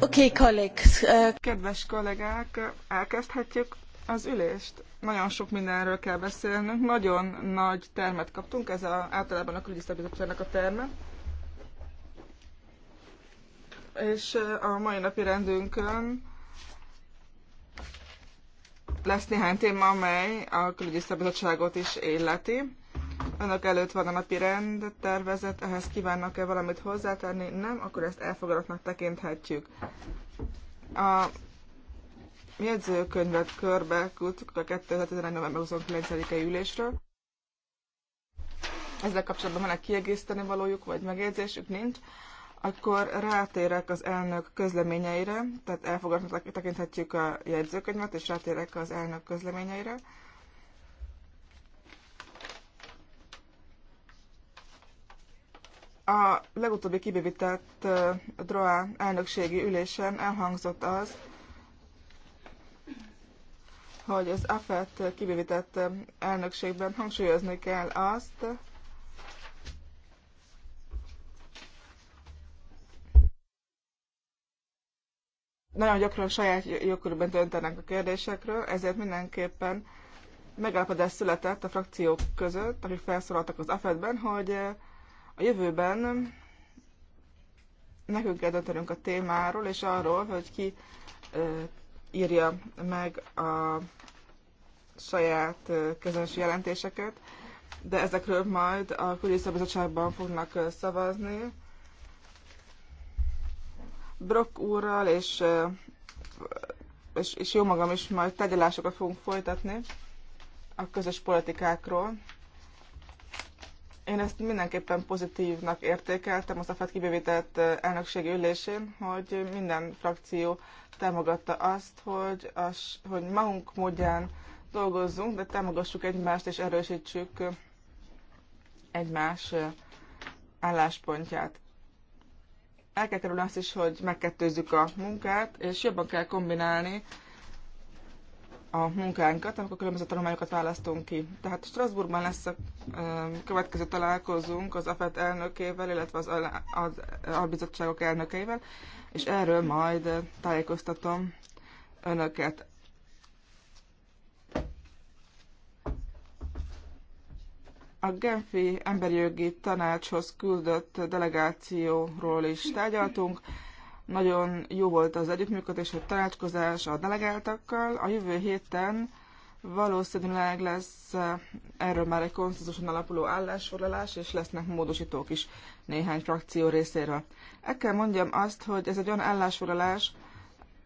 Oké, colleagues. Uh, Kedves kollégák, elkezdhetjük az ülést. Nagyon sok mindenről kell beszélnünk. Nagyon nagy termet kaptunk, ez a, általában a külügyi a terme. És uh, a mai napi rendünkön lesz néhány téma, amely a külügyi is illeti Önök előtt van a napi rend tervezet, ehhez kívánnak-e valamit hozzátenni? Nem, akkor ezt elfogadottnak tekinthetjük. A jegyzőkönyvet körbe küldtük a 2011. november 29-i ülésről. Ezzel kapcsolatban van-e kiegészíteni valójuk, vagy megjegyzésük nincs, akkor rátérek az elnök közleményeire, tehát elfogadnak tekinthetjük a jegyzőkönyvet, és rátérek az elnök közleményeire. A legutóbbi uh, DROA elnökségi ülésen elhangzott az, hogy az AFET kibővített elnökségben hangsúlyozni kell azt, nagyon gyakran saját jogkörben döntenek a kérdésekről, ezért mindenképpen megállapodás született a frakciók között, akik felszólaltak az afet ben hogy a jövőben nekünk kell döntenünk a témáról, és arról, hogy ki írja meg a saját közönség jelentéseket, de ezekről majd a Külügyiszabadságban fognak szavazni. Brock úrral és, és, és jó magam is majd tegyelásokat fogunk folytatni a közös politikákról. Én ezt mindenképpen pozitívnak értékeltem az FED kibővített elnökségi ülésén, hogy minden frakció támogatta azt, hogy, az, hogy magunk módján dolgozzunk, de támogassuk egymást és erősítsük egymás álláspontját. El kell kerülni azt is, hogy megkettőzzük a munkát, és jobban kell kombinálni a munkánkat, amikor különböző tanulmányokat választunk ki. Tehát Strasbourgban lesz a következő találkozunk az AFET elnökével, illetve az, az albizottságok elnökeivel, és erről majd tájékoztatom önöket. A Genfi Emberi Jogi Tanácshoz küldött delegációról is tárgyaltunk. Nagyon jó volt az együttműködés, a találkozás a delegáltakkal. A jövő héten valószínűleg lesz eh, erről már egy konszenzuson alapuló állásfoglalás, és lesznek módosítók is néhány frakció részéről. El kell mondjam azt, hogy ez egy olyan állásfoglalás,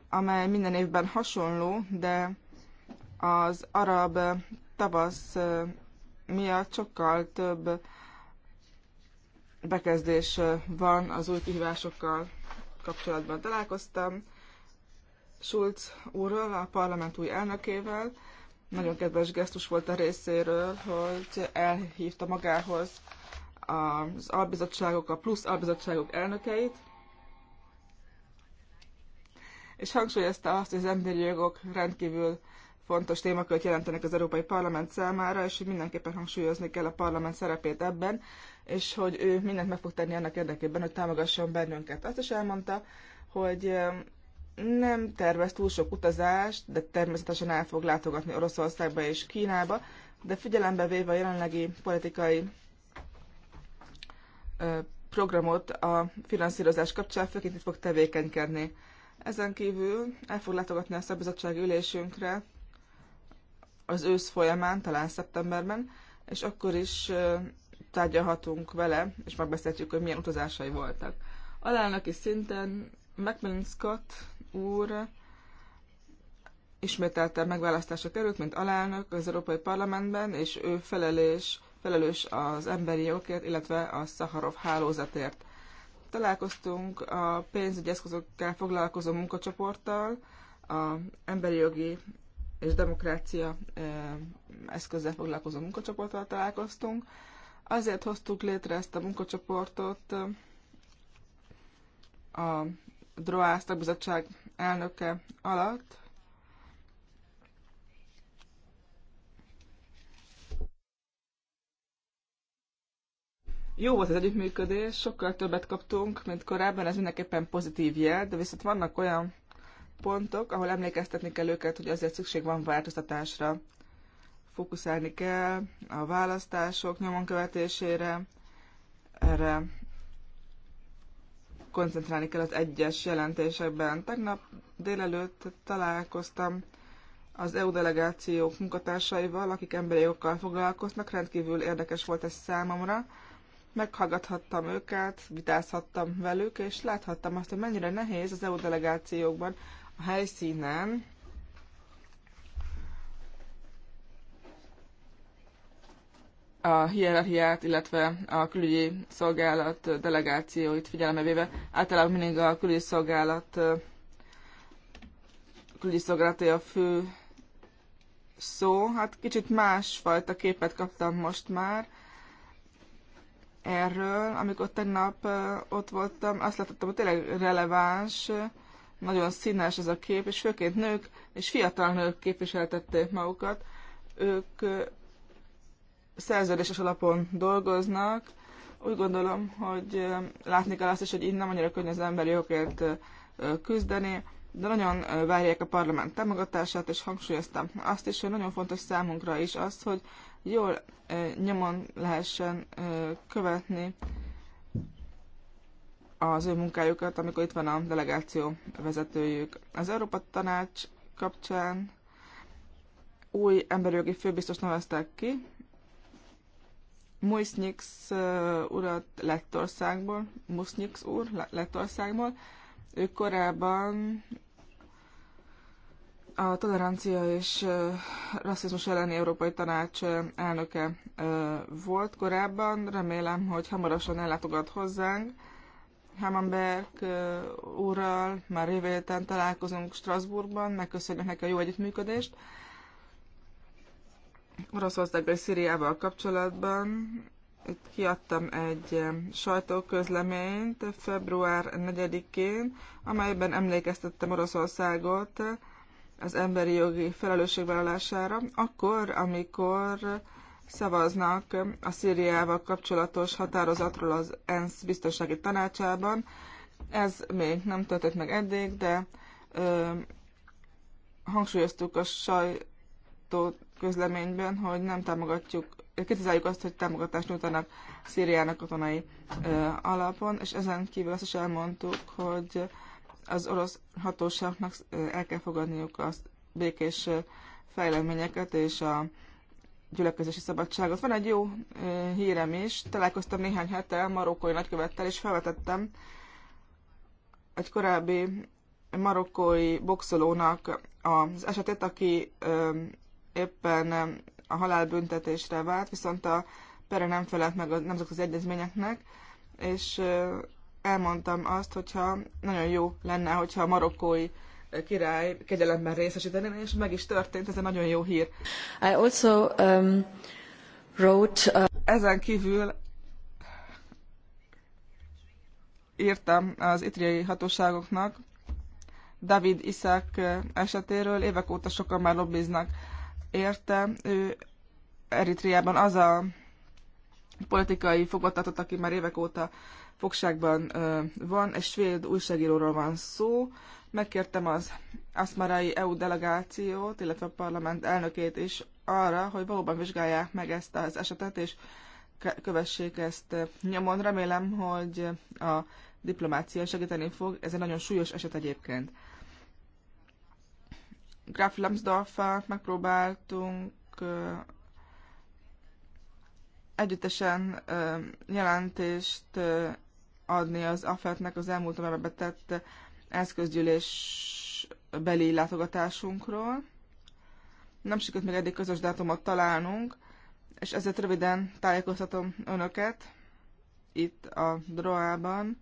amely minden évben hasonló, de az arab tavasz eh, miatt sokkal több bekezdés eh, van az új kihívásokkal kapcsolatban találkoztam Schulz úrral, a parlament új elnökével. Nagyon kedves gesztus volt a részéről, hogy elhívta magához az albizottságok, a plusz albizottságok elnökeit, és hangsúlyozta azt, hogy az emberi jogok rendkívül fontos témakört jelentenek az Európai Parlament számára, és hogy mindenképpen hangsúlyozni kell a parlament szerepét ebben, és hogy ő mindent meg fog tenni annak érdekében, hogy támogasson bennünket. Azt is elmondta, hogy um, nem tervez túl sok utazást, de természetesen el fog látogatni Oroszországba és Kínába, de figyelembe véve a jelenlegi politikai programot a finanszírozás kapcsán főként itt fog tevékenykedni. Ezen kívül el fog látogatni a szabizottság ülésünkre az ősz folyamán, talán szeptemberben, és akkor is tárgyalhatunk vele, és megbeszélhetjük, hogy milyen utazásai voltak. Alelnöki szinten Macmillan Scott úr ismételte megválasztásra került, mint alelnök az Európai Parlamentben, és ő felelés, felelős az emberi jogért, illetve a Szaharov hálózatért. Találkoztunk a pénzügyi eszközökkel foglalkozó munkacsoporttal, a emberi jogi és demokrácia eh, eszközzel foglalkozó munkacsoporttal találkoztunk, Azért hoztuk létre ezt a munkacsoportot a Droász tagbizottság elnöke alatt, Jó volt az együttműködés, sokkal többet kaptunk, mint korábban, ez mindenképpen pozitív jel, de viszont vannak olyan pontok, ahol emlékeztetni kell őket, hogy azért szükség van változtatásra fókuszálni kell a választások nyomon követésére, erre koncentrálni kell az egyes jelentésekben. Tegnap délelőtt találkoztam az EU delegációk munkatársaival, akik emberi jogokkal foglalkoznak, rendkívül érdekes volt ez számomra. Meghallgathattam őket, vitázhattam velük, és láthattam azt, hogy mennyire nehéz az EU delegációkban a helyszínen a hierarchiát, illetve a külügyi szolgálat delegációit figyelembe véve. Általában mindig a külügyi szolgálat külügyi szolgálaté a fő szó. Hát kicsit másfajta képet kaptam most már erről. Amikor tegnap ott voltam, azt láttam, hogy tényleg releváns, nagyon színes ez a kép, és főként nők és fiatal nők képviseltették magukat. Ők szerződéses alapon dolgoznak. Úgy gondolom, hogy látni kell azt is, hogy így nem annyira könnyű az emberi jogért küzdeni, de nagyon várják a parlament támogatását, és hangsúlyoztam azt is, hogy nagyon fontos számunkra is az, hogy jól nyomon lehessen követni az ő munkájukat, amikor itt van a delegáció vezetőjük. Az Európa Tanács kapcsán új emberjogi főbiztos neveztek ki, Muisnyix urat Lettországból, Muisnyix úr Lettországból, ő korábban a tolerancia és rasszizmus elleni Európai Tanács elnöke volt korábban. Remélem, hogy hamarosan ellátogat hozzánk. Hamanberg úrral már jövő találkozunk Strasbourgban, megköszönjük neki a jó együttműködést, Oroszországgal és Szíriával kapcsolatban. Itt kiadtam egy eh, sajtóközleményt február 4-én, amelyben emlékeztettem Oroszországot az emberi jogi felelősségvállalására, akkor, amikor szavaznak a Szíriával kapcsolatos határozatról az ENSZ biztonsági tanácsában. Ez még nem történt meg eddig, de ö, eh, hangsúlyoztuk a sajtó közleményben, hogy nem támogatjuk, kritizáljuk azt, hogy támogatást nyújtanak Szíriának katonai ö, alapon, és ezen kívül azt is elmondtuk, hogy az orosz hatóságnak el kell fogadniuk a békés fejleményeket és a gyülekezési szabadságot. Van egy jó ö, hírem is, találkoztam néhány hete marokkói nagykövettel, és felvetettem egy korábbi marokkói boxolónak az esetét, aki ö, éppen a halálbüntetésre vált, viszont a pere nem felelt meg a nemzetközi egyezményeknek, és elmondtam azt, hogyha nagyon jó lenne, hogyha a marokkói király kegyelemben részesíteni, és meg is történt, ez egy nagyon jó hír. I also um, wrote... A... Uh, Ezen kívül írtam az itriai hatóságoknak David Iszák esetéről, évek óta sokan már lobbiznak érte. Ő Eritriában az a politikai fogvatartott, aki már évek óta fogságban van, egy svéd újságíróról van szó. Megkértem az Aszmarai EU delegációt, illetve a parlament elnökét is arra, hogy valóban vizsgálják meg ezt az esetet, és kövessék ezt nyomon. Remélem, hogy a diplomácia segíteni fog. Ez egy nagyon súlyos eset egyébként. Graf lambsdorff megpróbáltunk együttesen jelentést adni az AFET-nek az elmúlt évben betett eszközgyűlés beli látogatásunkról. Nem sikerült még eddig közös dátumot találnunk, és ezért röviden tájékoztatom önöket itt a droában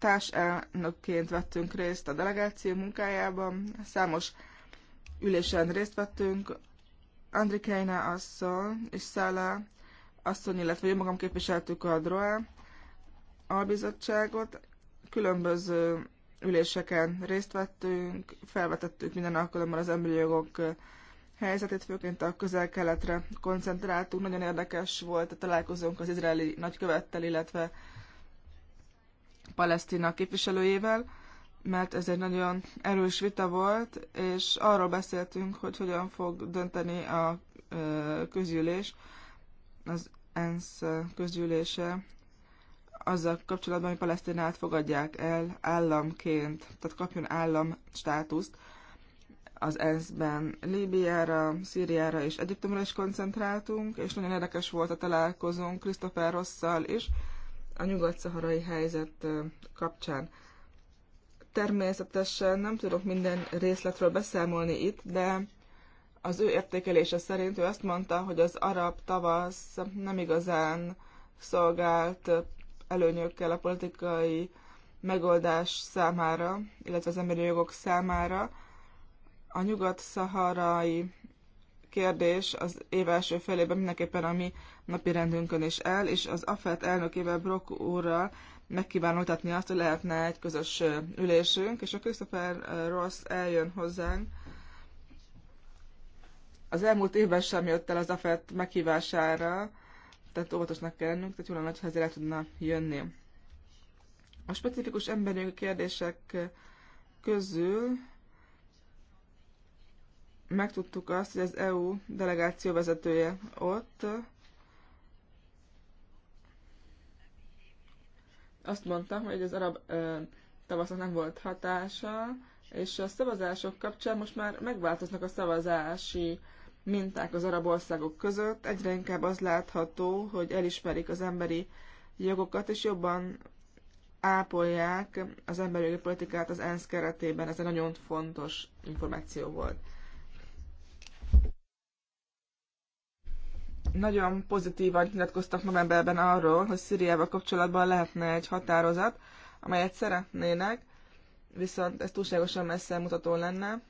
társelnökként vettünk részt a delegáció munkájában, számos ülésen részt vettünk, Andrikeina asszony és Szála asszony, illetve jó magam képviseltük a DROA albizottságot, különböző üléseken részt vettünk, felvetettük minden alkalommal az emberi jogok helyzetét, főként a közel-keletre koncentráltunk. Nagyon érdekes volt a találkozónk az izraeli nagykövettel, illetve Palesztina képviselőjével, mert ez egy nagyon erős vita volt, és arról beszéltünk, hogy hogyan fog dönteni a közgyűlés, az ENSZ közgyűlése azzal kapcsolatban, hogy Palesztinát fogadják el államként, tehát kapjon állam státuszt. Az ENSZ-ben Líbiára, Szíriára és Egyiptomra is koncentráltunk, és nagyon érdekes volt a találkozónk Christopher Rosszal is, a nyugat-szaharai helyzet kapcsán. Természetesen nem tudok minden részletről beszámolni itt, de az ő értékelése szerint ő azt mondta, hogy az arab tavasz nem igazán szolgált előnyökkel a politikai megoldás számára, illetve az emberi jogok számára. A nyugat-szaharai kérdés az év első felében mindenképpen a mi napi rendünkön is el, és az AFET elnökével Brock úrral megkívánultatni azt, hogy lehetne egy közös ülésünk, és a Christopher Ross eljön hozzánk. Az elmúlt évben sem jött el az AFET meghívására, tehát óvatosnak kell lennünk, tehát jól nagy, ha ezért tudna jönni. A specifikus emberi kérdések közül megtudtuk azt, hogy az EU delegáció vezetője ott azt mondta, hogy az arab ö, tavasznak nem volt hatása, és a szavazások kapcsán most már megváltoznak a szavazási minták az arab országok között. Egyre inkább az látható, hogy elismerik az emberi jogokat, és jobban ápolják az emberi politikát az ENSZ keretében. Ez egy nagyon fontos információ volt. nagyon pozitívan nyilatkoztak novemberben arról, hogy Szíriával kapcsolatban lehetne egy határozat, amelyet szeretnének, viszont ez túlságosan messze mutató lenne.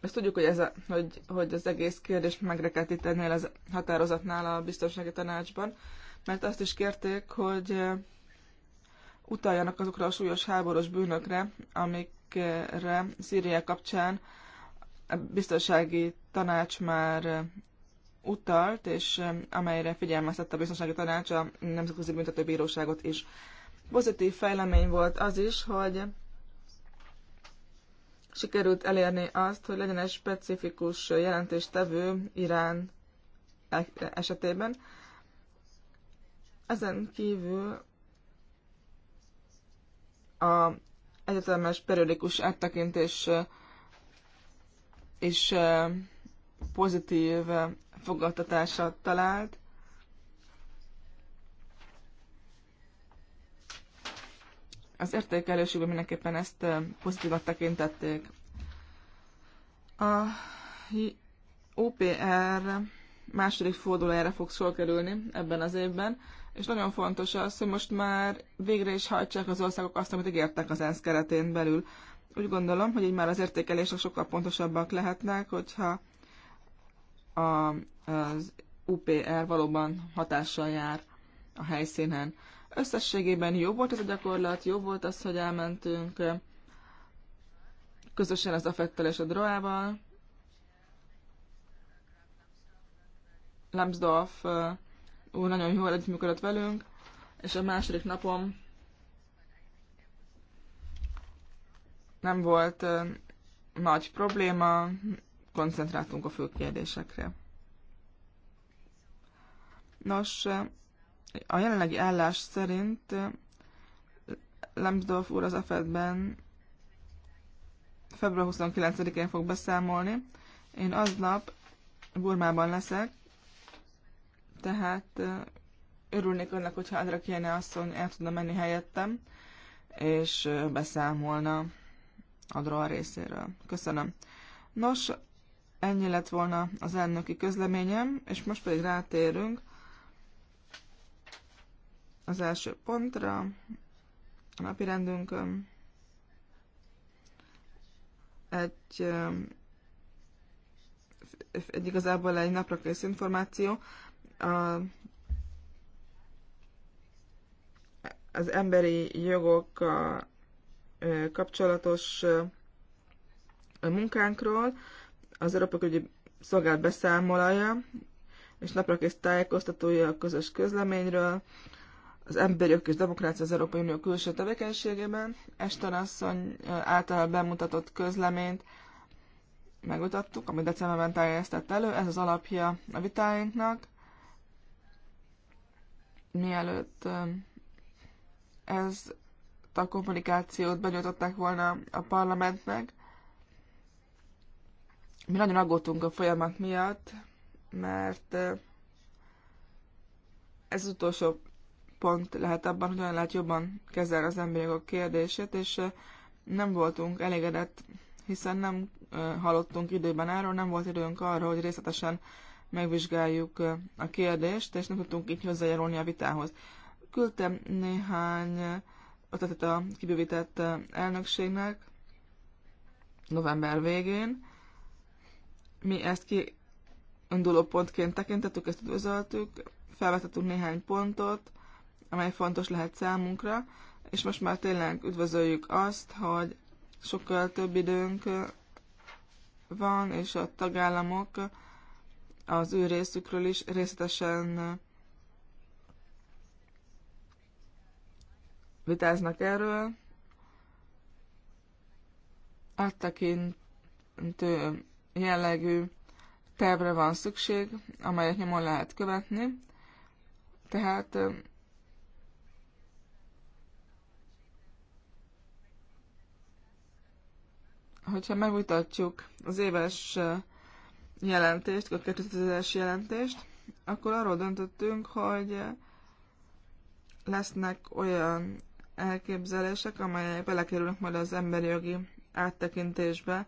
Ezt tudjuk, hogy, ez a, hogy, hogy az egész kérdés megrekedt ennél az határozatnál a biztonsági tanácsban, mert azt is kérték, hogy utaljanak azokra a súlyos háborús bűnökre, amikre Szíria kapcsán a biztonsági tanács már utalt, és amelyre figyelmeztette a biztonsági tanács a Nemzetközi Büntetőbíróságot is. Pozitív fejlemény volt az is, hogy sikerült elérni azt, hogy legyen egy specifikus jelentéstevő Irán esetében. Ezen kívül az egyetemes periódikus áttekintés és pozitív fogadtatásra talált. Az értékelőségben mindenképpen ezt pozitívat tekintették. A OPR második fordulójára fog sor kerülni ebben az évben, és nagyon fontos az, hogy most már végre is hajtsák az országok azt, amit ígértek az ENSZ keretén belül. Úgy gondolom, hogy így már az értékelések sokkal pontosabbak lehetnek, hogyha a, az UPR valóban hatással jár a helyszínen. Összességében jó volt ez a gyakorlat, jó volt az, hogy elmentünk közösen az Affettel és a Droával. Lambsdorff úr nagyon jól együttműködött velünk, és a második napon nem volt nagy probléma, koncentráltunk a fő kérdésekre. Nos, a jelenlegi állás szerint Lambsdorff úr az AFED-ben február 29-én fog beszámolni. Én aznap Burmában leszek, tehát örülnék annak, hogyha Adra Kéne asszony el tudna menni helyettem, és beszámolna a drón részéről. Köszönöm. Nos, ennyi lett volna az elnöki közleményem, és most pedig rátérünk az első pontra a napi rendünkön. Egy, um, egy igazából egy napra kész információ. A, az emberi jogok kapcsolatos munkánkról. Az Európa Ügyi Szolgált beszámolója és naprakész tájékoztatója a közös közleményről, az emberi és demokrácia az Európai Unió külső tevékenységében. Eston asszony által bemutatott közleményt megmutattuk, amit decemberben tájéztett elő. Ez az alapja a vitáinknak. Mielőtt ez a kommunikációt benyújtották volna a parlamentnek. Mi nagyon aggódtunk a folyamat miatt, mert eh, ez utolsó pont lehet abban, hogy olyan lehet jobban kezelni az emberi jogok kérdését, és eh, nem voltunk elégedett, hiszen nem eh, hallottunk időben erről, nem volt időnk arra, hogy részletesen megvizsgáljuk a kérdést, és nem tudtunk így hozzájárulni a vitához. Küldtem néhány tehát a kibővített elnökségnek november végén. Mi ezt kiinduló pontként tekintettük, ezt üdvözöltük, felvetettünk néhány pontot, amely fontos lehet számunkra, és most már tényleg üdvözöljük azt, hogy sokkal több időnk van, és a tagállamok az ő részükről is részletesen vitáznak erről. Áttekintő jellegű tervre van szükség, amelyet nyomon lehet követni. Tehát hogyha megmutatjuk az éves jelentést, a 2010-es jelentést, akkor arról döntöttünk, hogy lesznek olyan elképzelések, amelyek belekerülnek majd az emberi jogi áttekintésbe.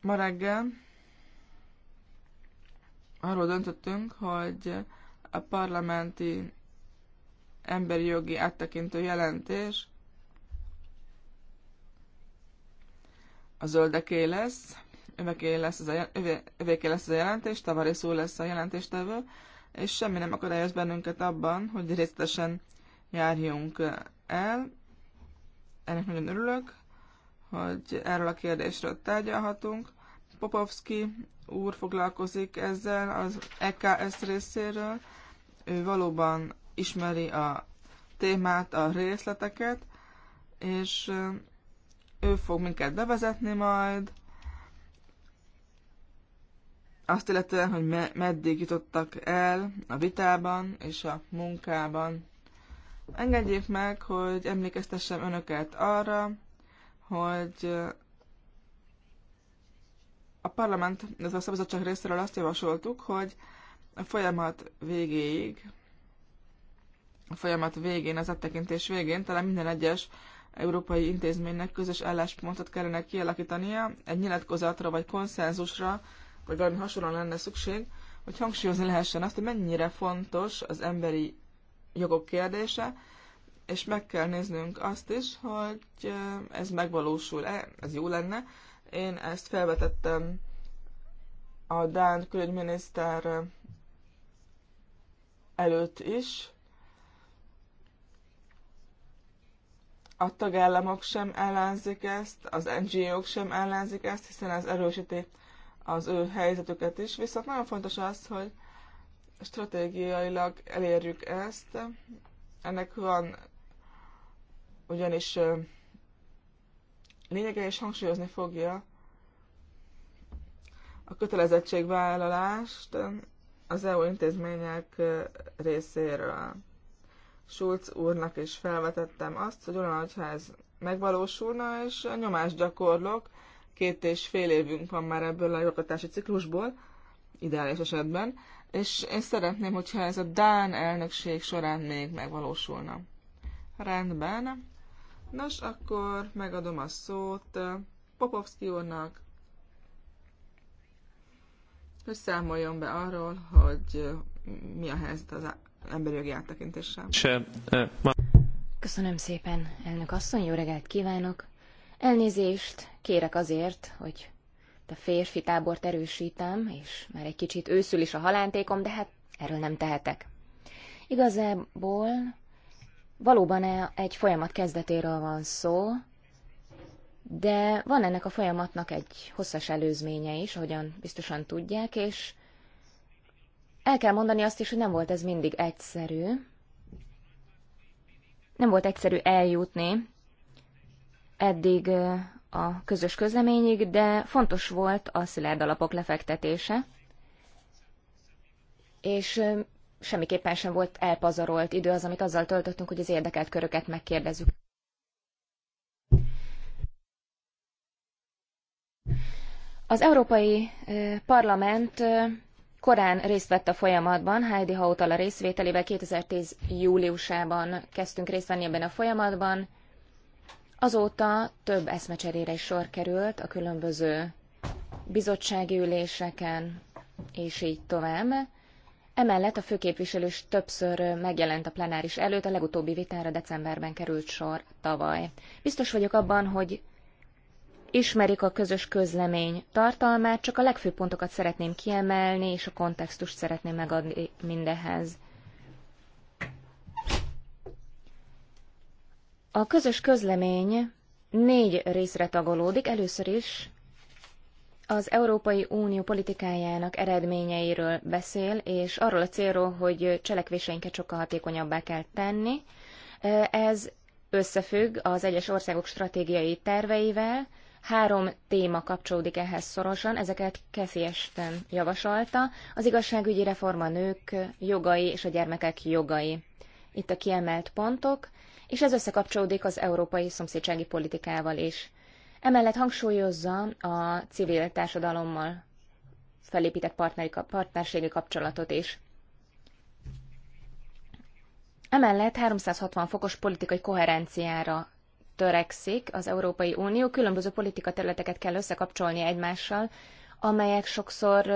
Ma reggel arról döntöttünk, hogy a parlamenti emberi jogi áttekintő jelentés a zöldeké lesz, övéké lesz, az a, övé, övéké lesz az a jelentés, Tavarészó lesz a jelentéstevő, és semmi nem akadályoz bennünket abban, hogy részletesen járjunk el. Ennek nagyon örülök, hogy erről a kérdésről tárgyalhatunk. Popovski úr foglalkozik ezzel az EKS részéről. Ő valóban ismeri a témát, a részleteket, és ő fog minket bevezetni majd, azt illetően, hogy me- meddig jutottak el a vitában és a munkában. Engedjék meg, hogy emlékeztessem önöket arra, hogy a parlament, ez a szabadság részéről azt javasoltuk, hogy a folyamat végéig, a folyamat végén, az áttekintés végén talán minden egyes európai intézménynek közös álláspontot kellene kialakítania egy nyilatkozatra vagy konszenzusra vagy valami hasonlóan lenne szükség, hogy hangsúlyozni lehessen azt, hogy mennyire fontos az emberi jogok kérdése, és meg kell néznünk azt is, hogy ez megvalósul-e, ez jó lenne. Én ezt felvetettem a Dán külügyminiszter előtt is. A tagállamok sem ellenzik ezt, az NGO-k sem ellenzik ezt, hiszen ez erősíti az ő helyzetüket is, viszont nagyon fontos az, hogy stratégiailag elérjük ezt. Ennek van ugyanis lényege és hangsúlyozni fogja a kötelezettségvállalást az EU intézmények részéről. Schulz úrnak is felvetettem azt, hogy olyan, hogyha ez megvalósulna, és nyomást gyakorlok két és fél évünk van már ebből a jogatási ciklusból, ideális esetben, és én szeretném, hogyha ez a Dán elnökség során még megvalósulna. Rendben. Nos, akkor megadom a szót eh, Popovski úrnak, hogy számoljon be arról, hogy eh, mi a helyzet az emberi jogi áttekintéssel. Eh, Köszönöm szépen, elnök asszony, jó reggelt kívánok! Elnézést kérek azért, hogy a férfi tábort erősítem, és már egy kicsit őszül is a halántékom, de hát erről nem tehetek. Igazából valóban e- egy folyamat kezdetéről van szó, de van ennek a folyamatnak egy hosszas előzménye is, ahogyan biztosan tudják, és el kell mondani azt is, hogy nem volt ez mindig egyszerű. Nem volt egyszerű eljutni eddig a közös közleményig, de fontos volt a szilárd alapok lefektetése, és semmiképpen sem volt elpazarolt idő az, amit azzal töltöttünk, hogy az érdekelt köröket megkérdezzük. Az Európai Parlament korán részt vett a folyamatban, Heidi Hautala részvételével 2010. júliusában kezdtünk részt venni ebben a folyamatban, Azóta több eszmecserére is sor került a különböző bizottsági üléseken, és így tovább. Emellett a főképviselő is többször megjelent a plenáris előtt, a legutóbbi vitára decemberben került sor tavaly. Biztos vagyok abban, hogy ismerik a közös közlemény tartalmát, csak a legfőbb pontokat szeretném kiemelni, és a kontextust szeretném megadni mindehez. A közös közlemény négy részre tagolódik. Először is az Európai Unió politikájának eredményeiről beszél, és arról a célról, hogy cselekvéseinket sokkal hatékonyabbá kell tenni. Ez összefügg az egyes országok stratégiai terveivel. Három téma kapcsolódik ehhez szorosan, ezeket Kefi Esten javasolta. Az igazságügyi reforma nők jogai és a gyermekek jogai. Itt a kiemelt pontok, és ez összekapcsolódik az európai szomszédsági politikával is. Emellett hangsúlyozza a civil társadalommal felépített partneri, partnerségi kapcsolatot is. Emellett 360 fokos politikai koherenciára törekszik az Európai Unió, különböző politika területeket kell összekapcsolni egymással, amelyek sokszor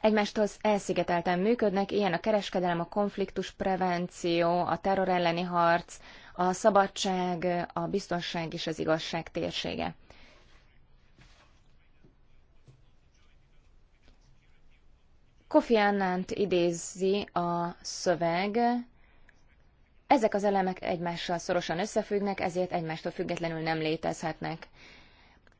egymástól elszigetelten működnek, ilyen a kereskedelem, a konfliktus prevenció, a terror elleni harc, a szabadság, a biztonság és az igazság térsége. Kofi Annant idézi a szöveg, ezek az elemek egymással szorosan összefüggnek, ezért egymástól függetlenül nem létezhetnek.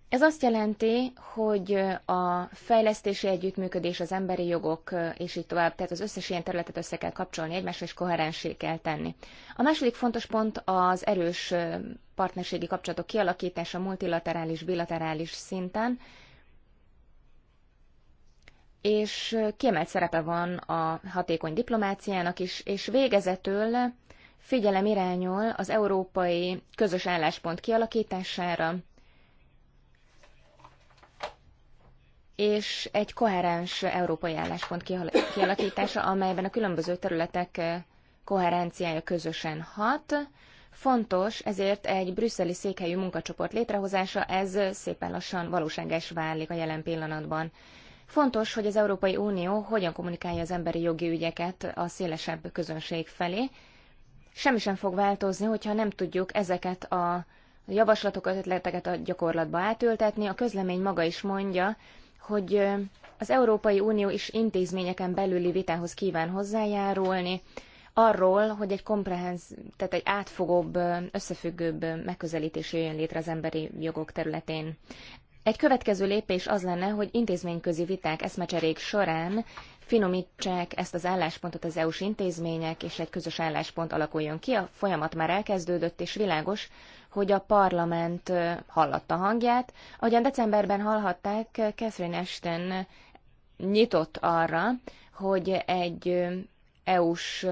Ez azt jelenti, hogy a fejlesztési együttműködés, az emberi jogok és így tovább, tehát az összes ilyen területet össze kell kapcsolni egymásra, és koherensé kell tenni. A második fontos pont az erős partnerségi kapcsolatok kialakítása multilaterális, bilaterális szinten, és kiemelt szerepe van a hatékony diplomáciának is, és végezetül figyelem irányul az európai közös álláspont kialakítására, és egy koherens európai álláspont kialakítása, amelyben a különböző területek eh, koherenciája közösen hat. Fontos ezért egy brüsszeli székhelyű munkacsoport létrehozása, ez eh, szépen lassan valóságos válik a jelen pillanatban. Fontos, hogy az Európai Unió hogyan kommunikálja az emberi jogi ügyeket a szélesebb közönség felé. Semmi sem fog változni, hogyha nem tudjuk ezeket a javaslatokat, ötleteket a gyakorlatba átültetni. A közlemény maga is mondja, hogy az Európai Unió is intézményeken belüli vitához kíván hozzájárulni, arról, hogy egy komprehenz, tehát egy átfogóbb, összefüggőbb megközelítés jöjjön létre az emberi jogok területén. Egy következő lépés az lenne, hogy intézményközi viták eszmecserék során finomítsák ezt az álláspontot az EU-s intézmények, és egy közös álláspont alakuljon ki. A folyamat már elkezdődött, és világos, hogy a parlament hallatta hangját. Ahogyan decemberben hallhatták, Catherine Ashton nyitott arra, hogy egy EU-s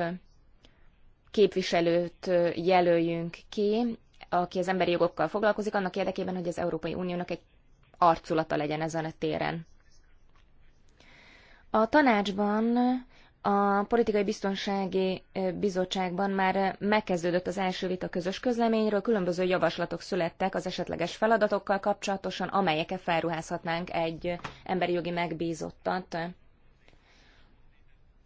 képviselőt jelöljünk ki, aki az emberi jogokkal foglalkozik, annak érdekében, hogy az Európai Uniónak egy arculata legyen ezen a téren. A tanácsban a Politikai Biztonsági Bizottságban már megkezdődött az első vita közös közleményről, különböző javaslatok születtek az esetleges feladatokkal kapcsolatosan, amelyeket felruházhatnánk egy emberi jogi megbízottat.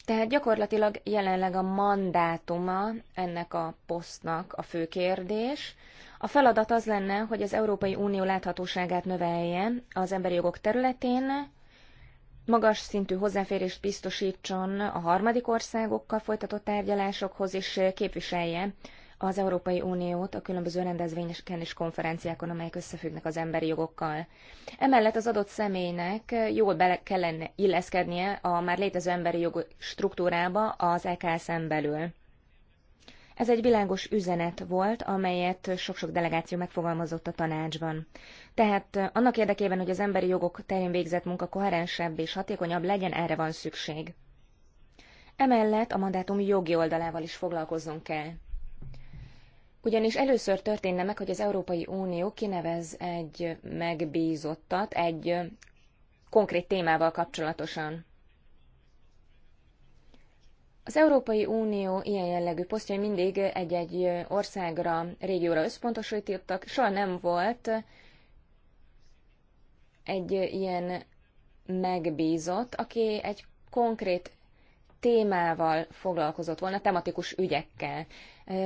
Tehát gyakorlatilag jelenleg a mandátuma ennek a posztnak a fő kérdés. A feladat az lenne, hogy az Európai Unió láthatóságát növelje az emberi jogok területén, magas szintű hozzáférést biztosítson a harmadik országokkal folytatott tárgyalásokhoz, és képviselje az Európai Uniót a különböző rendezvényeken és konferenciákon, amelyek összefüggnek az emberi jogokkal. Emellett az adott személynek jól bele kellene illeszkednie a már létező emberi jog struktúrába az EKSZ-en belül. Ez egy világos üzenet volt, amelyet sok-sok delegáció megfogalmazott a tanácsban. Tehát eh, annak érdekében, hogy az emberi jogok terén végzett munka koherensebb és hatékonyabb legyen, erre van szükség. Emellett a mandátum jogi oldalával is foglalkozzon kell. Ugyanis először történne meg, hogy az Európai Unió kinevez egy megbízottat egy eh, konkrét témával kapcsolatosan. Az Európai Unió ilyen jellegű posztjai mindig egy-egy országra, régióra összpontosítottak, soha nem volt egy ilyen megbízott, aki egy konkrét témával foglalkozott volna, tematikus ügyekkel.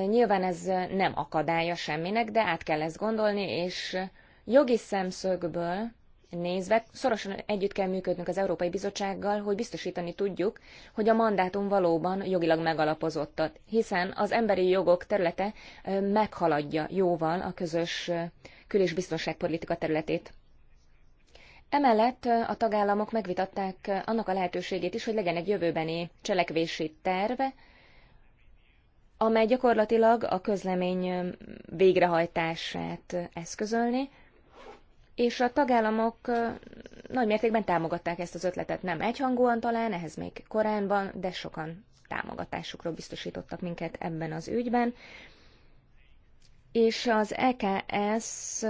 Nyilván ez nem akadálya semminek, de át kell ezt gondolni, és jogi szemszögből nézve szorosan együtt kell működnünk az Európai Bizottsággal, hogy biztosítani tudjuk, hogy a mandátum valóban jogilag megalapozottat, hiszen az emberi jogok területe meghaladja jóval a közös kül- és biztonságpolitika területét. Emellett a tagállamok megvitatták annak a lehetőségét is, hogy legyen egy jövőbeni cselekvési terve, amely gyakorlatilag a közlemény végrehajtását eszközölni, és a tagállamok nagy mértékben támogatták ezt az ötletet. Nem egyhangúan talán, ehhez még koránban, de sokan támogatásukról biztosítottak minket ebben az ügyben. És az EKS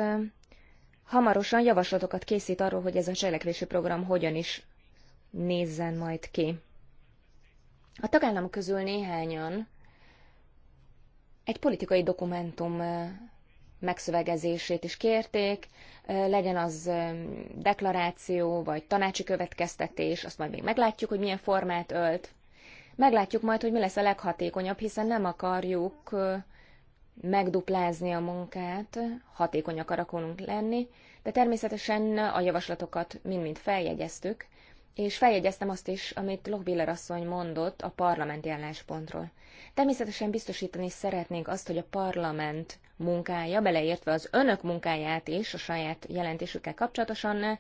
hamarosan javaslatokat készít arról, hogy ez a cselekvési program hogyan is nézzen majd ki. A tagállamok közül néhányan egy politikai dokumentum megszövegezését is kérték, legyen az deklaráció vagy tanácsi következtetés, azt majd még meglátjuk, hogy milyen formát ölt. Meglátjuk majd, hogy mi lesz a leghatékonyabb, hiszen nem akarjuk megduplázni a munkát, hatékony akarunk lenni, de természetesen a javaslatokat mind-mind feljegyeztük, és feljegyeztem azt is, amit Lochbiller asszony mondott a parlamenti álláspontról. Természetesen biztosítani szeretnénk azt, hogy a parlament munkája, beleértve az önök munkáját is a saját jelentésükkel kapcsolatosan,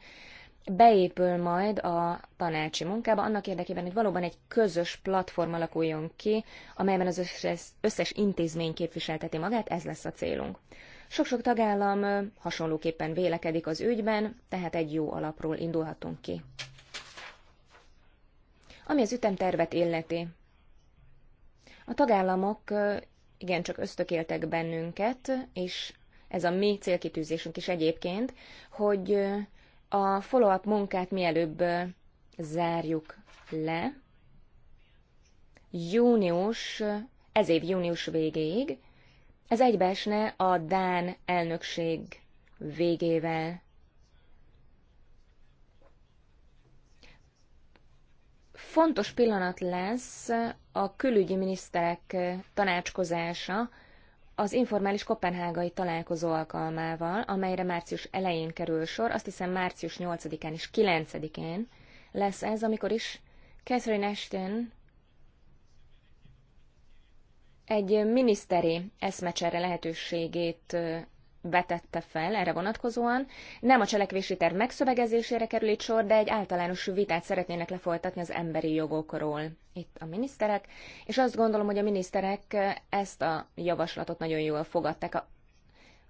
beépül majd a tanácsi munkába, annak érdekében, hogy valóban egy közös platform alakuljon ki, amelyben az összes, összes intézmény képviselteti magát, ez lesz a célunk. Sok-sok tagállam hasonlóképpen vélekedik az ügyben, tehát egy jó alapról indulhatunk ki. Ami az ütemtervet illeti. A tagállamok igencsak ösztökéltek bennünket, és ez a mi célkitűzésünk is egyébként, hogy a follow-up munkát mielőbb zárjuk le. Június, ez év június végéig. Ez egybeesne a Dán elnökség végével. Fontos pillanat lesz a külügyi miniszterek eh, tanácskozása az informális kopenhágai találkozó alkalmával, amelyre március elején kerül sor, azt hiszem március 8-án és 9-én lesz ez, amikor is Catherine Ashton egy miniszteri eszmecsere lehetőségét eh, vetette fel erre vonatkozóan. Nem a cselekvési terv megszövegezésére kerül itt sor, de egy általános vitát szeretnének lefolytatni az emberi jogokról itt a miniszterek, és azt gondolom, hogy a miniszterek ezt a javaslatot nagyon jól fogadták,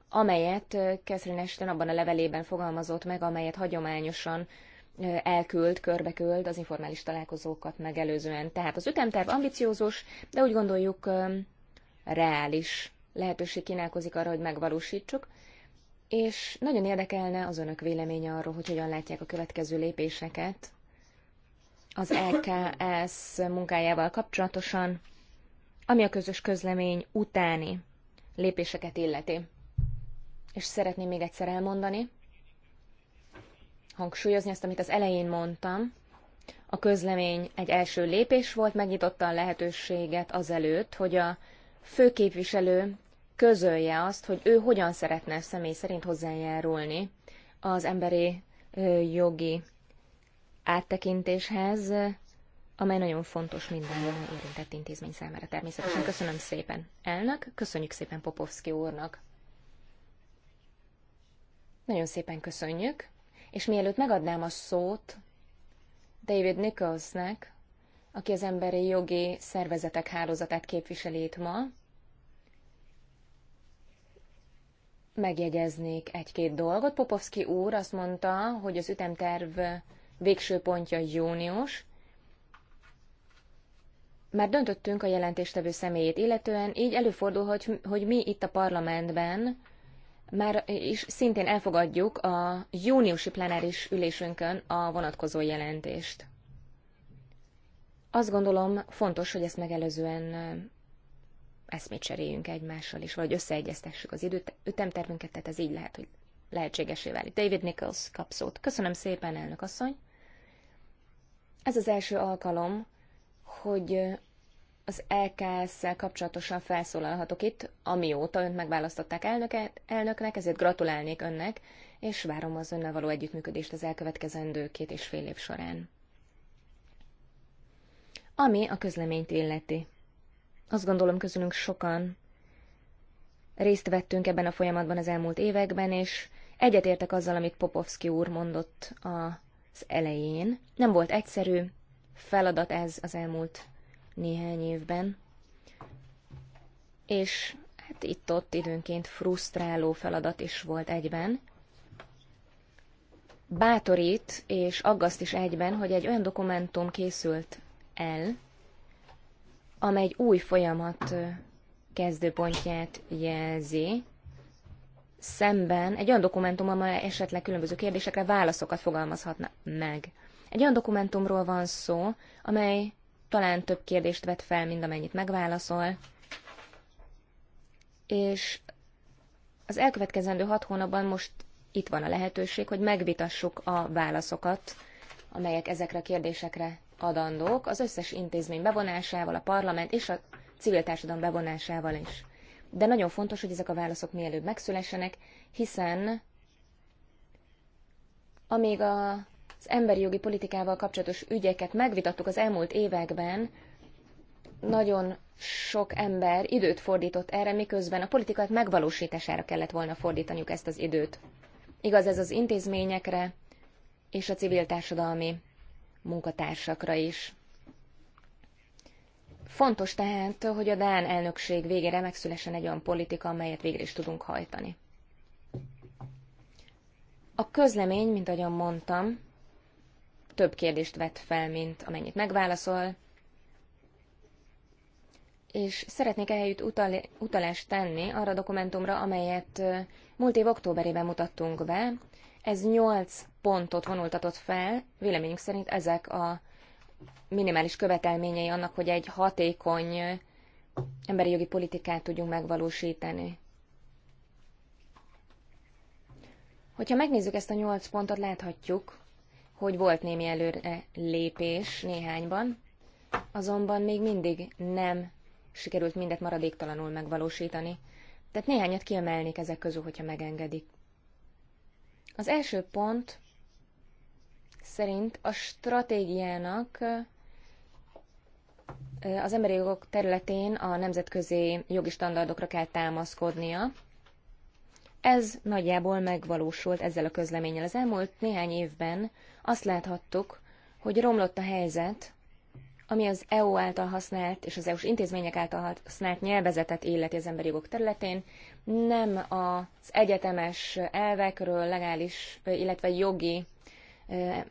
amelyet Catherine Esten abban a levelében fogalmazott meg, amelyet hagyományosan elküld, körbeküld az informális találkozókat megelőzően. Tehát az ütemterv ambiciózus, de úgy gondoljuk reális lehetőség kínálkozik arra, hogy megvalósítsuk, és nagyon érdekelne az önök véleménye arról, hogy hogyan látják a következő lépéseket az LKS munkájával kapcsolatosan, ami a közös közlemény utáni lépéseket illeti. És szeretném még egyszer elmondani, hangsúlyozni azt, amit az elején mondtam. A közlemény egy első lépés volt, megnyitotta a lehetőséget azelőtt, hogy a főképviselő közölje azt, hogy ő hogyan szeretne személy szerint hozzájárulni az emberi jogi áttekintéshez, amely nagyon fontos minden érintett intézmény számára természetesen. Köszönöm szépen elnök, köszönjük szépen Popovski úrnak. Nagyon szépen köszönjük, és mielőtt megadnám a szót David Nicholsnek, aki az emberi jogi szervezetek hálózatát képviseli itt ma, megjegyeznék egy-két dolgot. Popovski úr azt mondta, hogy az ütemterv végső pontja június. Már döntöttünk a jelentéstevő személyét illetően, így előfordul, hogy, hogy mi itt a parlamentben már is szintén elfogadjuk a júniusi plenáris ülésünkön a vonatkozó jelentést. Azt gondolom fontos, hogy ezt megelőzően eszmét cseréljünk egymással, és vagy összeegyeztessük az időt, ütemtervünket, tehát ez így lehet, hogy lehetségesé válik. David Nichols kap szót. Köszönöm szépen, elnök asszony. Ez az első alkalom, hogy az LKS-szel kapcsolatosan felszólalhatok itt, amióta önt megválasztották elnöket, elnöknek, ezért gratulálnék önnek, és várom az önnel való együttműködést az elkövetkezendő két és fél év során. Ami a közleményt illeti. Azt gondolom közülünk sokan részt vettünk ebben a folyamatban az elmúlt években, és egyetértek azzal, amit Popovski úr mondott az elején. Nem volt egyszerű feladat ez az elmúlt néhány évben, és hát itt-ott időnként frusztráló feladat is volt egyben. Bátorít és aggaszt is egyben, hogy egy olyan dokumentum készült el, amely egy új folyamat kezdőpontját jelzi, szemben egy olyan dokumentum, amely esetleg különböző kérdésekre válaszokat fogalmazhatna meg. Egy olyan dokumentumról van szó, amely talán több kérdést vet fel, mint amennyit megválaszol, és az elkövetkezendő hat hónapban most itt van a lehetőség, hogy megvitassuk a válaszokat, amelyek ezekre a kérdésekre adandók az összes intézmény bevonásával, a parlament és a civil társadalom bevonásával is. De nagyon fontos, hogy ezek a válaszok mielőbb megszülessenek, hiszen amíg a, az emberi jogi politikával kapcsolatos ügyeket megvitattuk az elmúlt években, nagyon sok ember időt fordított erre, miközben a politikát megvalósítására kellett volna fordítaniuk ezt az időt. Igaz ez az intézményekre és a civil társadalmi munkatársakra is. Fontos tehát, hogy a Dán elnökség végére megszülessen egy olyan politika, amelyet végre is tudunk hajtani. A közlemény, mint ahogyan mondtam, több kérdést vett fel, mint amennyit megválaszol, és szeretnék eljött utal- utalást tenni arra a dokumentumra, amelyet múlt év októberében mutattunk be, ez 8 pontot vonultatott fel, véleményünk szerint ezek a minimális követelményei annak, hogy egy hatékony emberi jogi politikát tudjunk megvalósítani. Hogyha megnézzük ezt a nyolc pontot, láthatjuk, hogy volt némi előre lépés néhányban, azonban még mindig nem sikerült mindet maradéktalanul megvalósítani. Tehát néhányat kiemelnék ezek közül, hogyha megengedik. Az első pont szerint a stratégiának az emberi jogok területén a nemzetközi jogi standardokra kell támaszkodnia. Ez nagyjából megvalósult ezzel a közleménnyel. Az elmúlt néhány évben azt láthattuk, hogy romlott a helyzet ami az EU által használt és az EU-s intézmények által használt nyelvezetet illeti az emberi jogok területén, nem az egyetemes elvekről, legális, illetve jogi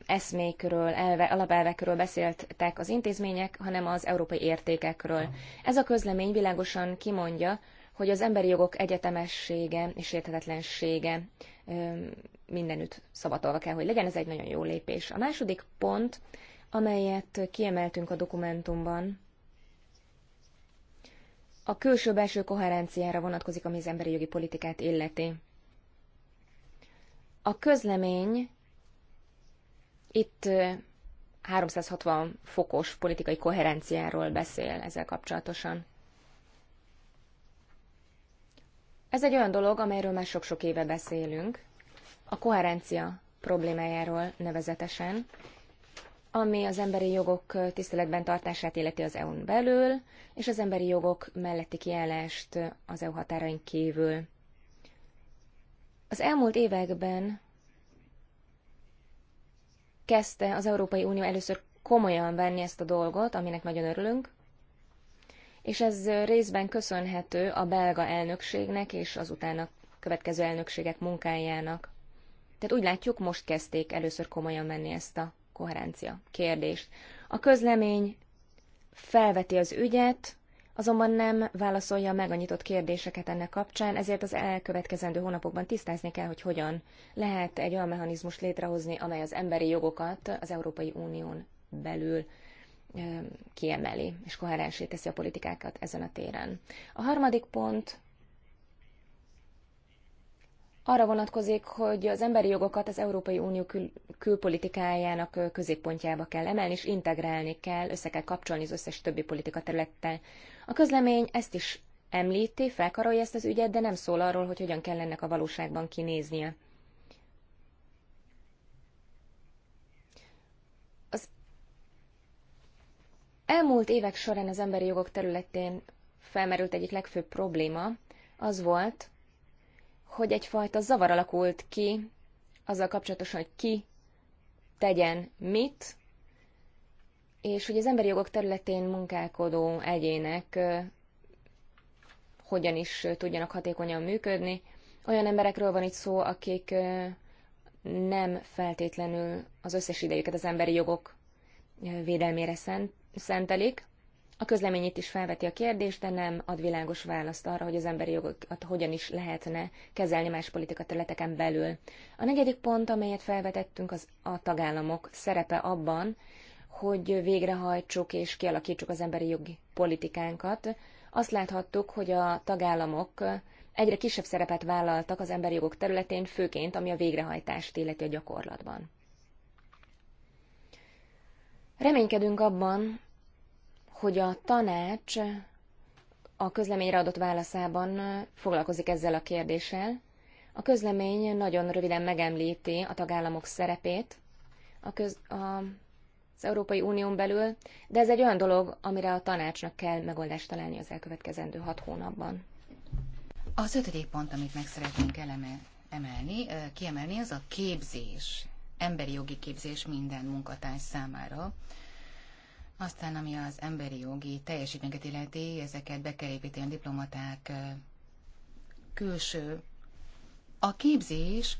eszmékről, elve, alapelvekről beszéltek az intézmények, hanem az európai értékekről. Ez a közlemény világosan kimondja, hogy az emberi jogok egyetemessége és érthetetlensége mindenütt szavatolva kell, hogy legyen. Ez egy nagyon jó lépés. A második pont amelyet kiemeltünk a dokumentumban. A külső-belső koherenciára vonatkozik, ami az emberi jogi politikát illeti. A közlemény itt 360 fokos politikai koherenciáról beszél ezzel kapcsolatosan. Ez egy olyan dolog, amelyről már sok-sok éve beszélünk, a koherencia problémájáról nevezetesen, ami az emberi jogok tiszteletben tartását illeti az EU-n belül, és az emberi jogok melletti kiállást az EU határain kívül. Az elmúlt években kezdte az Európai Unió először komolyan venni ezt a dolgot, aminek nagyon örülünk, és ez részben köszönhető a belga elnökségnek és az utána következő elnökségek munkájának. Tehát úgy látjuk, most kezdték először komolyan menni ezt a koherencia kérdést. A közlemény felveti az ügyet, azonban nem válaszolja meg a nyitott kérdéseket ennek kapcsán, ezért az elkövetkezendő hónapokban tisztázni kell, hogy hogyan lehet egy olyan mechanizmust létrehozni, amely az emberi jogokat az Európai Unión belül kiemeli és koherensé teszi a politikákat ezen a téren. A harmadik pont arra vonatkozik, hogy az emberi jogokat az Európai Unió kül- külpolitikájának középpontjába kell emelni, és integrálni kell, össze kell kapcsolni az összes többi politika területtel. A közlemény ezt is említi, felkarolja ezt az ügyet, de nem szól arról, hogy hogyan kell ennek a valóságban kinéznie. Az elmúlt évek során az emberi jogok területén felmerült egyik legfőbb probléma, az volt, hogy egyfajta zavar alakult ki azzal kapcsolatosan, hogy ki tegyen mit, és hogy az emberi jogok területén munkálkodó egyének hogyan is tudjanak hatékonyan működni. Olyan emberekről van itt szó, akik nem feltétlenül az összes idejüket az emberi jogok védelmére szentelik. A közlemény itt is felveti a kérdést, de nem ad világos választ arra, hogy az emberi jogokat hogyan is lehetne kezelni más politika területeken belül. A negyedik pont, amelyet felvetettünk, az a tagállamok szerepe abban, hogy végrehajtsuk és kialakítsuk az emberi jogi politikánkat. Azt láthattuk, hogy a tagállamok egyre kisebb szerepet vállaltak az emberi jogok területén, főként ami a végrehajtást illeti a gyakorlatban. Reménykedünk abban, hogy a tanács a közleményre adott válaszában foglalkozik ezzel a kérdéssel. A közlemény nagyon röviden megemlíti a tagállamok szerepét a köz, a, az Európai Unión belül, de ez egy olyan dolog, amire a tanácsnak kell megoldást találni az elkövetkezendő hat hónapban. Az ötödik pont, amit meg szeretnénk eleme, emelni, kiemelni, az a képzés, emberi jogi képzés minden munkatárs számára aztán, ami az emberi jogi teljesítményeket illeti, ezeket be kell építeni a diplomaták külső. A képzés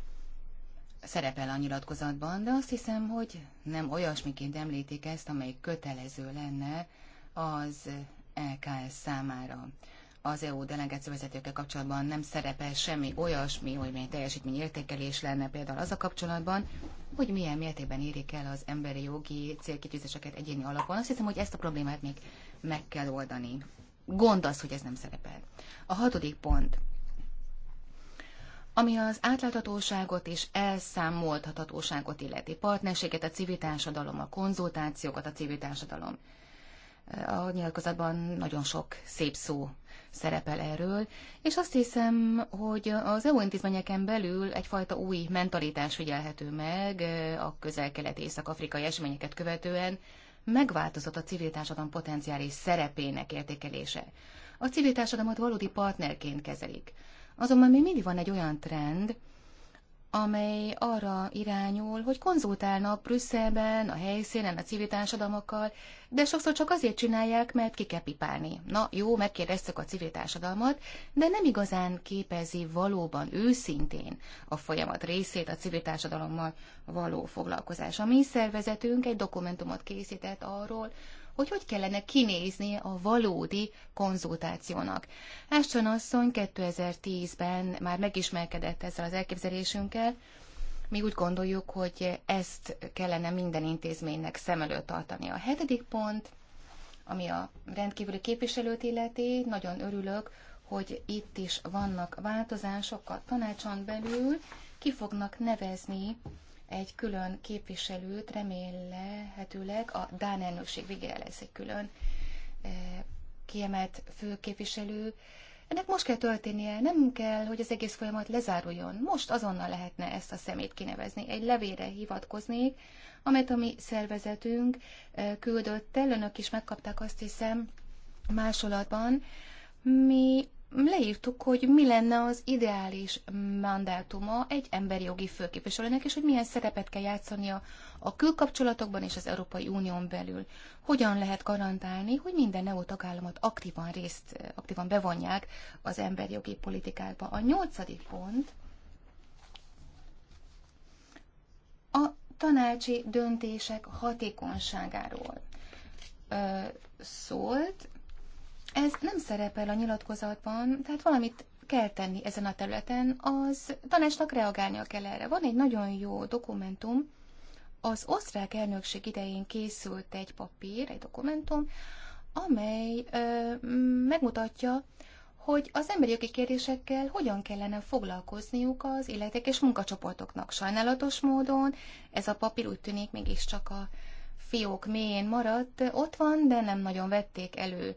szerepel a nyilatkozatban, de azt hiszem, hogy nem olyasmiként említik ezt, amely kötelező lenne az LKS számára az EU delegáció vezetőkkel kapcsolatban nem szerepel semmi olyasmi, hogy mely értékelés lenne például az a kapcsolatban, hogy milyen mértékben érik el az emberi jogi célkitűzéseket egyéni alapon. Azt hiszem, hogy ezt a problémát még meg kell oldani. Gond az, hogy ez nem szerepel. A hatodik pont. Ami az átláthatóságot és elszámolthatatóságot illeti partnerséget, a civil társadalom, a konzultációkat, a civil társadalom. A nyilatkozatban nagyon sok szép szó szerepel erről, és azt hiszem, hogy az EU intézményeken belül egyfajta új mentalitás figyelhető meg a közel-kelet észak-afrikai eseményeket követően, megváltozott a civil társadalom potenciális szerepének értékelése. A civil társadalmat valódi partnerként kezelik. Azonban még mindig van egy olyan trend, amely arra irányul, hogy konzultálnak Brüsszelben, a helyszínen, a civil társadalmakkal, de sokszor csak azért csinálják, mert ki kell pipálni. Na jó, megkérdeztük a civil társadalmat, de nem igazán képezi valóban őszintén a folyamat részét a civil társadalommal való foglalkozás. A mi szervezetünk egy dokumentumot készített arról, hogy hogy kellene kinézni a valódi konzultációnak. Ashton asszony 2010-ben már megismerkedett ezzel az elképzelésünkkel, mi úgy gondoljuk, hogy ezt kellene minden intézménynek szem előtt tartani. A hetedik pont, ami a rendkívüli képviselőt illeti, nagyon örülök, hogy itt is vannak változások a tanácson belül, ki fognak nevezni egy külön képviselőt remélhetőleg a Dán elnökség végére lesz egy külön eh, kiemelt főképviselő. Ennek most kell történnie, nem kell, hogy az egész folyamat lezáruljon. Most azonnal lehetne ezt a szemét kinevezni. Egy levére hivatkoznék, amelyet a mi szervezetünk eh, küldött el. Önök is megkapták azt hiszem másolatban. Mi leírtuk, hogy mi lenne az ideális mandátuma egy emberi jogi főképviselőnek, és hogy milyen szerepet kell játszania a külkapcsolatokban és az Európai Unión belül. Hogyan lehet garantálni, hogy minden EU tagállamot aktívan részt, aktívan bevonják az emberi jogi politikákba. A nyolcadik pont a tanácsi döntések hatékonyságáról szólt, ez nem szerepel a nyilatkozatban, tehát valamit kell tenni ezen a területen, az tanácsnak reagálnia kell erre. Van egy nagyon jó dokumentum, az osztrák elnökség idején készült egy papír, egy dokumentum, amely ö, megmutatja, hogy az emberi jogi kérdésekkel hogyan kellene foglalkozniuk az és munkacsoportoknak. Sajnálatos módon ez a papír úgy tűnik mégiscsak a fiók mélyén maradt, ott van, de nem nagyon vették elő.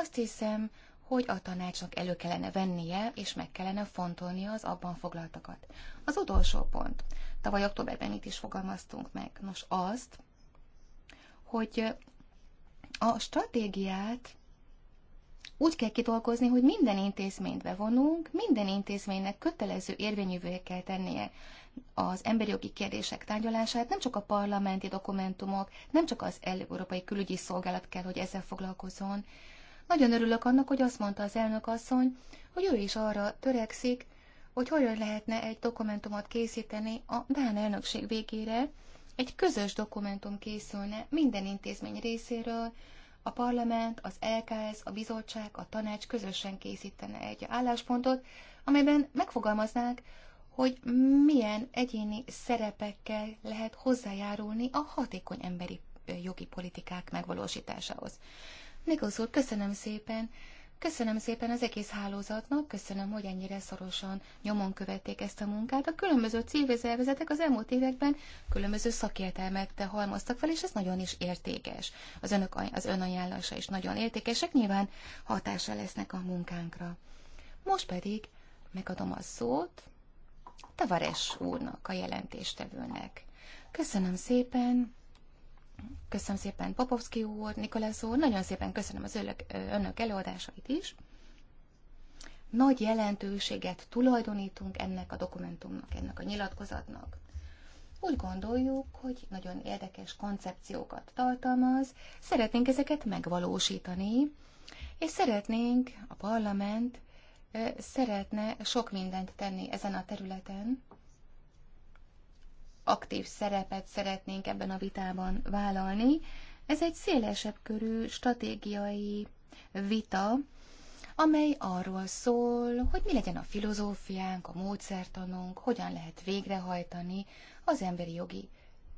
Azt hiszem, hogy a tanácsnak elő kellene vennie, és meg kellene fontolnia az abban foglaltakat. Az utolsó pont. Tavaly októberben itt is fogalmaztunk meg. Nos, azt, hogy a stratégiát úgy kell kidolgozni, hogy minden intézményt bevonunk, minden intézménynek kötelező érvényűvé kell tennie az emberi jogi kérdések tárgyalását, nem csak a parlamenti dokumentumok, nem csak az Európai Külügyi Szolgálat kell, hogy ezzel foglalkozzon, nagyon örülök annak, hogy azt mondta az elnök asszony, hogy ő is arra törekszik, hogy hogyan lehetne egy dokumentumot készíteni a Dán elnökség végére, egy közös dokumentum készülne minden intézmény részéről, a parlament, az LKS, a bizottság, a tanács közösen készítene egy álláspontot, amelyben megfogalmaznák, hogy milyen egyéni szerepekkel lehet hozzájárulni a hatékony emberi jogi politikák megvalósításához. Nikosz úr, köszönöm szépen. Köszönöm szépen az egész hálózatnak, köszönöm, hogy ennyire szorosan nyomon követték ezt a munkát. A különböző civil szervezetek az elmúlt években különböző szakértelmet halmoztak fel, és ez nagyon is értékes. Az, önök, az ajánlása is nagyon értékesek, nyilván hatása lesznek a munkánkra. Most pedig megadom a szót Tavares úrnak, a jelentéstevőnek. Köszönöm szépen! Köszönöm szépen Popovski úr, Nikolász úr, nagyon szépen köszönöm az önök, önök előadásait is. Nagy jelentőséget tulajdonítunk ennek a dokumentumnak, ennek a nyilatkozatnak. Úgy gondoljuk, hogy nagyon érdekes koncepciókat tartalmaz, szeretnénk ezeket megvalósítani, és szeretnénk, a parlament szeretne sok mindent tenni ezen a területen, aktív szerepet szeretnénk ebben a vitában vállalni. Ez egy szélesebb körű stratégiai vita, amely arról szól, hogy mi legyen a filozófiánk, a módszertanunk, hogyan lehet végrehajtani az emberi jogi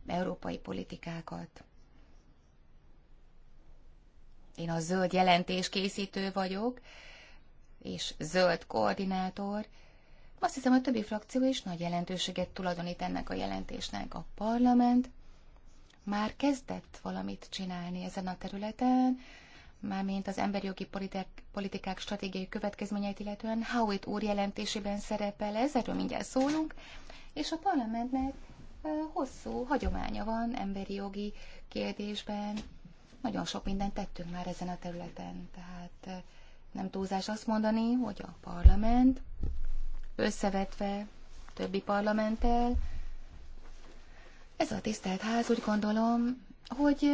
európai politikákat. Én a zöld jelentés készítő vagyok, és zöld koordinátor, azt hiszem, a többi frakció is nagy jelentőséget tulajdonít ennek a jelentésnek. A parlament már kezdett valamit csinálni ezen a területen, mármint az emberi jogi politikák stratégiai következményeit illetően Howitt úr jelentésében szerepel, ez erről mindjárt szólunk, és a parlamentnek hosszú hagyománya van emberi jogi kérdésben. Nagyon sok mindent tettünk már ezen a területen, tehát nem túlzás azt mondani, hogy a parlament összevetve többi parlamenttel. Ez a tisztelt ház úgy gondolom, hogy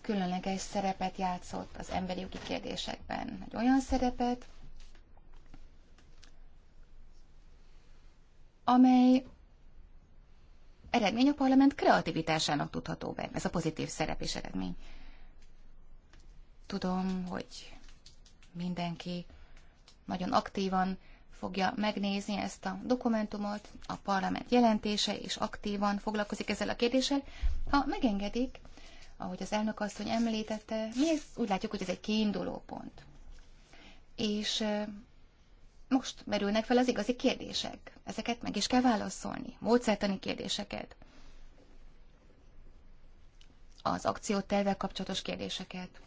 különleges szerepet játszott az emberi jogi kérdésekben. Egy olyan szerepet, amely eredmény a parlament kreativitásának tudható be. Ez a pozitív szerep és eredmény. Tudom, hogy mindenki nagyon aktívan fogja megnézni ezt a dokumentumot, a parlament jelentése, és aktívan foglalkozik ezzel a kérdéssel. Ha megengedik, ahogy az elnök asszony említette, mi ez? úgy látjuk, hogy ez egy kiinduló pont. És most merülnek fel az igazi kérdések. Ezeket meg is kell válaszolni, módszertani kérdéseket. Az akciótervvel kapcsolatos kérdéseket.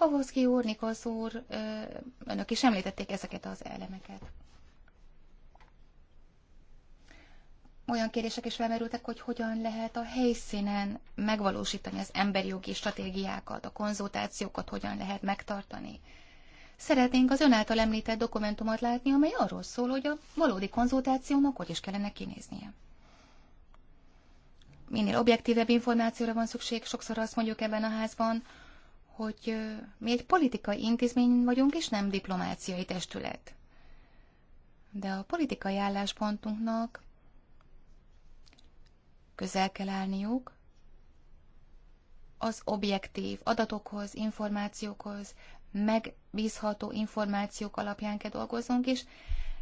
Pavoszki úr, Nikolsz úr, önök is említették ezeket az elemeket. Olyan kérdések is felmerültek, hogy hogyan lehet a helyszínen megvalósítani az emberi jogi stratégiákat, a konzultációkat hogyan lehet megtartani. Szeretnénk az ön által említett dokumentumot látni, amely arról szól, hogy a valódi konzultációnak hogy is kellene kinéznie minél objektívebb információra van szükség, sokszor azt mondjuk ebben a házban, hogy mi egy politikai intézmény vagyunk, és nem diplomáciai testület. De a politikai álláspontunknak közel kell állniuk az objektív adatokhoz, információkhoz, megbízható információk alapján kell dolgoznunk, és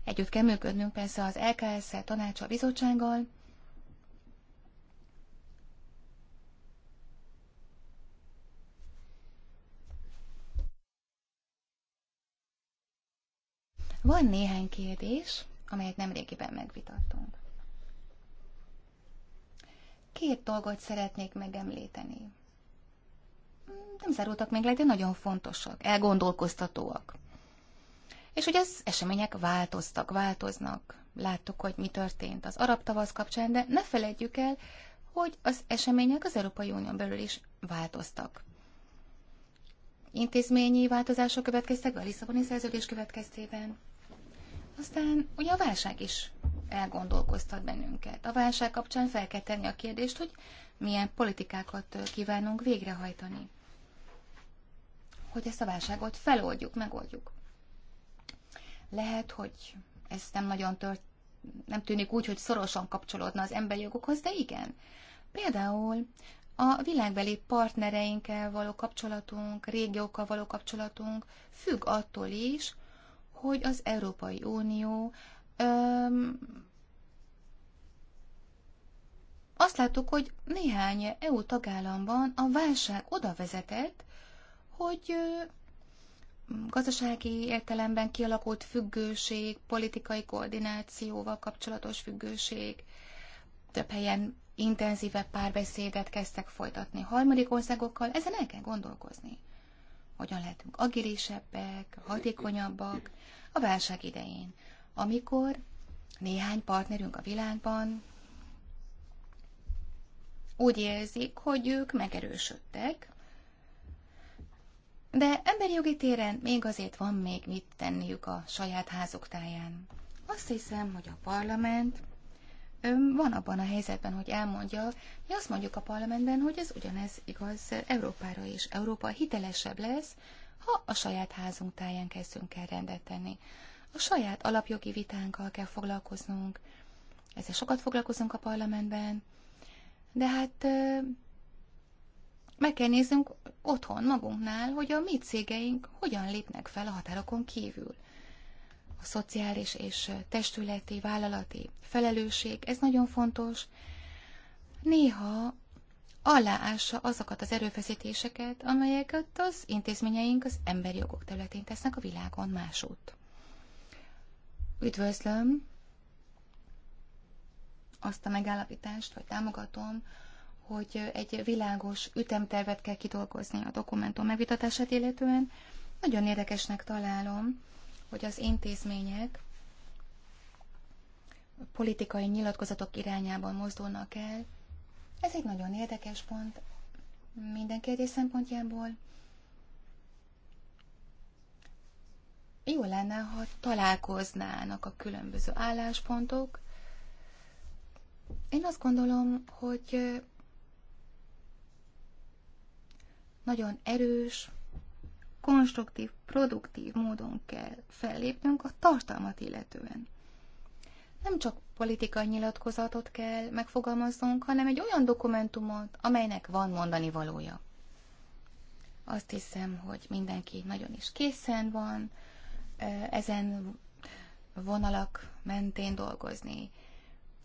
együtt kell működnünk persze az LKS-szel, tanácsa, bizottsággal, Van néhány kérdés, amelyet nemrégiben megvitattunk. Két dolgot szeretnék megemlíteni. Hmm, nem zárultak még le, de nagyon fontosak, elgondolkoztatóak. És hogy az események változtak, változnak. Láttuk, hogy mi történt az arab tavasz kapcsán, de ne feledjük el, hogy az események az Európai Unión belül is változtak. Intézményi változások következtek be a Lisszaboni szerződés következtében. Aztán ugye a válság is elgondolkoztat bennünket. A válság kapcsán fel kell tenni a kérdést, hogy milyen politikákat kívánunk végrehajtani. Hogy ezt a válságot feloldjuk, megoldjuk. Lehet, hogy ez nem nagyon tört, nem tűnik úgy, hogy szorosan kapcsolódna az emberi jogokhoz, de igen. Például a világbeli partnereinkkel való kapcsolatunk, régiókkal való kapcsolatunk függ attól is, hogy az Európai Unió öm, azt láttuk, hogy néhány EU tagállamban a válság oda vezetett, hogy ö, gazdasági értelemben kialakult függőség, politikai koordinációval kapcsolatos függőség, több helyen intenzívebb párbeszédet kezdtek folytatni harmadik országokkal, ezen el kell gondolkozni hogyan lehetünk agilisebbek, hatékonyabbak a válság idején, amikor néhány partnerünk a világban úgy érzik, hogy ők megerősödtek, de emberi jogi téren még azért van még mit tenniük a saját házuk táján. Azt hiszem, hogy a parlament van abban a helyzetben, hogy elmondja, mi azt mondjuk a parlamentben, hogy ez ugyanez igaz Európára is. Európa hitelesebb lesz, ha a saját házunk táján kezdünk el rendet tenni. A saját alapjogi vitánkkal kell foglalkoznunk, ezzel sokat foglalkozunk a parlamentben, de hát meg kell néznünk otthon, magunknál, hogy a mi cégeink hogyan lépnek fel a határokon kívül a szociális és testületi, vállalati felelősség, ez nagyon fontos. Néha aláássa azokat az erőfeszítéseket, amelyeket az intézményeink az emberi jogok területén tesznek a világon másút. Üdvözlöm azt a megállapítást, vagy támogatom, hogy egy világos ütemtervet kell kidolgozni a dokumentum megvitatását illetően. Nagyon érdekesnek találom, hogy az intézmények politikai nyilatkozatok irányában mozdulnak el. Ez egy nagyon érdekes pont minden kérdés szempontjából. Jó lenne, ha találkoznának a különböző álláspontok. Én azt gondolom, hogy nagyon erős, konstruktív, produktív módon kell fellépnünk a tartalmat illetően. Nem csak politikai nyilatkozatot kell megfogalmaznunk, hanem egy olyan dokumentumot, amelynek van mondani valója. Azt hiszem, hogy mindenki nagyon is készen van ezen vonalak mentén dolgozni.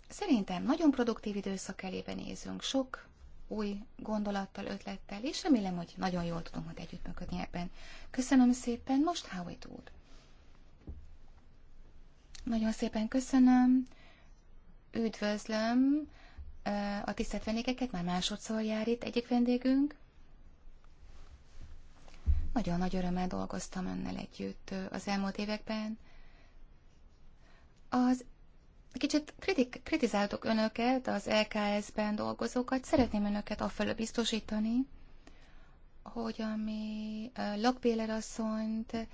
Szerintem nagyon produktív időszak elébe nézünk, sok új gondolattal, ötlettel, és remélem, hogy nagyon jól tudunk majd együttműködni ebben. Köszönöm szépen, most Howitt úr. Nagyon szépen köszönöm, üdvözlöm eh, a tisztelt vendégeket, már másodszor jár itt egyik vendégünk. Nagyon nagy örömmel dolgoztam önnel együtt eh, az elmúlt években. Az Kicsit kritik, kritizáltok önöket, az LKS-ben dolgozókat. Szeretném önöket afelől biztosítani, hogy ami Lakbéler asszonyt,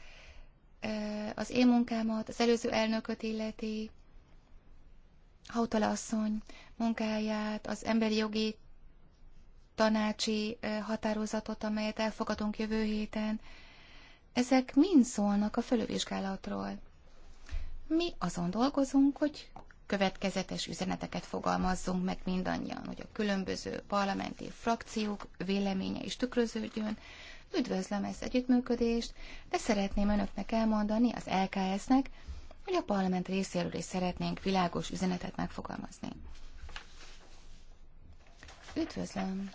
az én munkámat, az előző elnököt illeti, Hautala asszony munkáját, az emberi jogi tanácsi határozatot, amelyet elfogadunk jövő héten, ezek mind szólnak a fölülvizsgálatról. Mi azon dolgozunk, hogy következetes üzeneteket fogalmazzunk meg mindannyian, hogy a különböző parlamenti frakciók véleménye is tükröződjön. Üdvözlöm ezt együttműködést, de szeretném önöknek elmondani, az LKS-nek, hogy a parlament részéről is szeretnénk világos üzenetet megfogalmazni. Üdvözlöm,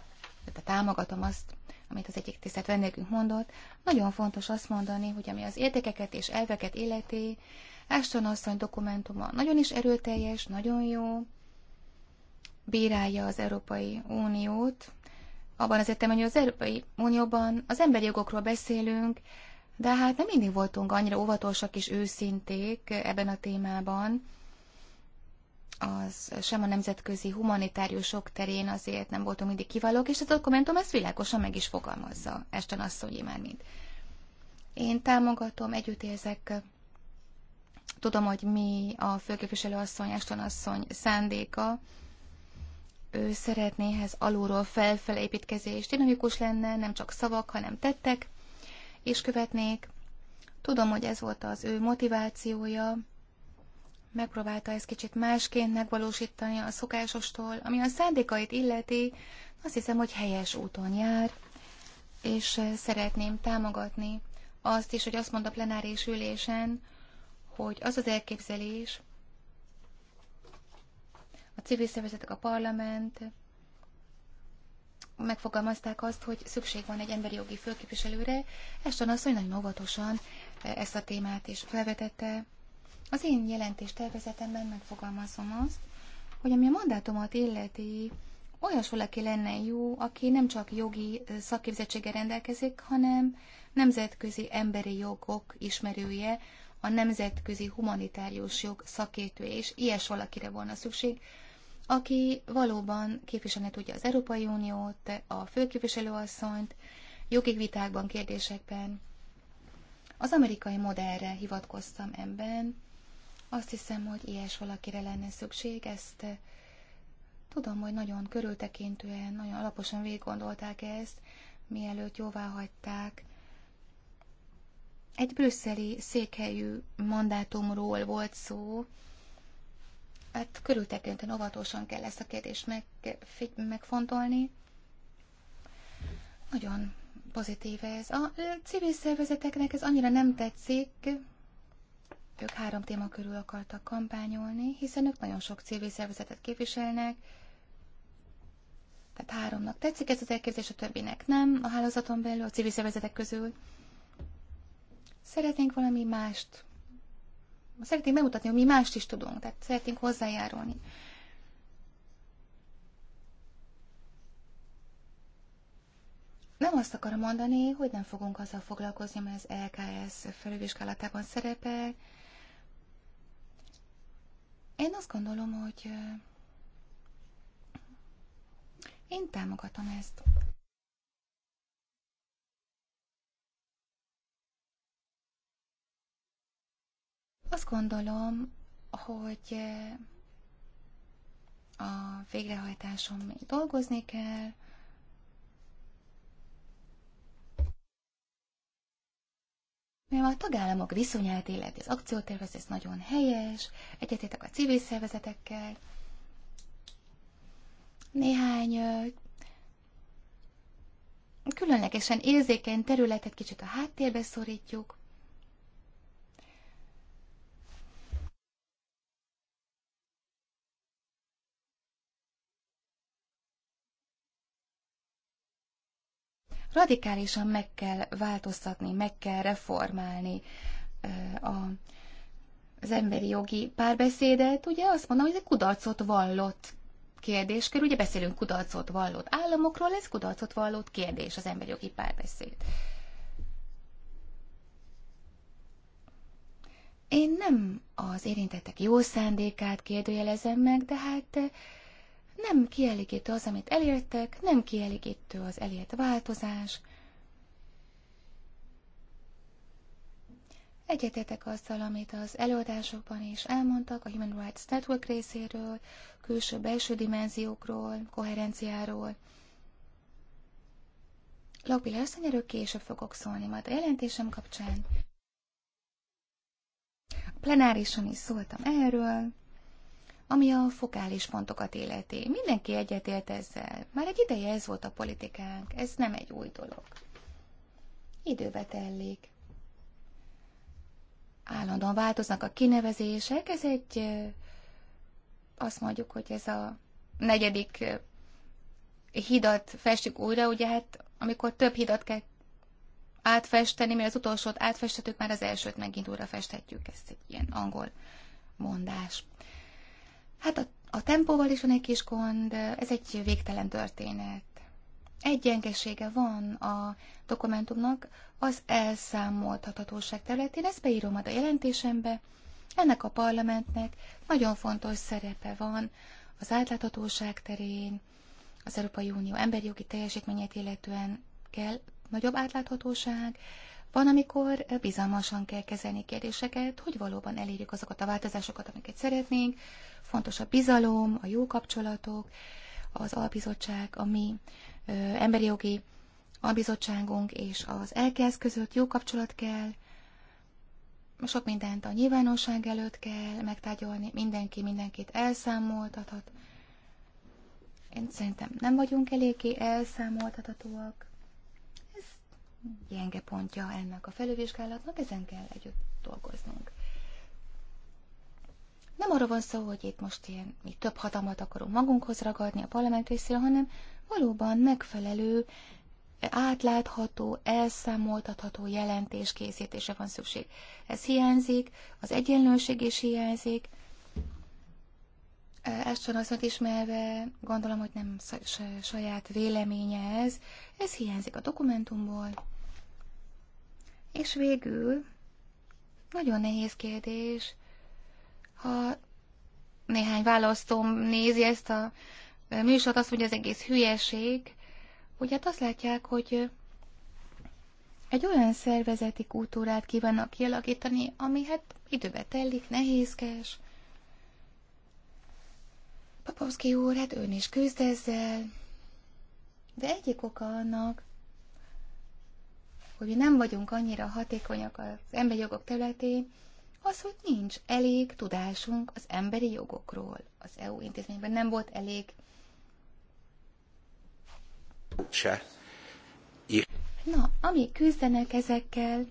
de támogatom azt, amit az egyik tisztelt vendégünk mondott. Nagyon fontos azt mondani, hogy ami az értékeket és elveket illeti, Ashton asszony dokumentuma nagyon is erőteljes, nagyon jó, bírálja az Európai Uniót, abban az értelemben, hogy az Európai Unióban az emberi jogokról beszélünk, de hát nem mindig voltunk annyira óvatosak és őszinték ebben a témában. Az sem a nemzetközi humanitáriusok terén azért nem voltunk mindig kiválók, és a dokumentum ezt világosan meg is fogalmazza, Esten asszonyi már mind. Én támogatom, együtt érzek Tudom, hogy mi a főképviselő asszony, Eston asszony szándéka. Ő szeretné ehhez alulról felfelé építkezés dinamikus lenne, nem csak szavak, hanem tettek, és követnék. Tudom, hogy ez volt az ő motivációja, megpróbálta ezt kicsit másként megvalósítani a szokásostól, ami a szándékait illeti, azt hiszem, hogy helyes úton jár, és eh, szeretném támogatni azt is, hogy azt mond a plenáris ülésen, hogy az az elképzelés, a civil szervezetek, a parlament megfogalmazták azt, hogy szükség van egy emberi jogi főképviselőre. Eston asszony nagyon óvatosan e, ezt a témát is felvetette. Az én jelentés tervezetemben megfogalmazom azt, hogy ami a mandátumot illeti, olyas valaki lenne jó, aki nem csak jogi e, szakképzettséggel rendelkezik, hanem nemzetközi emberi jogok ismerője, a nemzetközi humanitárius jog szakértője, és ilyes valakire volna szükség, aki valóban képviselni tudja az Európai Uniót, a főképviselőasszonyt, jogi vitákban, kérdésekben. Az amerikai modellre hivatkoztam ebben. Azt hiszem, hogy ilyes valakire lenne szükség, ezt eh, tudom, hogy nagyon körültekintően, nagyon alaposan végiggondolták ezt, mielőtt jóvá hagyták egy brüsszeli székhelyű mandátumról volt szó, hát körültekintően óvatosan kell ezt a kérdést meg, megfontolni. Nagyon pozitív ez. A civil szervezeteknek ez annyira nem tetszik. Ők három téma körül akartak kampányolni, hiszen ők nagyon sok civil szervezetet képviselnek. Tehát háromnak tetszik ez az elképzelés, a többinek nem a hálózaton belül, a civil szervezetek közül. Szeretnénk valami mást. Szeretnénk bemutatni, hogy mi mást is tudunk, tehát szeretnénk hozzájárulni. Nem azt akarom mondani, hogy nem fogunk azzal foglalkozni, mert az LKS felülvizsgálatában szerepel. Én azt gondolom, hogy én támogatom ezt. Azt gondolom, hogy eh, a végrehajtáson még dolgozni kell, Mivel a tagállamok viszonyát illeti az akciótervezés ez nagyon helyes, egyetétek a civil szervezetekkel, néhány különlegesen érzékeny területet kicsit a háttérbe szorítjuk, radikálisan meg kell változtatni, meg kell reformálni a, az emberi jogi párbeszédet. Ugye azt mondom, hogy ez egy kudarcot vallott kérdéskör, ugye beszélünk kudarcot vallott államokról, ez kudarcot vallott kérdés az emberi jogi párbeszéd. Én nem az érintettek jó szándékát kérdőjelezem meg, de hát nem kielégítő az, amit elértek, nem kielégítő az elért változás. Egyetetek azzal, amit az előadásokban is elmondtak a Human Rights Network részéről, külső-belső dimenziókról, koherenciáról. Lakbilla összenyerő később fogok szólni majd a jelentésem kapcsán. A plenárison is szóltam erről ami a fokális pontokat illeti. Mindenki egyetért ezzel. Már egy ideje ez volt a politikánk, ez nem egy új dolog. Időbe tellik. Állandóan változnak a kinevezések, ez egy, azt mondjuk, hogy ez a negyedik hidat festjük újra, ugye hát amikor több hidat kell átfesteni, mert az utolsót átfestetük, már az elsőt megint újra festhetjük, ezt egy ilyen angol mondás. Hát a, a tempóval is van egy kis gond, ez egy végtelen történet. Egy gyengesége van a dokumentumnak az elszámoltathatóság területén, ezt beírom a jelentésembe. Ennek a parlamentnek nagyon fontos szerepe van az átláthatóság terén, az Európai Unió emberi jogi teljesítményét illetően kell nagyobb átláthatóság, van, amikor bizalmasan kell kezelni kérdéseket, hogy valóban elérjük azokat a változásokat, amiket szeretnénk. Fontos a bizalom, a jó kapcsolatok, az albizottság, a mi ö, emberi jogi albizottságunk és az elkezd között jó kapcsolat kell, sok mindent a nyilvánosság előtt kell megtárgyalni, mindenki mindenkit elszámoltathat. Én szerintem nem vagyunk eléggé elszámoltathatóak gyenge pontja ennek a felővizsgálatnak, ezen kell együtt dolgoznunk. Nem arra van szó, hogy itt most ilyen mi több hatalmat akarunk magunkhoz ragadni a parlament részéről, hanem valóban megfelelő, átlátható, elszámoltatható jelentés készítése van szükség. Ez hiányzik, az egyenlőség is hiányzik, csak azt ismerve, gondolom, hogy nem saját véleménye ez, ez hiányzik a dokumentumból. És végül, nagyon nehéz kérdés, ha néhány választóm nézi ezt a műsort, azt mondja, hogy az egész hülyeség, hogy hát azt látják, hogy egy olyan szervezeti kultúrát kívánnak kialakítani, ami hát időbe telik, nehézkes. Papovszki úr, hát ön is küzd ezzel. De egyik oka annak, hogy mi nem vagyunk annyira hatékonyak az emberi jogok területén, az, hogy nincs elég tudásunk az emberi jogokról. Az EU intézményben nem volt elég. Se. Na, ami küzdenek ezekkel,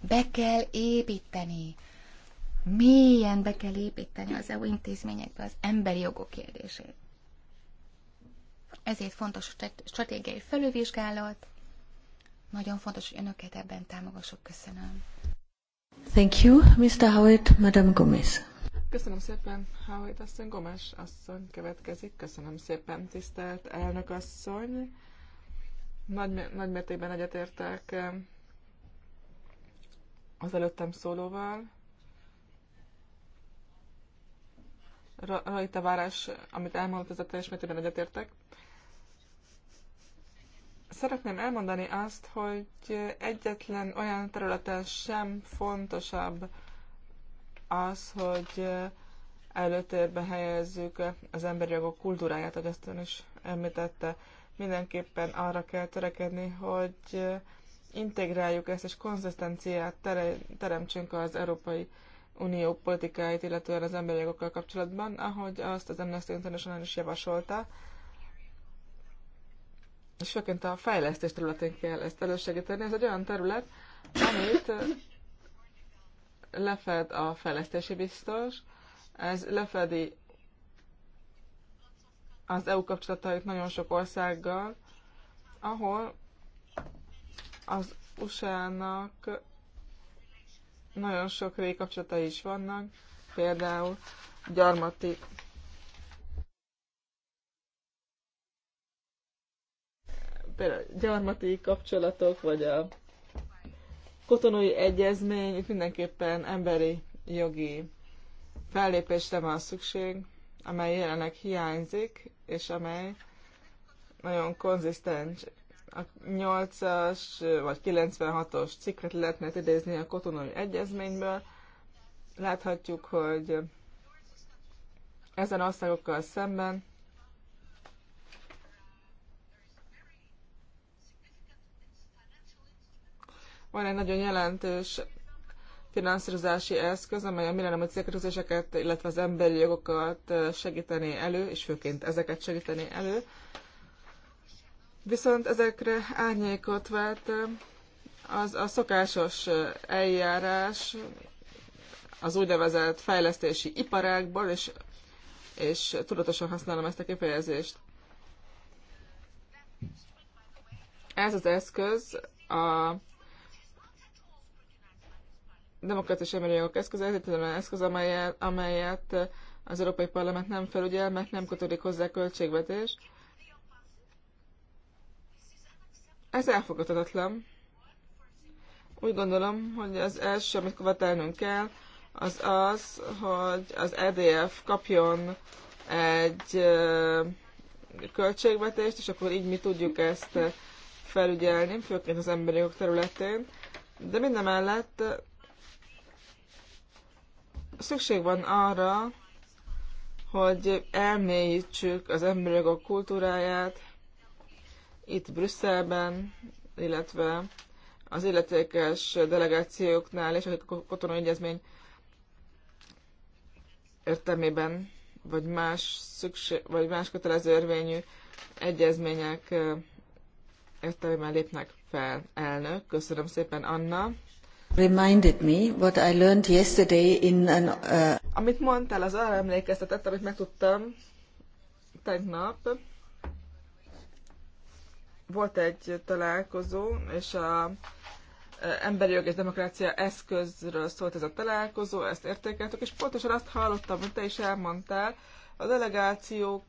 be kell építeni. Milyen be kell építeni az EU intézményekbe az emberi jogok kérdését. Ezért fontos a stratégiai felülvizsgálat, nagyon fontos, hogy önöket ebben támogassuk. Köszönöm. Thank you, Mr. Howard, Madam Gomez. Köszönöm szépen, Howard asszony, Gomes asszony következik. Köszönöm szépen, tisztelt elnök asszony. Nagy, nagy mértékben egyetértek az előttem szólóval. Rajta várás, amit elmondott, ez a teljes mértékben egyetértek. Szeretném elmondani azt, hogy egyetlen olyan területen sem fontosabb az, hogy előtérbe helyezzük az emberi jogok kultúráját, ahogy azt ön is említette. Mindenképpen arra kell törekedni, hogy integráljuk ezt, és konzisztenciát teremtsünk az Európai Unió politikáit, illetően az emberi jogokkal kapcsolatban, ahogy azt az Amnesty International is javasolta és főként a fejlesztés területén kell ezt elősegíteni. Ez egy olyan terület, amit lefed a fejlesztési biztos, ez lefedi az EU kapcsolatait nagyon sok országgal, ahol az USA-nak nagyon sok régi kapcsolatai is vannak, például gyarmati például gyarmati kapcsolatok, vagy a kotonói egyezmény, itt mindenképpen emberi jogi fellépésre van szükség, amely jelenleg hiányzik, és amely nagyon konzisztens. A 8-as vagy 96-os cikket lehetne idézni a kotonói egyezményből. Láthatjuk, hogy ezen országokkal szemben Van egy nagyon jelentős finanszírozási eszköz, amely a millenniumi célkötőzéseket, illetve az emberi jogokat segíteni elő, és főként ezeket segíteni elő. Viszont ezekre árnyékot vett az a szokásos eljárás az úgynevezett fejlesztési iparákból, és, és tudatosan használom ezt a kifejezést. Ez az eszköz a demokratikus emberi jogok eszköze, ez egy olyan eszköz, amelyet, amelyet eh, az Európai Parlament nem felügyel, mert nem kötődik hozzá költségvetés. Ez elfogadhatatlan. Úgy gondolom, hogy az első, amit követelnünk kell, az az, hogy az EDF kapjon egy eh, költségvetést, és akkor így mi tudjuk ezt eh, felügyelni, főként az emberi jogok területén. De minden mellett szükség van arra, hogy elmélyítsük az emberek a kultúráját itt Brüsszelben, illetve az illetékes delegációknál és a kotonai egyezmény értelmében, vagy más, szükség, vagy más kötelező érvényű egyezmények értelmében lépnek fel. Elnök, köszönöm szépen Anna. Reminded me what I learned yesterday in an, uh... Amit mondtál, az arra emlékeztetett, amit megtudtam tegnap. Volt egy találkozó, és a e, emberi jog és demokrácia eszközről szólt ez a találkozó, ezt értékeltük, és pontosan azt hallottam, hogy te is elmondtál, a delegációk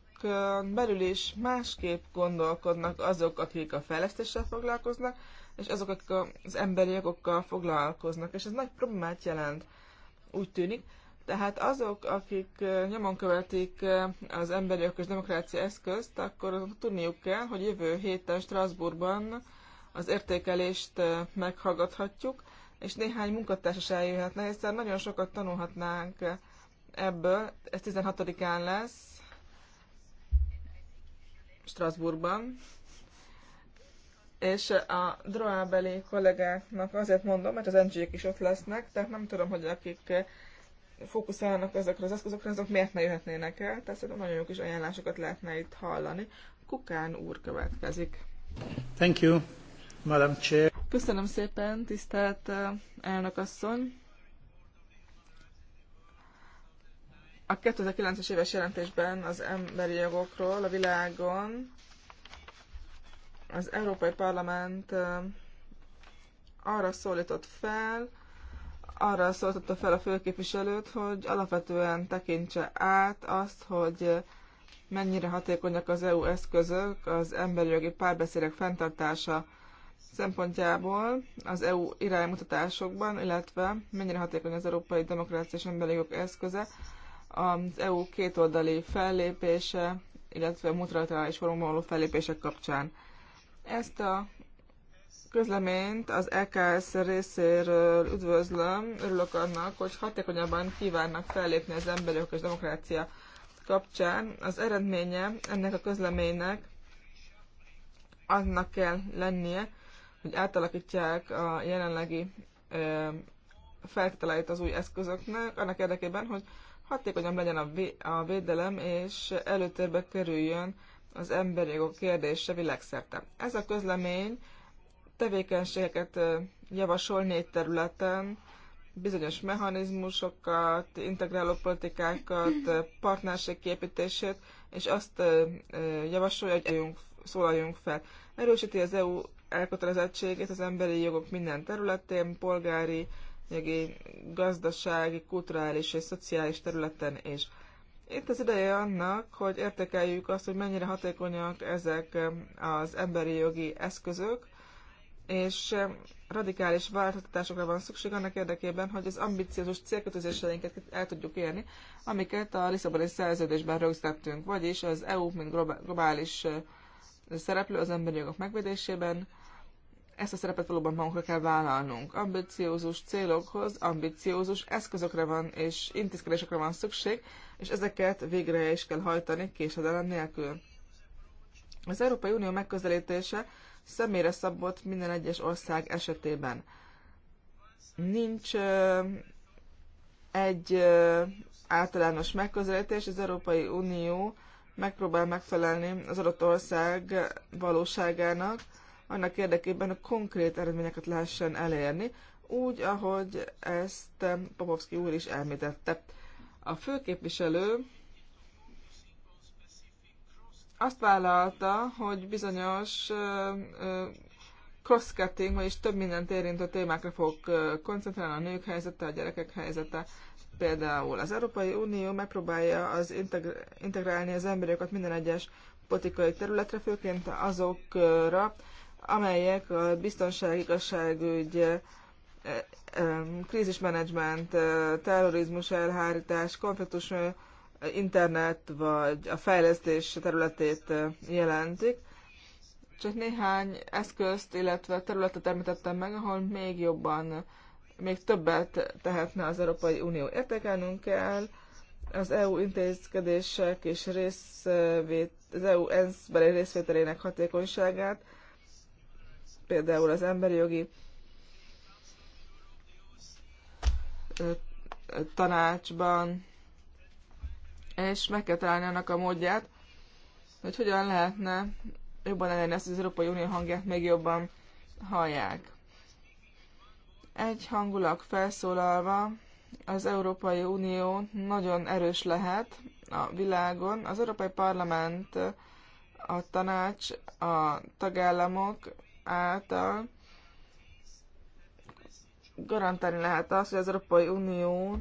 belül is másképp gondolkodnak azok, akik a fejlesztéssel foglalkoznak, és azok, akik az emberi jogokkal foglalkoznak, és ez nagy problémát jelent, úgy tűnik. Tehát azok, akik nyomon követik az emberi jogok és demokrácia eszközt, akkor tudniuk kell, hogy jövő héten Strasbourgban az értékelést meghallgathatjuk, és néhány munkatársas eljöhetne, hiszen nagyon sokat tanulhatnánk ebből. Ez 16-án lesz Strasbourgban és a droábeli kollégáknak azért mondom, mert az NG-k is ott lesznek, tehát nem tudom, hogy akik eh, fókuszálnak ezekre az eszközökre, azok miért ne jöhetnének el, tehát szerintem nagyon jó kis ajánlásokat lehetne itt hallani. Kukán úr következik. Thank you, Madam Chair. Köszönöm szépen, tisztelt eh, elnökasszony. A 2009-es éves jelentésben az emberi jogokról a világon az Európai Parlament arra szólított fel, arra szólította fel a főképviselőt, hogy alapvetően tekintse át azt, hogy mennyire hatékonyak az EU eszközök az emberi jogi párbeszédek fenntartása szempontjából az EU iránymutatásokban, illetve mennyire hatékony az európai demokrácia és emberi jogok eszköze, az EU kétoldali fellépése, illetve multilaterális formában való fellépések kapcsán. Ezt a közleményt az EKS részéről üdvözlöm. Örülök annak, hogy hatékonyabban kívánnak fellépni az emberek és demokrácia kapcsán. Az eredménye ennek a közleménynek annak kell lennie, hogy átalakítják a jelenlegi feltételeit az új eszközöknek, annak érdekében, hogy hatékonyabb legyen a védelem, és előtérbe kerüljön az emberi jogok kérdése világszerte. Ez a közlemény tevékenységeket javasol négy területen, bizonyos mechanizmusokat, integráló politikákat, partnerség képítését, és azt javasolja, hogy eljünk, szólaljunk fel. Erősíti az EU elkötelezettségét az emberi jogok minden területén, polgári, jogi, gazdasági, kulturális és szociális területen és itt az ideje annak, hogy értékeljük azt, hogy mennyire hatékonyak ezek az emberi jogi eszközök, és radikális változtatásokra van szükség annak érdekében, hogy az ambiciózus célkötözéseinket el tudjuk érni, amiket a Lisszaboni szerződésben rögzítettünk, vagyis az EU, mint globális szereplő az emberi jogok megvédésében, ezt a szerepet valóban magunkra kell vállalnunk. Ambiciózus célokhoz ambiciózus eszközökre van és intézkedésekre van szükség, és ezeket végre is kell hajtani késedelem nélkül. Az Európai Unió megközelítése személyre szabott minden egyes ország esetében. Nincs egy általános megközelítés, az Európai Unió megpróbál megfelelni az adott ország valóságának, annak érdekében, hogy konkrét eredményeket lehessen elérni, úgy, ahogy ezt Popovski úr is elmítette. A főképviselő azt vállalta, hogy bizonyos cross-cutting, vagyis több mindent érintő témákra fog koncentrálni, a nők helyzete, a gyerekek helyzete. Például az Európai Unió megpróbálja az integrálni az embereket minden egyes politikai területre, főként azokra, amelyek a biztonság, igazságügy, krízismenedzsment, terrorizmus elhárítás, konfliktus internet vagy a fejlesztés területét jelentik. Csak néhány eszközt, illetve területet említettem meg, ahol még jobban, még többet tehetne az Európai Unió. Értékelnünk kell az EU intézkedések és részvét, az EU ENSZ beli részvételének hatékonyságát, például az emberi jogi tanácsban, és meg kell találni annak a módját, hogy hogyan lehetne jobban elérni ezt, az Európai Unió hangját még jobban hallják. Egy hangulag felszólalva, az Európai Unió nagyon erős lehet a világon. Az Európai Parlament, a tanács, a tagállamok által garantálni lehet azt, hogy az Európai Unió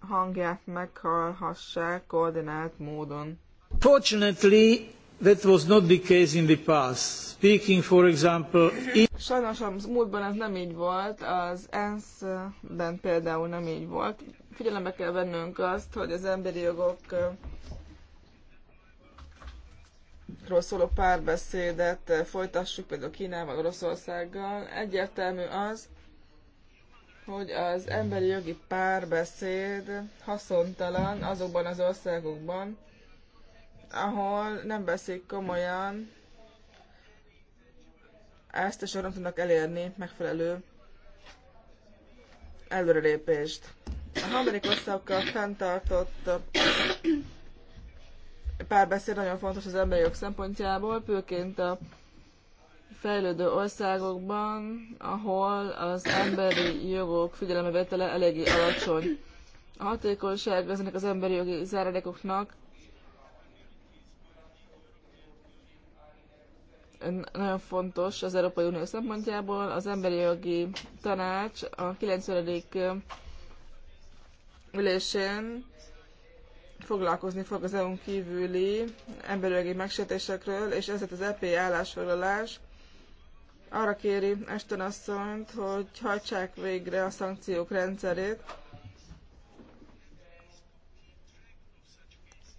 hangját meghallhassák koordinált módon. Fortunately, that was not the case in the past. Speaking, for example, Sajnos a múltban ez nem így volt, az ENSZ-ben például nem így volt. Figyelembe kell vennünk azt, hogy az emberi jogok szóló párbeszédet folytassuk például Kínával, Oroszországgal. Egyértelmű az, hogy az emberi jogi párbeszéd haszontalan azokban az országokban, ahol nem veszik komolyan ezt, a soron tudnak elérni megfelelő előrelépést. A harmadik országokkal fenntartott párbeszéd nagyon fontos az emberi jog szempontjából, főként a fejlődő országokban, ahol az emberi jogok figyelembevétele eléggé alacsony. A hatékonyság ezeknek az emberi jogi záradékoknak nagyon fontos az Európai Unió szempontjából. Az Emberi Jogi Tanács a 90. ülésén foglalkozni fog az EU-n kívüli emberi jogi megsértésekről, és ezért az EP állásfoglalás arra kéri Eston asszonyt, hogy hajtsák végre a szankciók rendszerét,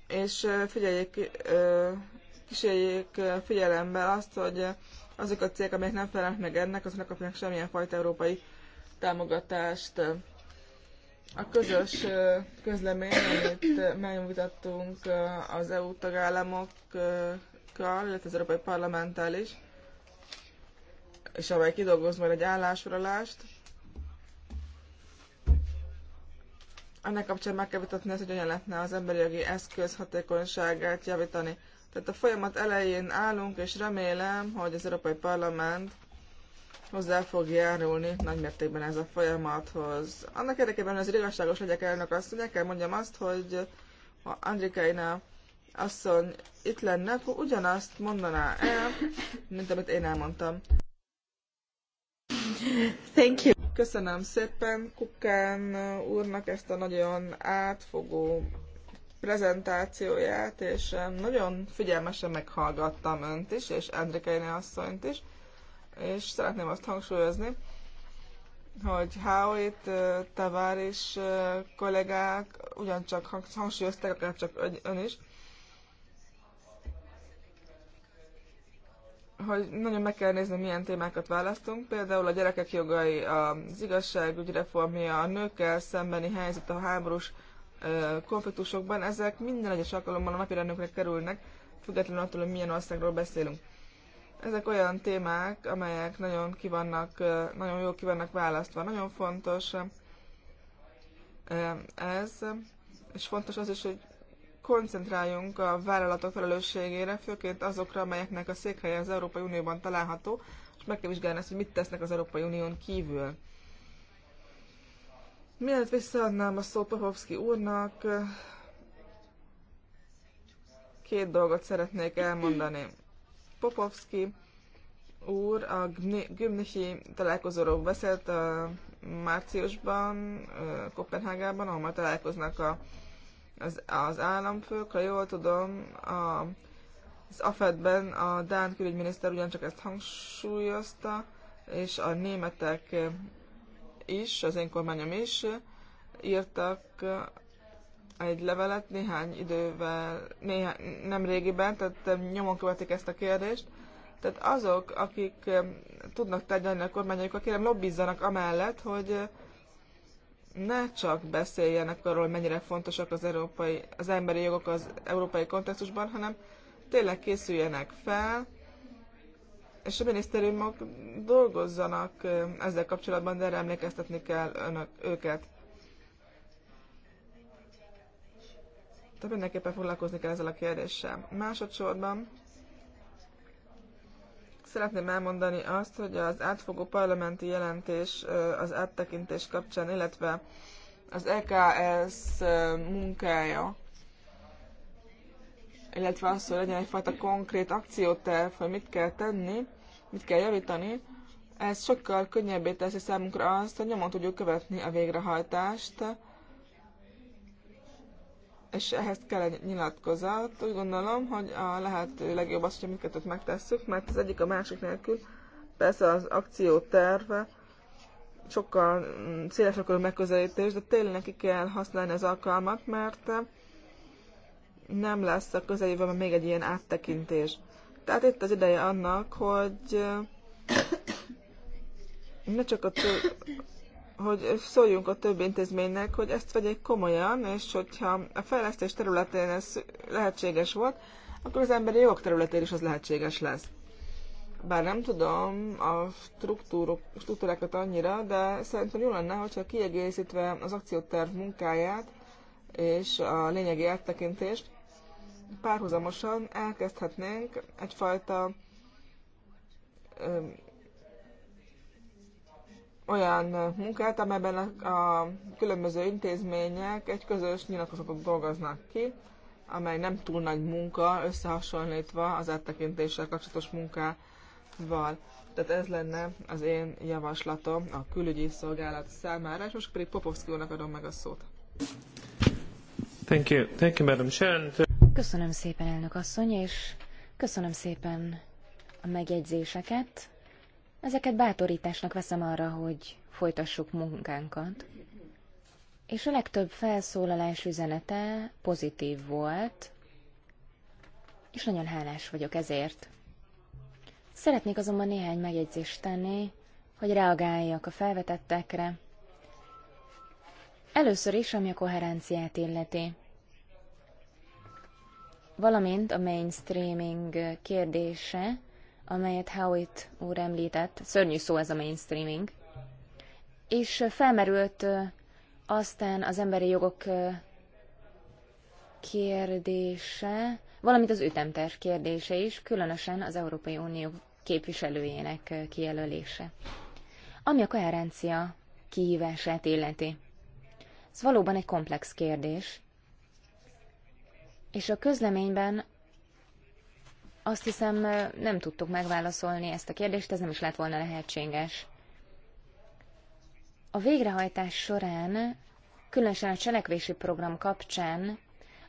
és figyeljék, kísérjék figyelembe azt, hogy azok a cégek, amelyek nem felelnek meg ennek, azok ne kapnak semmilyen fajta európai támogatást. A közös közlemény, amit megmutattunk az EU tagállamokkal, illetve az Európai Parlamenttel is, és amely kidolgoz majd egy állásfoglalást. Ennek kapcsán meg kell vitatni ezt, hogy hogyan lehetne az emberi jogi eszköz hatékonyságát javítani. Tehát a folyamat elején állunk, és remélem, hogy az Európai Parlament hozzá fog járulni nagymértékben ez a folyamathoz. Annak érdekében, hogy az igazságos legyek elnök azt, hogy kell mondjam azt, hogy ha Andrikaina asszony itt lenne, akkor ugyanazt mondaná el, mint amit én elmondtam. Köszönöm szépen Kukán úrnak ezt a nagyon átfogó prezentációját, és nagyon figyelmesen meghallgattam önt is, és Andrikeine asszonyt is, és szeretném azt hangsúlyozni, hogy Howitt, Tavares kollégák ugyancsak hangsúlyozták, akár csak ön is, hogy nagyon meg kell nézni, milyen témákat választunk. Például a gyerekek jogai, az igazságügy reformja, a nőkkel szembeni helyzet a háborús konfliktusokban, ezek minden egyes alkalommal a napirendünkre kerülnek, függetlenül attól, hogy milyen országról beszélünk. Ezek olyan témák, amelyek nagyon, kivannak, nagyon jól kivannak választva. Nagyon fontos ez, és fontos az is, hogy koncentráljunk a vállalatok felelősségére, főként azokra, amelyeknek a székhelye az Európai Unióban található, és meg kell vizsgálni azt, hogy mit tesznek az Európai Unión kívül. Mielőtt visszaadnám a szót Popovski úrnak, két dolgot szeretnék elmondani. Popovski úr a Gümnichi találkozóról beszélt a márciusban, Kopenhágában, ahol már találkoznak a az, az államfők, ha jól tudom, a, az AFED-ben a Dán külügyminiszter ugyancsak ezt hangsúlyozta, és a németek is, az én kormányom is írtak egy levelet néhány idővel, néhány, nem régiben, tehát nyomon követik ezt a kérdést. Tehát azok, akik tudnak tárgyalni a kormányokkal, kérem lobbizzanak amellett, hogy ne csak beszéljenek arról, hogy mennyire fontosak az, európai, az emberi jogok az európai kontextusban, hanem tényleg készüljenek fel, és a minisztériumok dolgozzanak ezzel kapcsolatban, de erre emlékeztetni kell önök, őket. Tehát mindenképpen foglalkozni kell ezzel a kérdéssel. Másodszorban Szeretném elmondani azt, hogy az átfogó parlamenti jelentés az áttekintés kapcsán, illetve az EKS munkája, illetve az, hogy legyen egyfajta konkrét akcióterv, hogy mit kell tenni, mit kell javítani, ez sokkal könnyebbé teszi számunkra azt, hogy nyomon tudjuk követni a végrehajtást, és ehhez kell egy nyilatkozat. Úgy gondolom, hogy a lehető legjobb az, hogy mindkettőt megtesszük, mert az egyik a másik nélkül persze az terve. sokkal mm, szélesebb körű megközelítés, de tényleg neki kell használni az alkalmat, mert eh, nem lesz a közeljövőben még egy ilyen áttekintés. Tehát itt az ideje annak, hogy eh, ne csak a, hogy szóljunk a több intézménynek, hogy ezt vegyék komolyan, és hogyha a fejlesztés területén ez lehetséges volt, akkor az emberi jogok területén is az lehetséges lesz. Bár nem tudom a struktúrákat annyira, de szerintem jó lenne, hogyha kiegészítve az akcióterv munkáját és a lényegi áttekintést, párhuzamosan elkezdhetnénk egyfajta olyan munkát, amelyben a, a különböző intézmények egy közös nyilatkozatot dolgoznak ki, amely nem túl nagy munka, összehasonlítva az áttekintéssel kapcsolatos munkával. Tehát ez lenne az én javaslatom a külügyi szolgálat számára, és most pedig Popovszki úrnak adom meg a szót. Thank you. Thank you, Madam Sharon. Uh, köszönöm szépen, elnök asszony, és köszönöm szépen a megjegyzéseket Ezeket bátorításnak veszem arra, hogy folytassuk munkánkat. És a legtöbb felszólalás üzenete pozitív volt, és nagyon hálás vagyok ezért. Szeretnék azonban néhány megjegyzést tenni, hogy reagáljak a felvetettekre. Először is, ami a koherenciát illeti. Valamint a mainstreaming kérdése, amelyet Howitt úr említett. Szörnyű szó ez a mainstreaming. És felmerült aztán az emberi jogok kérdése, valamint az ütemterv kérdése is, különösen az Európai Unió képviselőjének kijelölése. Ami a koherencia kihívását illeti. Ez valóban egy komplex kérdés, és a közleményben azt hiszem, nem tudtuk megválaszolni ezt a kérdést, ez nem is lett volna lehetséges. A végrehajtás során, különösen a cselekvési program kapcsán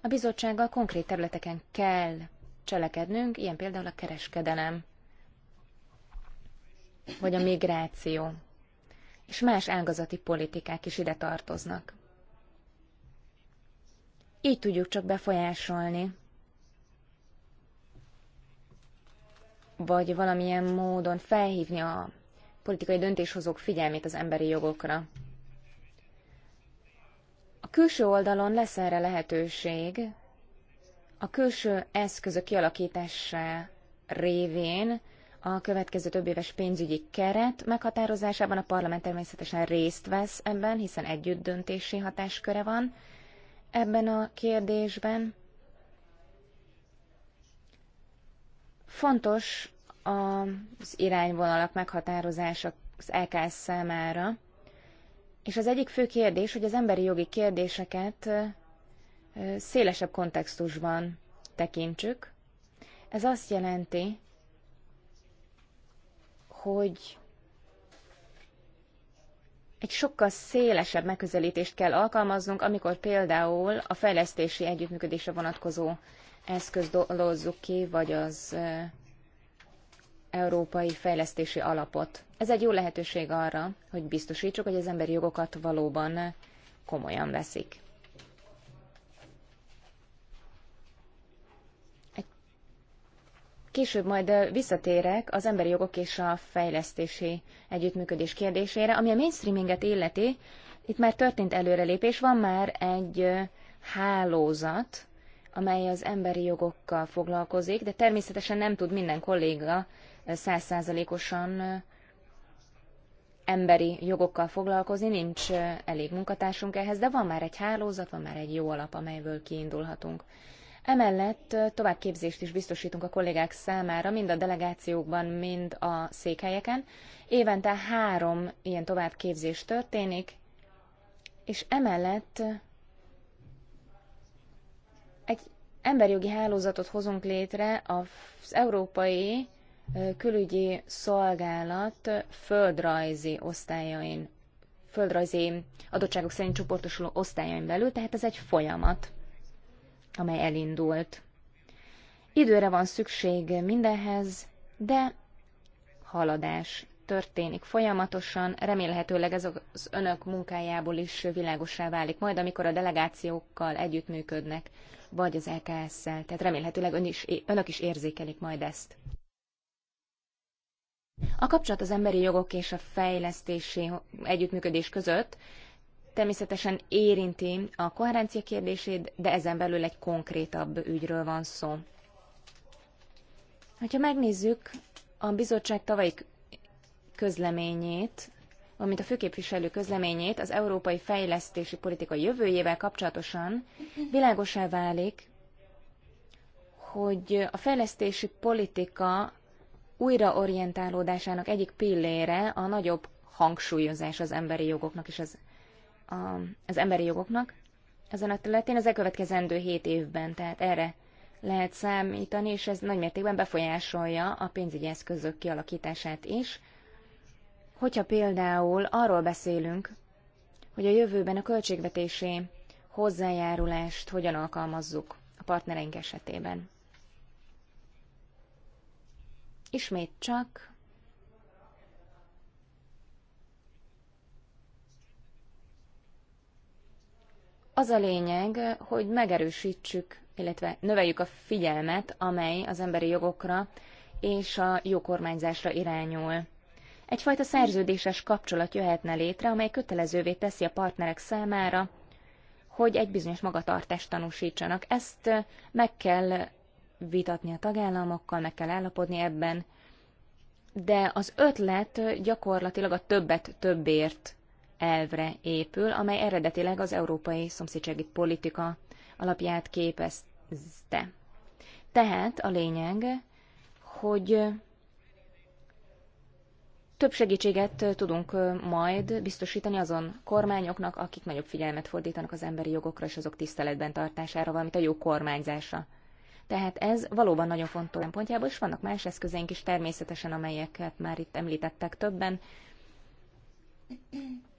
a bizottsággal konkrét területeken kell cselekednünk, ilyen például a kereskedelem, vagy a migráció, és más ágazati politikák is ide tartoznak. Így tudjuk csak befolyásolni vagy valamilyen módon felhívni a politikai döntéshozók figyelmét az emberi jogokra. A külső oldalon lesz erre lehetőség, a külső eszközök kialakítása révén a következő több éves pénzügyi keret meghatározásában a parlament természetesen részt vesz ebben, hiszen együtt döntési hatásköre van ebben a kérdésben. Fontos az irányvonalak meghatározása az LKS számára. És az egyik fő kérdés, hogy az emberi jogi kérdéseket szélesebb kontextusban tekintsük. Ez azt jelenti, hogy egy sokkal szélesebb megközelítést kell alkalmaznunk, amikor például a fejlesztési együttműködésre vonatkozó eszköz dolgozzuk ki, vagy az Európai Fejlesztési Alapot. Ez egy jó lehetőség arra, hogy biztosítsuk, hogy az emberi jogokat valóban komolyan veszik. Később majd visszatérek az emberi jogok és a fejlesztési együttműködés kérdésére, ami a mainstreaminget illeti. Itt már történt előrelépés, van már egy hálózat, amely az emberi jogokkal foglalkozik, de természetesen nem tud minden kolléga százszázalékosan emberi jogokkal foglalkozni, nincs elég munkatársunk ehhez, de van már egy hálózat, van már egy jó alap, amelyből kiindulhatunk. Emellett továbbképzést is biztosítunk a kollégák számára, mind a delegációkban, mind a székhelyeken. Évente három ilyen továbbképzés történik, és emellett egy emberjogi hálózatot hozunk létre az európai külügyi szolgálat földrajzi osztályain, földrajzi adottságok szerint csoportosuló osztályain belül, tehát ez egy folyamat, amely elindult. Időre van szükség mindenhez, de haladás történik folyamatosan, remélhetőleg ez az önök munkájából is világosá válik majd, amikor a delegációkkal együttműködnek, vagy az lks szel Tehát remélhetőleg ön is, önök is érzékelik majd ezt. A kapcsolat az emberi jogok és a fejlesztési együttműködés között természetesen érinti a koherencia kérdését, de ezen belül egy konkrétabb ügyről van szó. Ha megnézzük a bizottság tavalyi közleményét, valamint a főképviselő közleményét az európai fejlesztési politika jövőjével kapcsolatosan, világosá válik, hogy a fejlesztési politika újraorientálódásának egyik pillére a nagyobb hangsúlyozás az emberi jogoknak és az, a, az emberi jogoknak ezen a területén az elkövetkezendő hét évben, tehát erre lehet számítani, és ez nagymértékben befolyásolja a pénzügyi eszközök kialakítását is. Hogyha például arról beszélünk, hogy a jövőben a költségvetési hozzájárulást hogyan alkalmazzuk a partnereink esetében. Ismét csak az a lényeg, hogy megerősítsük, illetve növeljük a figyelmet, amely az emberi jogokra és a jó kormányzásra irányul. Egyfajta szerződéses kapcsolat jöhetne létre, amely kötelezővé teszi a partnerek számára, hogy egy bizonyos magatartást tanúsítsanak. Ezt meg kell vitatni a tagállamokkal, meg kell állapodni ebben, de az ötlet gyakorlatilag a többet többért elvre épül, amely eredetileg az európai szomszédsági politika alapját képezte. Tehát a lényeg, hogy több segítséget tudunk majd biztosítani azon kormányoknak, akik nagyobb figyelmet fordítanak az emberi jogokra és azok tiszteletben tartására, valamint a jó kormányzásra. Tehát ez valóban nagyon fontos szempontjából, és vannak más eszközeink is természetesen, amelyeket már itt említettek többen.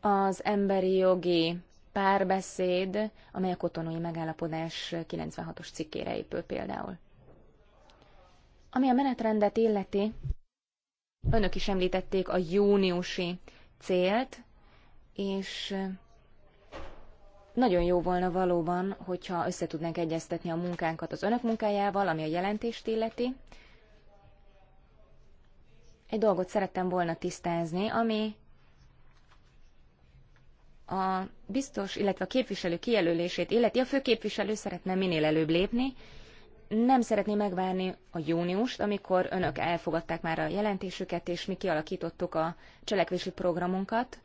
Az emberi jogi párbeszéd, amely a kotonói megállapodás 96-os cikkére épül például. Ami a menetrendet illeti, önök is említették a júniusi célt, és nagyon jó volna valóban, hogyha össze tudnánk egyeztetni a munkánkat az önök munkájával, ami a jelentést illeti. Egy dolgot szerettem volna tisztázni, ami a biztos, illetve a képviselő kijelölését illeti. A főképviselő szeretne minél előbb lépni. Nem szeretné megvárni a júniust, amikor önök elfogadták már a jelentésüket, és mi kialakítottuk a cselekvési programunkat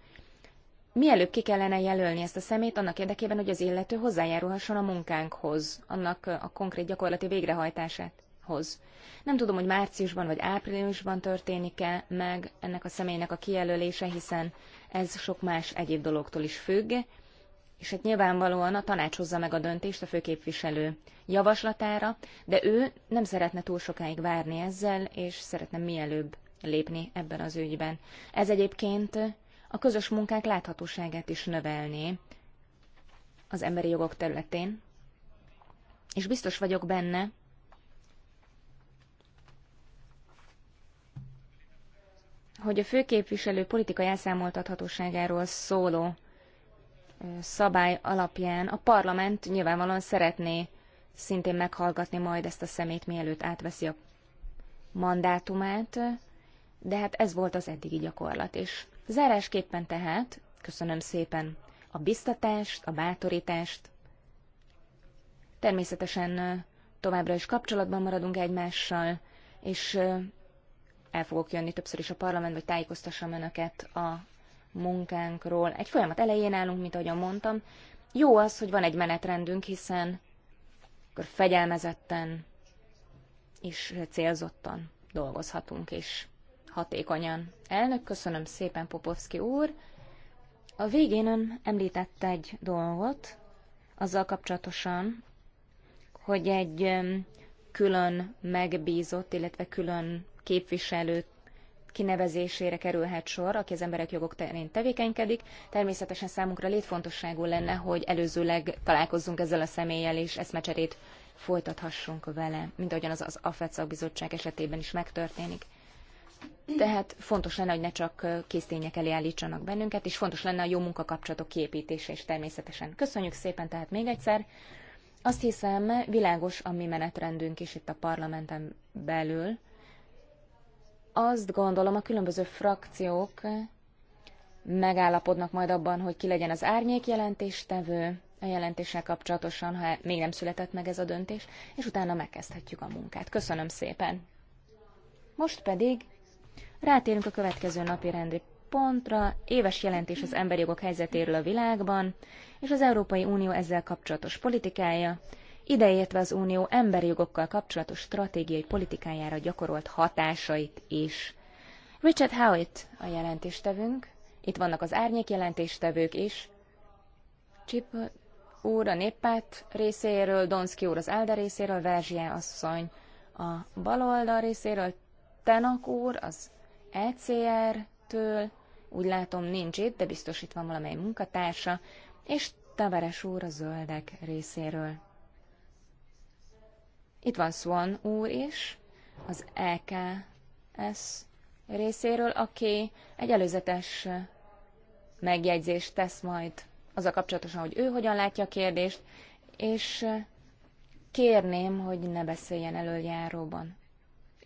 mielőbb ki kellene jelölni ezt a szemét annak érdekében, hogy az illető hozzájárulhasson a munkánkhoz, annak a konkrét gyakorlati végrehajtását hoz. Nem tudom, hogy márciusban vagy áprilisban történik-e meg ennek a személynek a kijelölése, hiszen ez sok más egyéb dologtól is függ, és hát nyilvánvalóan a tanács hozza meg a döntést a főképviselő javaslatára, de ő nem szeretne túl sokáig várni ezzel, és szeretne mielőbb lépni ebben az ügyben. Ez egyébként a közös munkák láthatóságát is növelni az emberi jogok területén, és biztos vagyok benne, hogy a főképviselő politikai elszámoltathatóságáról szóló szabály alapján a parlament nyilvánvalóan szeretné szintén meghallgatni majd ezt a szemét, mielőtt átveszi a mandátumát, de hát ez volt az eddigi gyakorlat is. Zárásképpen tehát köszönöm szépen a biztatást, a bátorítást. Természetesen továbbra is kapcsolatban maradunk egymással, és el fogok jönni többször is a parlament, hogy tájékoztassam önöket a munkánkról. Egy folyamat elején állunk, mint ahogyan mondtam. Jó az, hogy van egy menetrendünk, hiszen akkor fegyelmezetten és célzottan dolgozhatunk, és hatékonyan. Elnök, köszönöm szépen, Popovski úr. A végén ön említett egy dolgot, azzal kapcsolatosan, hogy egy külön megbízott, illetve külön képviselőt kinevezésére kerülhet sor, aki az emberek jogok terén tevékenykedik. Természetesen számunkra létfontosságú lenne, hogy előzőleg találkozzunk ezzel a személlyel, és mecserét folytathassunk vele, mint ahogyan az, az AFET szakbizottság esetében is megtörténik. Tehát fontos lenne, hogy ne csak késztények elé állítsanak bennünket, és fontos lenne a jó munkakapcsolatok kiépítése is természetesen. Köszönjük szépen tehát még egyszer. Azt hiszem, világos a mi menetrendünk is itt a parlamenten belül. Azt gondolom, a különböző frakciók megállapodnak majd abban, hogy ki legyen az árnyék jelentéstevő a jelentéssel kapcsolatosan, ha még nem született meg ez a döntés, és utána megkezdhetjük a munkát. Köszönöm szépen! Most pedig Rátérünk a következő napi rendi pontra, éves jelentés az emberi jogok helyzetéről a világban, és az Európai Unió ezzel kapcsolatos politikája, ideértve az Unió emberi jogokkal kapcsolatos stratégiai politikájára gyakorolt hatásait is. Richard Howitt a jelentéstevünk, itt vannak az árnyék jelentéstevők is, Csip úr a néppárt részéről, Donszki úr az Elde részéről, Verzsie asszony a baloldal részéről, Tenak úr az ECR-től, úgy látom nincs itt, de biztos itt van valamely munkatársa, és Tavares úr a zöldek részéről. Itt van Swan úr is, az EKS részéről, aki egy előzetes megjegyzést tesz majd azzal kapcsolatosan, hogy ő hogyan látja a kérdést, és kérném, hogy ne beszéljen elöljáróban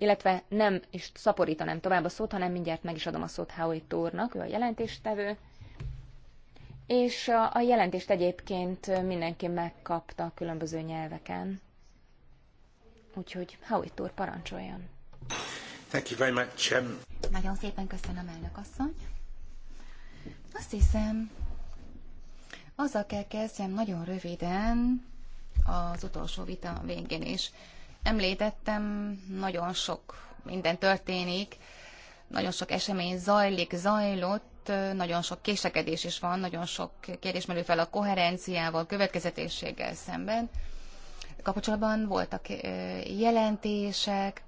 illetve nem is szaporítanám tovább a szót, hanem mindjárt meg is adom a szót Howitt Tórnak, ő a jelentéstevő. És a, a jelentést egyébként mindenki megkapta a különböző nyelveken. Úgyhogy Howitt Tór parancsoljon. Thank you very much. Um, nagyon szépen köszönöm, elnök asszony. Azt hiszem, azzal kell kezdjem nagyon röviden az utolsó vita végén is említettem, nagyon sok minden történik, nagyon sok esemény zajlik, zajlott, nagyon sok késekedés is van, nagyon sok kérdés merül fel a koherenciával, következetességgel szemben. Kapcsolatban voltak jelentések.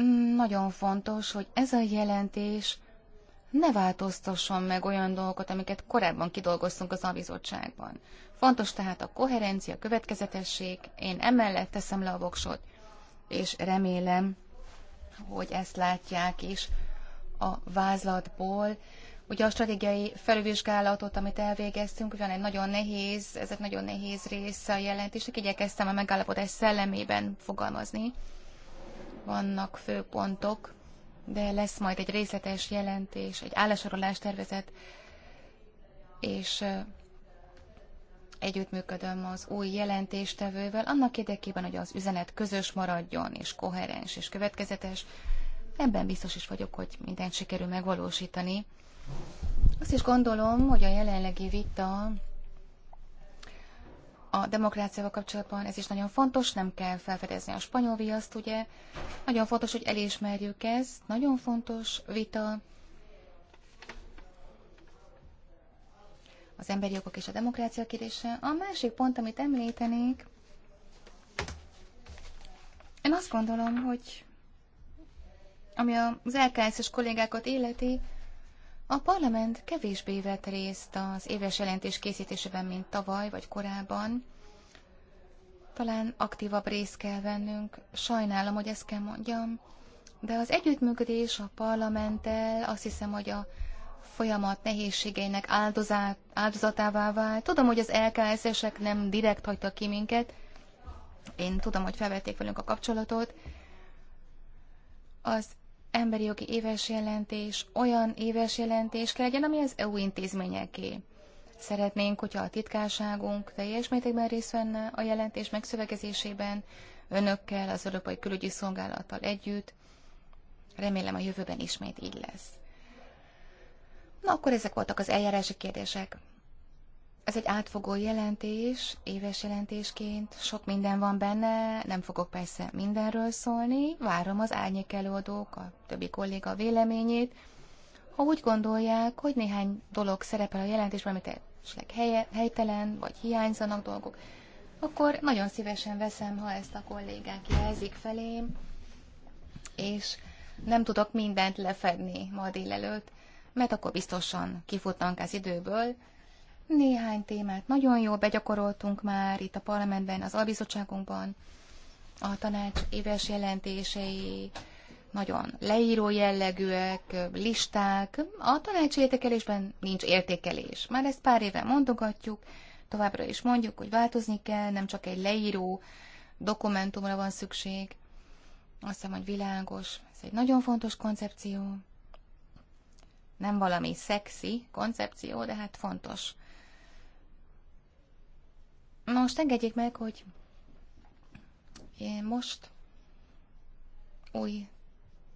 Mm, nagyon fontos, hogy ez a jelentés ne változtasson meg olyan dolgokat, amiket korábban kidolgoztunk az albizottságban. Fontos tehát a koherencia, a következetesség. Én emellett teszem le a voksot, és remélem, hogy ezt látják is a vázlatból. Ugye a stratégiai felülvizsgálatot, amit elvégeztünk, ugyan egy nagyon nehéz, ez egy nagyon nehéz része a jelentésnek, igyekeztem a megállapodás szellemében fogalmazni. Vannak főpontok, de lesz majd egy részletes jelentés, egy állásorolás tervezet, és Együttműködöm az új jelentéstevővel, annak érdekében, hogy az üzenet közös maradjon, és koherens, és következetes. Ebben biztos is vagyok, hogy mindent sikerül megvalósítani. Azt is gondolom, hogy a jelenlegi vita a demokráciával kapcsolatban ez is nagyon fontos, nem kell felfedezni a spanyol viaszt, ugye. Nagyon fontos, hogy elismerjük ezt, nagyon fontos vita, az emberi jogok és a demokrácia kérdése. A másik pont, amit említenék, én azt gondolom, hogy ami az LKS-es kollégákat életi, a parlament kevésbé vett részt az éves jelentés készítésében, mint tavaly vagy korábban. Talán aktívabb részt kell vennünk. Sajnálom, hogy ezt kell mondjam. De az együttműködés a parlamenttel azt hiszem, hogy a folyamat nehézségeinek áldozát, áldozatává vált. Tudom, hogy az LKSZ-esek nem direkt hagytak ki minket. Én tudom, hogy felvették velünk a kapcsolatot. Az emberi jogi éves jelentés olyan éves jelentés kell legyen, ami az EU intézményeké. Szeretnénk, hogyha a titkárságunk teljes mértékben részt venne a jelentés megszövegezésében, önökkel, az Európai Külügyi Szolgálattal együtt. Remélem a jövőben ismét így lesz. Na akkor ezek voltak az eljárási kérdések. Ez egy átfogó jelentés, éves jelentésként, sok minden van benne, nem fogok persze mindenről szólni, várom az árnyék előadók, a többi kolléga véleményét. Ha úgy gondolják, hogy néhány dolog szerepel a jelentésben, amit esetleg helytelen, vagy hiányzanak dolgok, akkor nagyon szívesen veszem, ha ezt a kollégák jelzik felém, és nem tudok mindent lefedni ma délelőtt, mert akkor biztosan kifutnánk az időből. Néhány témát nagyon jól begyakoroltunk már itt a parlamentben, az albizottságunkban. A tanács éves jelentései nagyon leíró jellegűek, listák. A tanács értékelésben nincs értékelés. Már ezt pár éve mondogatjuk, továbbra is mondjuk, hogy változni kell, nem csak egy leíró dokumentumra van szükség. Azt hiszem, hogy világos. Ez egy nagyon fontos koncepció. Nem valami szexi koncepció, de hát fontos. Most engedjék meg, hogy én most új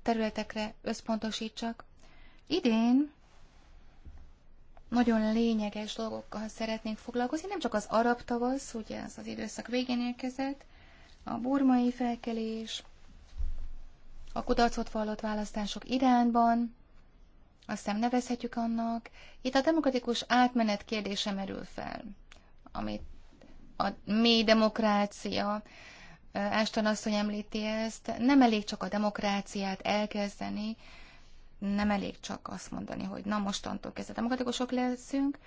területekre összpontosítsak. Idén nagyon lényeges dolgokkal szeretnénk foglalkozni, nem csak az arab tavasz, ugye ez az időszak végén érkezett, a burmai felkelés, a kudarcot vallott választások irányban, azt nem nevezhetjük annak. Itt a demokratikus átmenet kérdése merül fel, amit a mély demokrácia, Ashton asszony említi ezt, nem elég csak a demokráciát elkezdeni, nem elég csak azt mondani, hogy na mostantól kezdve demokratikusok leszünk,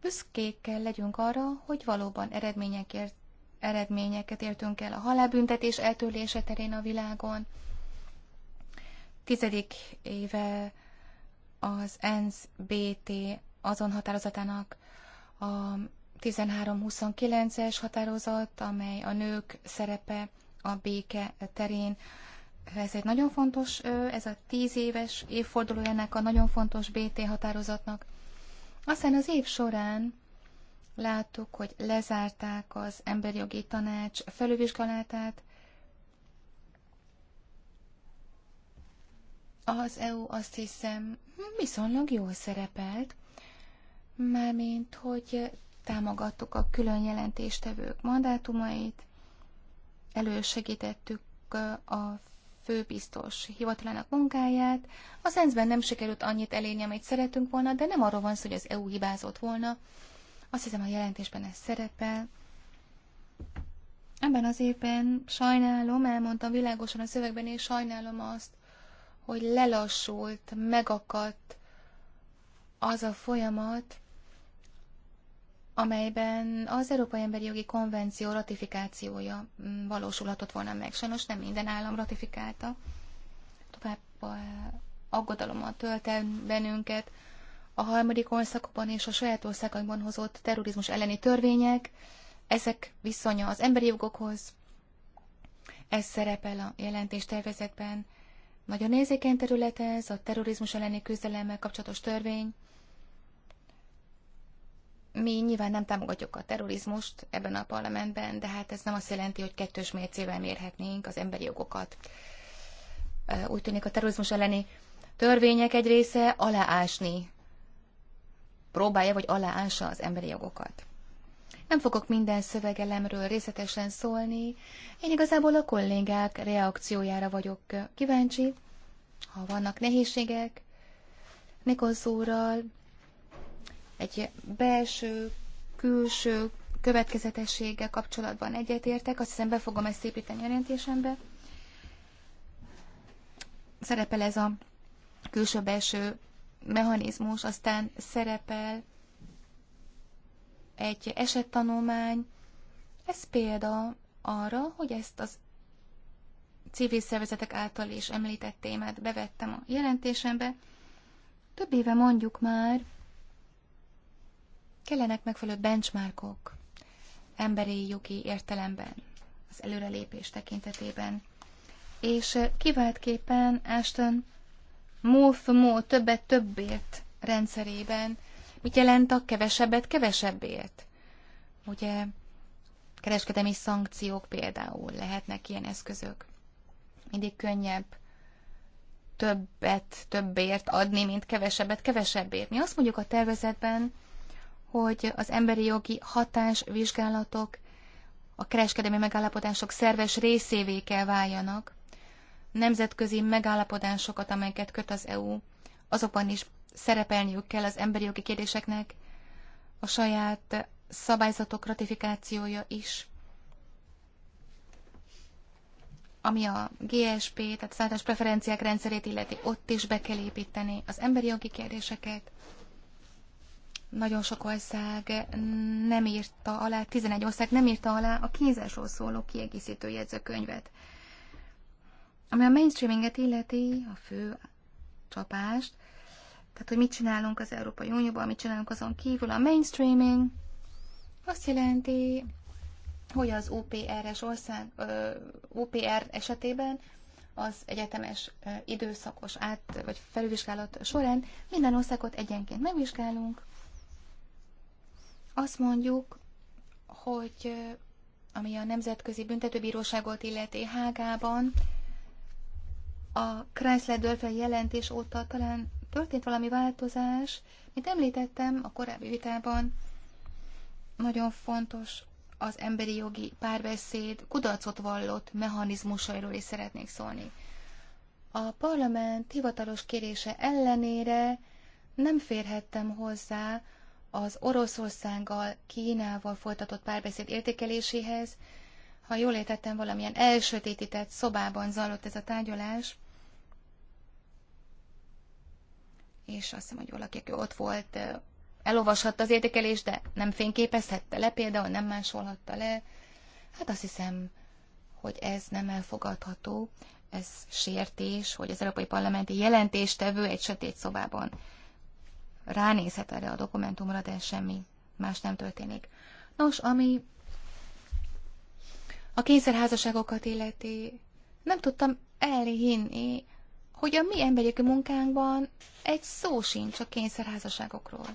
büszkék kell legyünk arra, hogy valóban eredményekért, eredményeket értünk el a halálbüntetés eltörlése terén a világon. Tizedik éve az ENSZ BT azon határozatának a 1329-es határozat, amely a nők szerepe a béke terén. Ez egy nagyon fontos, ez a tíz éves évforduló ennek a nagyon fontos BT határozatnak. Aztán az év során láttuk, hogy lezárták az emberjogi tanács felülvizsgálatát, az EU azt hiszem viszonylag jól szerepelt, mármint, hogy támogattuk a külön jelentéstevők mandátumait, elősegítettük a főbiztos hivatalának munkáját. Az ensz nem sikerült annyit elérni, amit szeretünk volna, de nem arról van szó, hogy az EU hibázott volna. Azt hiszem, a jelentésben ez szerepel. Ebben az évben sajnálom, elmondtam világosan a szövegben, és sajnálom azt, hogy lelassult, megakadt az a folyamat, amelyben az Európai Emberi Jogi Konvenció ratifikációja mm, valósulhatott volna meg. Sajnos nem minden állam ratifikálta. Tovább aggodalommal tölt el bennünket a harmadik országokban és a saját országokban hozott terrorizmus elleni törvények, ezek viszonya az emberi jogokhoz, ez szerepel a jelentéstervezetben, nagyon nézékeny terület ez, a terrorizmus elleni küzdelemmel kapcsolatos törvény. Mi nyilván nem támogatjuk a terrorizmust ebben a parlamentben, de hát ez nem azt jelenti, hogy kettős mércével mérhetnénk az emberi jogokat. Úgy tűnik a terrorizmus elleni törvények egy része aláásni próbálja, vagy aláássa az emberi jogokat. Nem fogok minden szövegelemről részletesen szólni, én igazából a kollégák reakciójára vagyok kíváncsi, ha vannak nehézségek, Nikolsz úrral egy belső, külső következetességgel kapcsolatban egyetértek, azt hiszem be fogom ezt építeni a jelentésembe. Szerepel ez a külső-belső mechanizmus, aztán szerepel egy esettanulmány. Ez példa arra, hogy ezt az civil szervezetek által is említett témát bevettem a jelentésembe. Több éve mondjuk már, kellenek megfelelő benchmarkok emberi jogi értelemben, az előrelépés tekintetében. És eh, kiváltképpen Ashton Move Mo többet többért rendszerében Mit jelent a kevesebbet kevesebbért? Ugye kereskedelmi szankciók például lehetnek ilyen eszközök. Mindig könnyebb többet, többért adni, mint kevesebbet, kevesebbért. Mi azt mondjuk a tervezetben, hogy az emberi jogi hatásvizsgálatok a kereskedelmi megállapodások szerves részévé kell váljanak. Nemzetközi megállapodásokat, amelyeket köt az EU, azokban is szerepelniük kell az emberi jogi kérdéseknek, a saját szabályzatok ratifikációja is, ami a GSP, tehát szállítás preferenciák rendszerét illeti, ott is be kell építeni az emberi jogi kérdéseket. Nagyon sok ország nem írta alá, 11 ország nem írta alá a kínzásról szóló kiegészítő jegyzőkönyvet. Ami a mainstreaminget illeti, a fő csapást, tehát, hogy mit csinálunk az Európai Unióban, mit csinálunk azon kívül, a mainstreaming azt jelenti, hogy az OPR-es ország, OPR esetében az egyetemes időszakos át, vagy felülvizsgálat során minden országot egyenként megvizsgálunk. Azt mondjuk, hogy ami a Nemzetközi Büntetőbíróságot illeti Hágában, a Chrysler Dörfel jelentés óta talán Történt valami változás, mint említettem a korábbi vitában, nagyon fontos az emberi jogi párbeszéd kudarcot vallott mechanizmusairól is szeretnék szólni. A parlament hivatalos kérése ellenére nem férhettem hozzá az Oroszországgal, Kínával folytatott párbeszéd értékeléséhez. Ha jól értettem, valamilyen elsötétített szobában zajlott ez a tárgyalás. és azt hiszem, hogy valaki, aki ott volt, elolvashatta az értékelést, de nem fényképezhette le, például nem másolhatta le. Hát azt hiszem, hogy ez nem elfogadható, ez sértés, hogy az Európai Parlamenti jelentéstevő egy sötét szobában ránézhet erre a dokumentumra, de semmi más nem történik. Nos, ami a kényszerházasságokat illeti, nem tudtam elhinni, hogy a mi emberi munkánkban egy szó sincs a kényszerházasságokról.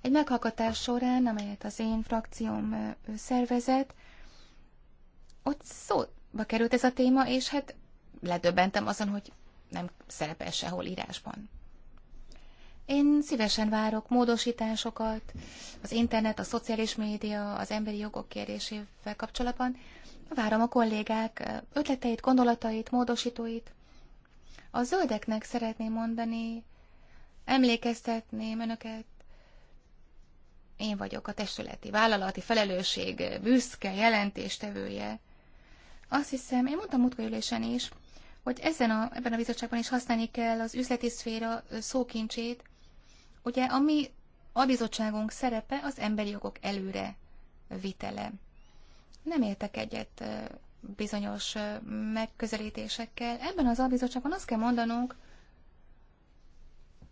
Egy meghallgatás során, amelyet az én frakcióm szervezett, ott szóba került ez a téma, és hát ledöbbentem azon, hogy nem szerepel sehol írásban. Én szívesen várok módosításokat az internet, a szociális média, az emberi jogok kérdésével kapcsolatban. Várom a kollégák ötleteit, gondolatait, módosítóit. A zöldeknek szeretném mondani, emlékeztetném önöket, én vagyok a testületi vállalati felelősség büszke jelentéstevője. Azt hiszem, én mondtam útkajülésen is, hogy ezen a, ebben a bizottságban is használni kell az üzleti szféra szókincsét. Ugye a mi a bizottságunk szerepe az emberi jogok előre vitele. Nem értek egyet bizonyos megközelítésekkel. Ebben az albizottságban azt kell mondanunk,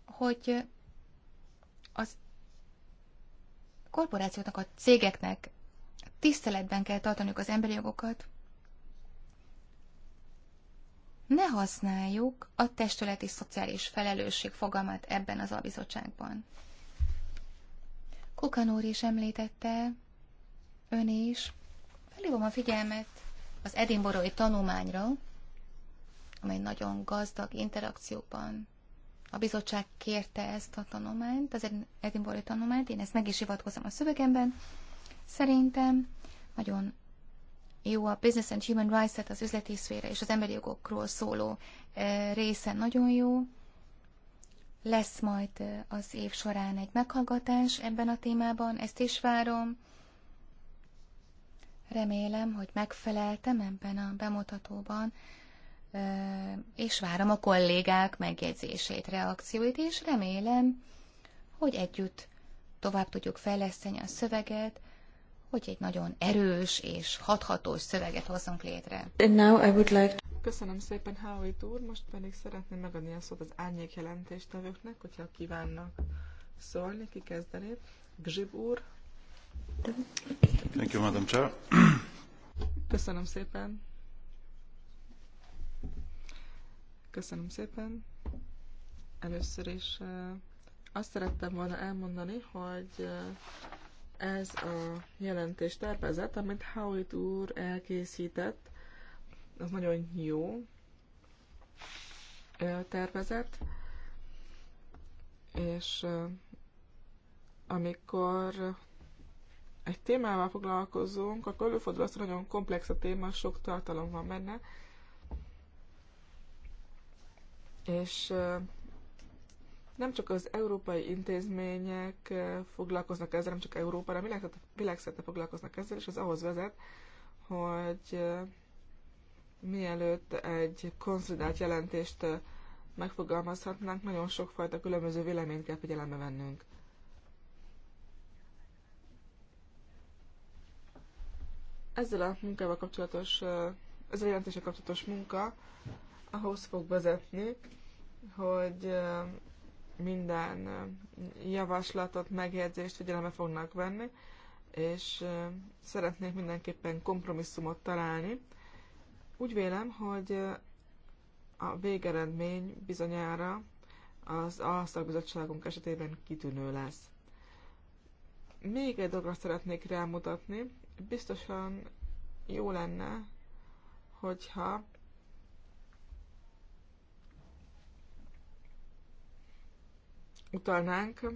hogy az korporációknak, a cégeknek tiszteletben kell tartaniuk az emberi jogokat, ne használjuk a testületi szociális felelősség fogalmát ebben az albizottságban. Kukan úr is említette, ön is. Felhívom a figyelmet az edinborói tanulmányra, amely nagyon gazdag interakcióban. A bizottság kérte ezt a tanulmányt, az edinborói tanulmányt, én ezt meg is hivatkozom a szövegemben. Szerintem nagyon jó a Business and Human Rights-et, az üzleti szféra és az emberi jogokról szóló eh, része nagyon jó. Lesz majd eh, az év során egy meghallgatás ebben a témában, ezt is várom. Remélem, hogy megfeleltem ebben a bemutatóban, és várom a kollégák megjegyzését, reakcióit, és remélem, hogy együtt tovább tudjuk fejleszteni a szöveget, hogy egy nagyon erős és hathatós szöveget hozzunk létre. And now I would like Köszönöm szépen, Howitt úr, most pedig szeretném megadni a szót az árnyék jelentéstevőknek, hogyha kívánnak szólni, ki kezdeni. Gzsib úr, Thank you, Madam Chair. Köszönöm szépen. Köszönöm szépen. Először is azt szerettem volna elmondani, hogy ez a jelentés tervezet, amit Howitt úr elkészített, az nagyon jó tervezet, és amikor egy témával foglalkozunk, akkor előfordul az, hogy nagyon komplex a téma, sok tartalom van benne, és nem csak az európai intézmények foglalkoznak ezzel, nem csak Európára, világszerte, világszerte foglalkoznak ezzel, és ez ahhoz vezet, hogy mielőtt egy konszolidált jelentést megfogalmazhatnánk, nagyon sokfajta különböző véleményt kell figyelembe vennünk. Ezzel a munkával kapcsolatos, ez a jelentéssel kapcsolatos munka ahhoz fog vezetni, hogy minden javaslatot, megjegyzést figyelembe fognak venni, és szeretnék mindenképpen kompromisszumot találni. Úgy vélem, hogy a végeredmény bizonyára az alszakbizottságunk esetében kitűnő lesz. Még egy dologra szeretnék rámutatni, biztosan jó lenne, hogyha utalnánk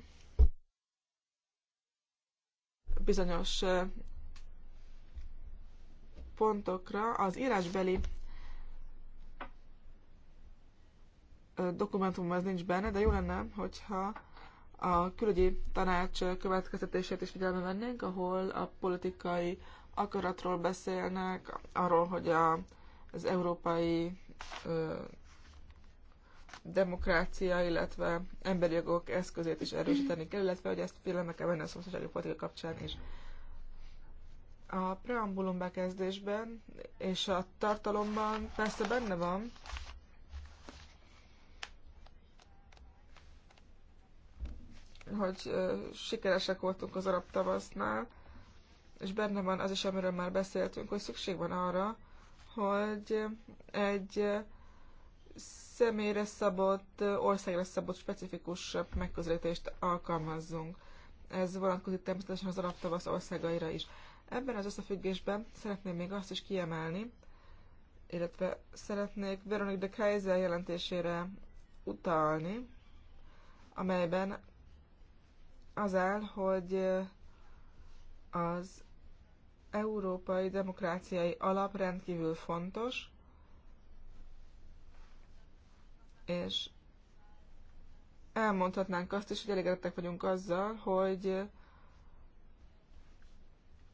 bizonyos pontokra az írásbeli dokumentum az nincs benne, de jó lenne, hogyha a külügyi tanács következtetését is figyelme vennénk, ahol a politikai akaratról beszélnek, arról, hogy a, az európai ö, demokrácia, illetve emberi jogok eszközét is erősíteni kell, illetve hogy ezt figyelembe kell venni a szomszédsági politika kapcsán is. A preambulum bekezdésben és a tartalomban persze benne van, hogy sikeresek voltunk az arab tavasznál, és benne van az is, amiről már beszéltünk, hogy szükség van arra, hogy egy személyre szabott, országra szabott specifikus megközelítést alkalmazzunk. Ez vonatkozik természetesen az arab tavasz országaira is. Ebben az összefüggésben szeretném még azt is kiemelni, illetve szeretnék Veronique de Kaiser jelentésére utalni, amelyben az áll, hogy az európai demokráciai alap rendkívül fontos, és elmondhatnánk azt is, hogy elégedettek vagyunk azzal, hogy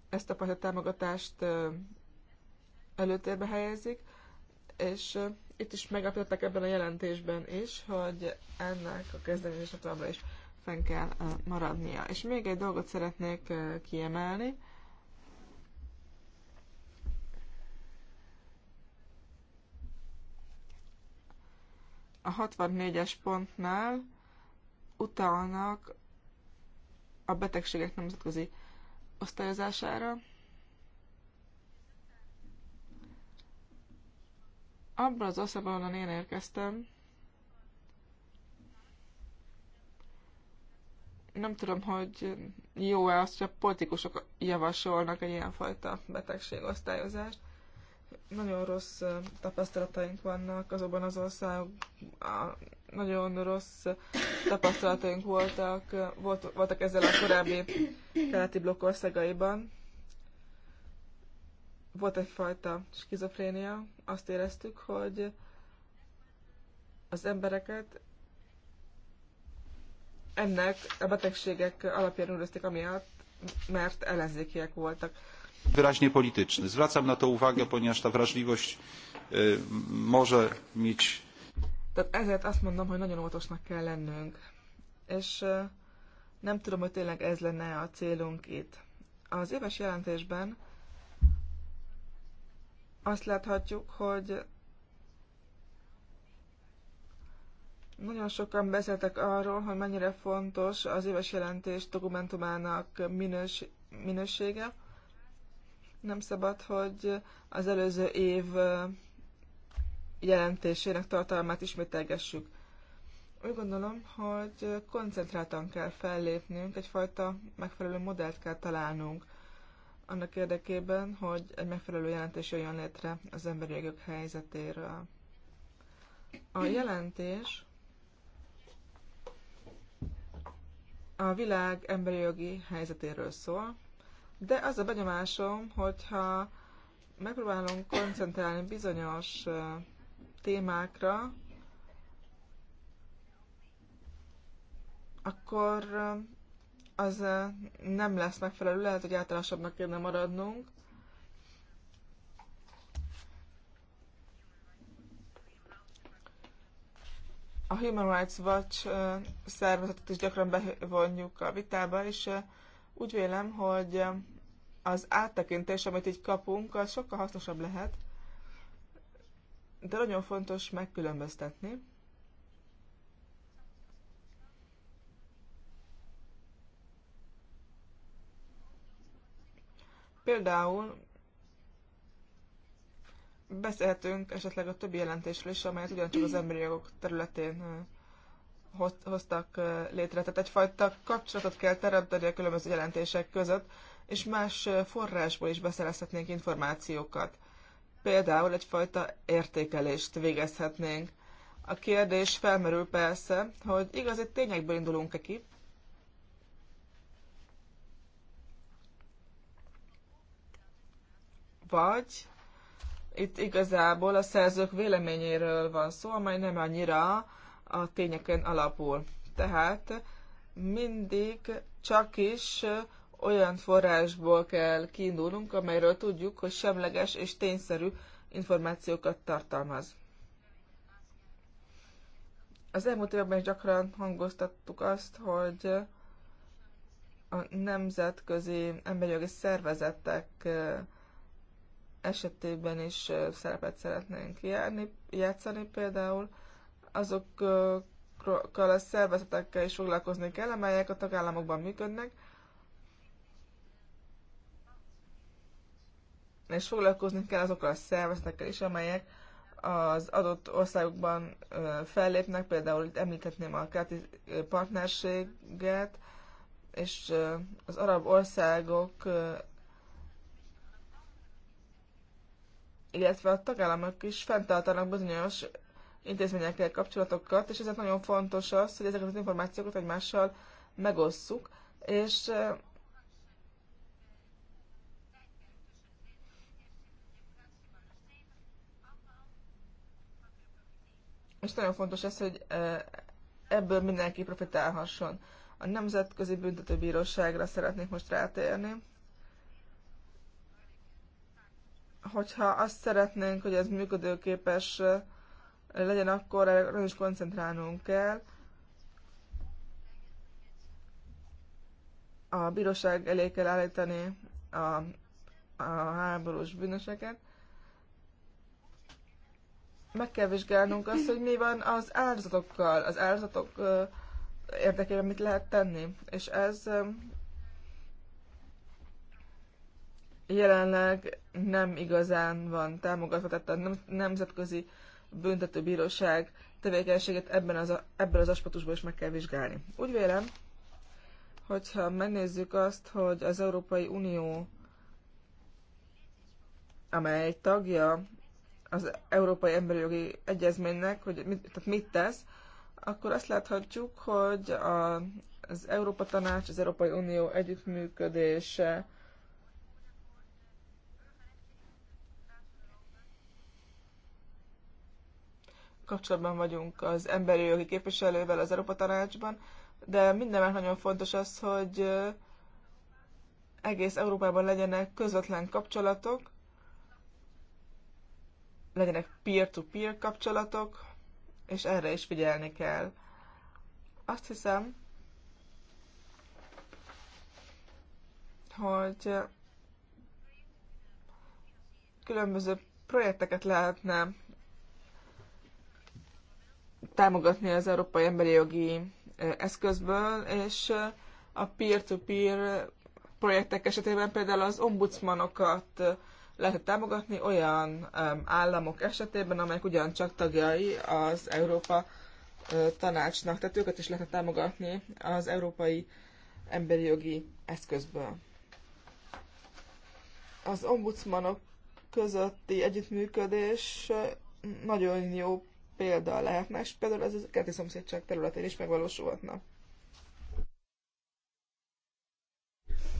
ezt a fajta támogatást előtérbe helyezik, és itt is megapították ebben a jelentésben is, hogy ennek a kezdeményezésnek továbbra is fenn kell maradnia. És még egy dolgot szeretnék kiemelni. A 64-es pontnál utalnak a betegségek nemzetközi osztályozására. Abban az országban, ahonnan én érkeztem, nem tudom, hogy jó-e az, hogy a politikusok javasolnak egy ilyenfajta betegségosztályozást. Nagyon rossz tapasztalataink vannak azokban az ország, nagyon rossz tapasztalataink voltak, volt, voltak ezzel a korábbi keleti blokk országaiban. Volt egyfajta skizofrénia, azt éreztük, hogy az embereket ennek a betegségek alapján üldözték amiatt, mert ellenzékiek voltak. Wyraźnie polityczny. Zwracam na to uwagę, ponieważ ta wrażliwość y, e, może mieć... Tehát ezért azt mondom, hogy nagyon óvatosnak kell lennünk. És e, nem tudom, hogy tényleg ez lenne a célunk itt. Az éves jelentésben azt láthatjuk, hogy Nagyon sokan beszéltek arról, hogy mennyire fontos az éves jelentés dokumentumának minős, minősége. Nem szabad, hogy az előző év jelentésének tartalmát ismételgessük. Úgy gondolom, hogy koncentráltan kell fellépnünk, egyfajta megfelelő modellt kell találnunk annak érdekében, hogy egy megfelelő jelentés jöjjön létre az emberi jogok helyzetéről. A jelentés a világ emberi jogi helyzetéről szól, de az a benyomásom, hogyha megpróbálunk koncentrálni bizonyos témákra, akkor az nem lesz megfelelő, lehet, hogy általánosabbnak kéne maradnunk, a Human Rights Watch szervezetet is gyakran bevonjuk a vitába, és úgy vélem, hogy az áttekintés, amit így kapunk, az sokkal hasznosabb lehet, de nagyon fontos megkülönböztetni. Például Beszélhetünk esetleg a többi jelentésről is, amelyet ugyancsak az emberi jogok területén hoztak létre. Tehát egyfajta kapcsolatot kell teremteni a különböző jelentések között, és más forrásból is beszerezhetnénk információkat. Például egyfajta értékelést végezhetnénk. A kérdés felmerül persze, hogy igazi tényekből indulunk-e ki, vagy itt igazából a szerzők véleményéről van szó, amely nem annyira a tényeken alapul. Tehát mindig csak is olyan forrásból kell kiindulnunk, amelyről tudjuk, hogy semleges és tényszerű információkat tartalmaz. Az elmúlt években is gyakran hangoztattuk azt, hogy a nemzetközi emberi jogi szervezetek esetében is szerepet szeretnénk járni, játszani például, azokkal a szervezetekkel is foglalkozni kell, amelyek a tagállamokban működnek, és foglalkozni kell azokkal a szervezetekkel is, amelyek az adott országokban fellépnek, például itt említhetném a keleti partnerséget, és az arab országok illetve a tagállamok is fenntartanak bizonyos intézményekkel kapcsolatokat, és ezért nagyon fontos az, hogy ezeket az információkat egymással megosszuk, és és nagyon fontos ez, hogy ebből mindenki profitálhasson. A Nemzetközi Büntetőbíróságra szeretnék most rátérni. hogyha azt szeretnénk, hogy ez működőképes legyen, akkor erre is koncentrálnunk kell. A bíróság elé kell állítani a, a háborús bűnöseket. Meg kell vizsgálnunk azt, hogy mi van az áldozatokkal, az áldozatok érdekében mit lehet tenni. És ez jelenleg nem igazán van támogatva, tehát a Nemzetközi Büntetőbíróság tevékenységét ebben az, ebben az aspektusban is meg kell vizsgálni. Úgy vélem, hogyha megnézzük azt, hogy az Európai Unió, amely tagja az Európai Emberi Jogi Egyezménynek, hogy mit, tehát mit tesz, akkor azt láthatjuk, hogy a, az Európa Tanács, az Európai Unió együttműködése kapcsolatban vagyunk az emberi jogi képviselővel az Európa Tanácsban, de mindenben nagyon fontos az, hogy egész Európában legyenek közvetlen kapcsolatok, legyenek peer-to-peer -peer kapcsolatok, és erre is figyelni kell. Azt hiszem, hogy különböző projekteket lehetne támogatni az Európai Emberi Jogi Eszközből, és a peer-to-peer -peer projektek esetében például az ombudsmanokat lehet támogatni olyan államok esetében, amelyek ugyancsak tagjai az Európa tanácsnak, tehát őket is lehet támogatni az Európai Emberi Jogi Eszközből. Az ombudsmanok közötti együttműködés nagyon jó példa lehetne, és például ez a keleti szomszédság területén is megvalósulhatna.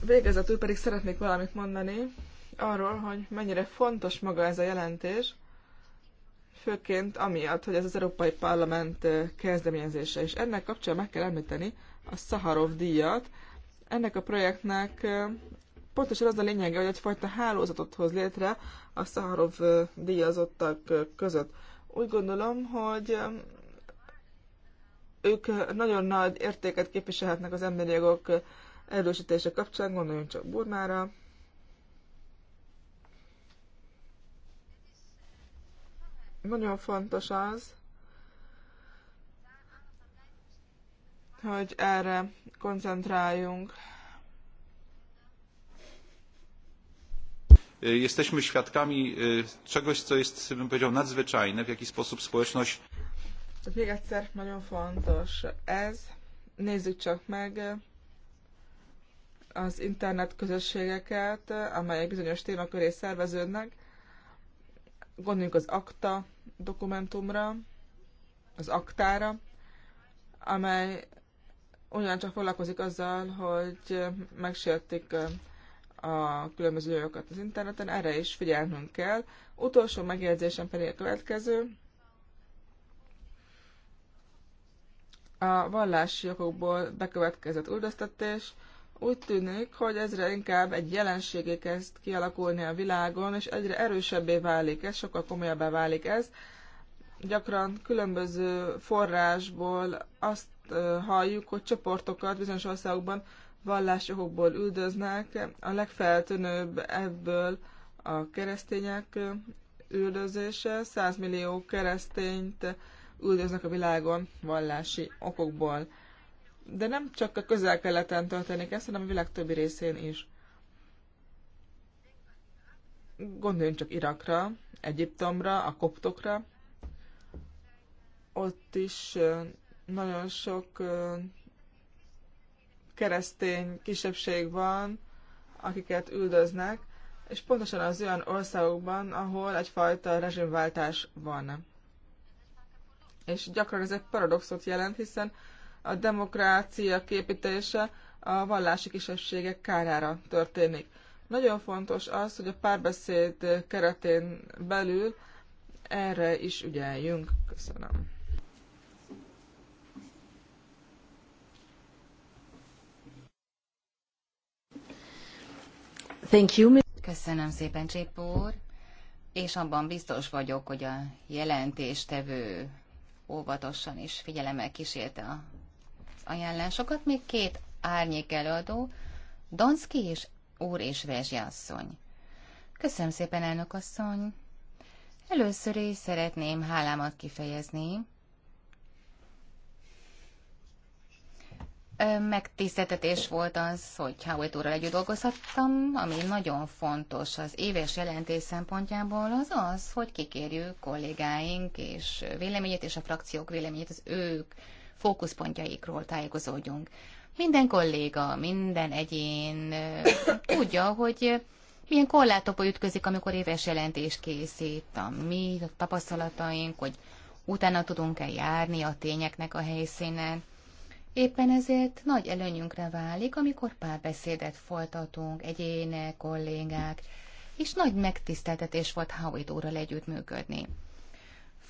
Végezetül pedig szeretnék valamit mondani arról, hogy mennyire fontos maga ez a jelentés, főként amiatt, hogy ez az Európai Parlament kezdeményezése, és ennek kapcsán meg kell említeni a Szaharov díjat. Ennek a projektnek pontosan az a lényege, hogy egyfajta hálózatot hoz létre a Szaharov díjazottak között. Úgy gondolom, hogy um, ők nagyon nagy értéket képviselhetnek az emberi jogok erősítése kapcsán, gondoljunk csak Burmára. Nagyon fontos az, hogy erre koncentráljunk, E, jesteśmy świadkami e, czegoś, co jest, bym powiedział, nadzwyczajne, w jaki sposób społeczność... Még egyszer nagyon fontos ez. Nézzük csak meg e, az internet közösségeket, amelyek bizonyos témaköré szerveződnek. Gondoljunk az akta dokumentumra, az aktára, amely ugyancsak foglalkozik azzal, hogy megsértik a különböző dolgokat az interneten, erre is figyelnünk kell. Utolsó megjegyzésem pedig a következő. A vallási jogokból bekövetkezett üldöztetés úgy tűnik, hogy ezre inkább egy jelenségé kezd kialakulni a világon, és egyre erősebbé válik ez, sokkal komolyabbá válik ez. Gyakran különböző forrásból azt halljuk, hogy csoportokat bizonyos országokban vallásokból üldöznek. A legfeltűnőbb ebből a keresztények üldözése. 100 millió keresztényt üldöznek a világon vallási okokból. De nem csak a közel-keleten történik ez, hanem a világ többi részén is. Gondoljunk csak Irakra, Egyiptomra, a koptokra. Ott is nagyon sok keresztény kisebbség van, akiket üldöznek, és pontosan az olyan országokban, ahol egyfajta rezsimváltás van. És gyakran ez egy paradoxot jelent, hiszen a demokrácia képítése a vallási kisebbségek kárára történik. Nagyon fontos az, hogy a párbeszéd keretén belül erre is ügyeljünk. Köszönöm. Thank you. Köszönöm szépen, Csép úr. És abban biztos vagyok, hogy a jelentéstevő óvatosan és figyelemmel kísérte az ajánlásokat. Még két árnyék előadó, Donszki és úr és Vezsi asszony. Köszönöm szépen, elnök asszony. Először is szeretném hálámat kifejezni Megtiszteltetés volt az, hogy Howard úrral együtt dolgozhattam, ami nagyon fontos az éves jelentés szempontjából, az az, hogy kikérjük kollégáink és véleményét és a frakciók véleményét az ők fókuszpontjaikról tájékozódjunk. Minden kolléga, minden egyén tudja, hogy milyen korlátokba ütközik, amikor éves jelentést készít, a mi tapasztalataink, hogy utána tudunk-e járni a tényeknek a helyszínen, Éppen ezért nagy előnyünkre válik, amikor párbeszédet folytatunk, egyének, kollégák, és nagy megtiszteltetés volt óra úrral együttműködni.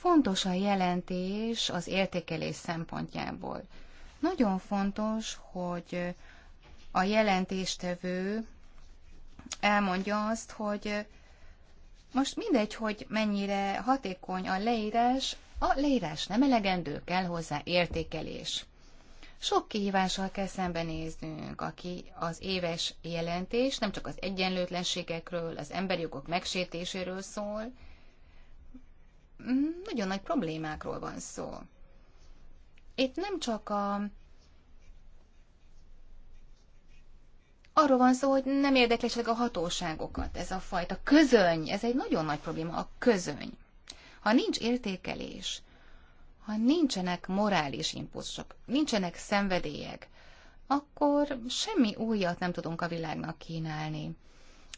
Fontos a jelentés az értékelés szempontjából. Nagyon fontos, hogy a jelentéstevő elmondja azt, hogy most mindegy, hogy mennyire hatékony a leírás, a leírás nem elegendő, kell hozzá értékelés. Sok kihívással kell szembenéznünk, aki az éves jelentés nem csak az egyenlőtlenségekről, az emberi jogok megsértéséről szól, mm, nagyon nagy problémákról van szó. Itt nem csak a arról van szó, hogy nem érdekli a hatóságokat, ez a fajta közöny, ez egy nagyon nagy probléma, a közöny. Ha nincs értékelés, ha nincsenek morális impulzusok, nincsenek szenvedélyek, akkor semmi újat nem tudunk a világnak kínálni.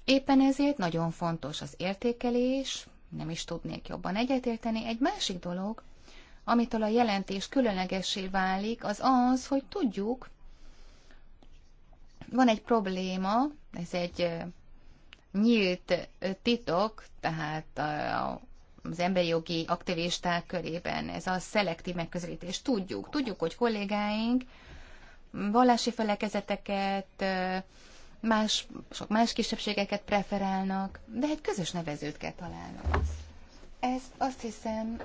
Éppen ezért nagyon fontos az értékelés, nem is tudnék jobban egyetérteni. Egy másik dolog, amitől a jelentés különlegessé válik, az az, hogy tudjuk, van egy probléma, ez egy nyílt titok, tehát a az emberi jogi aktivisták körében, ez a szelektív megközelítés. Tudjuk, tudjuk, hogy kollégáink vallási felekezeteket, más, sok más kisebbségeket preferálnak, de egy közös nevezőt kell találnunk. Ez azt hiszem,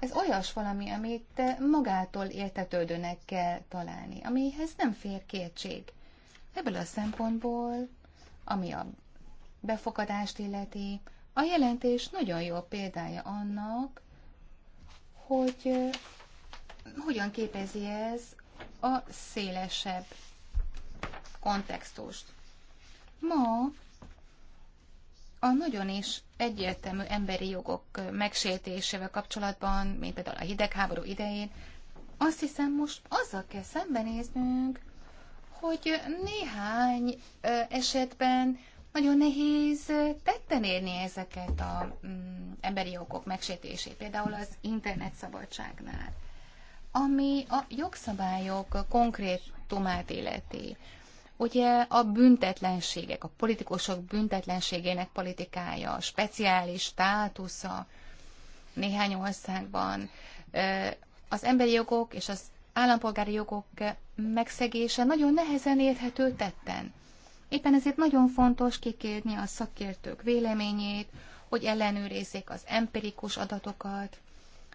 ez olyas valami, amit magától értetődőnek kell találni, amihez nem fér kétség. Ebből a szempontból, ami a befogadást illeti, a jelentés nagyon jó példája annak, hogy hogyan képezi ez a szélesebb kontextust. Ma a nagyon is egyértelmű emberi jogok megsértésével kapcsolatban, mint például a hidegháború idején, azt hiszem most azzal kell szembenéznünk, hogy néhány esetben nagyon nehéz tetten érni ezeket az mm, emberi jogok megsértését, például az internet szabadságnál, ami a jogszabályok konkrét tomát illeti. Ugye a büntetlenségek, a politikusok büntetlenségének politikája, a speciális státusza néhány országban, az emberi jogok és az állampolgári jogok megszegése nagyon nehezen érthető tetten. Éppen ezért nagyon fontos kikérni a szakértők véleményét, hogy ellenőrizzék az empirikus adatokat.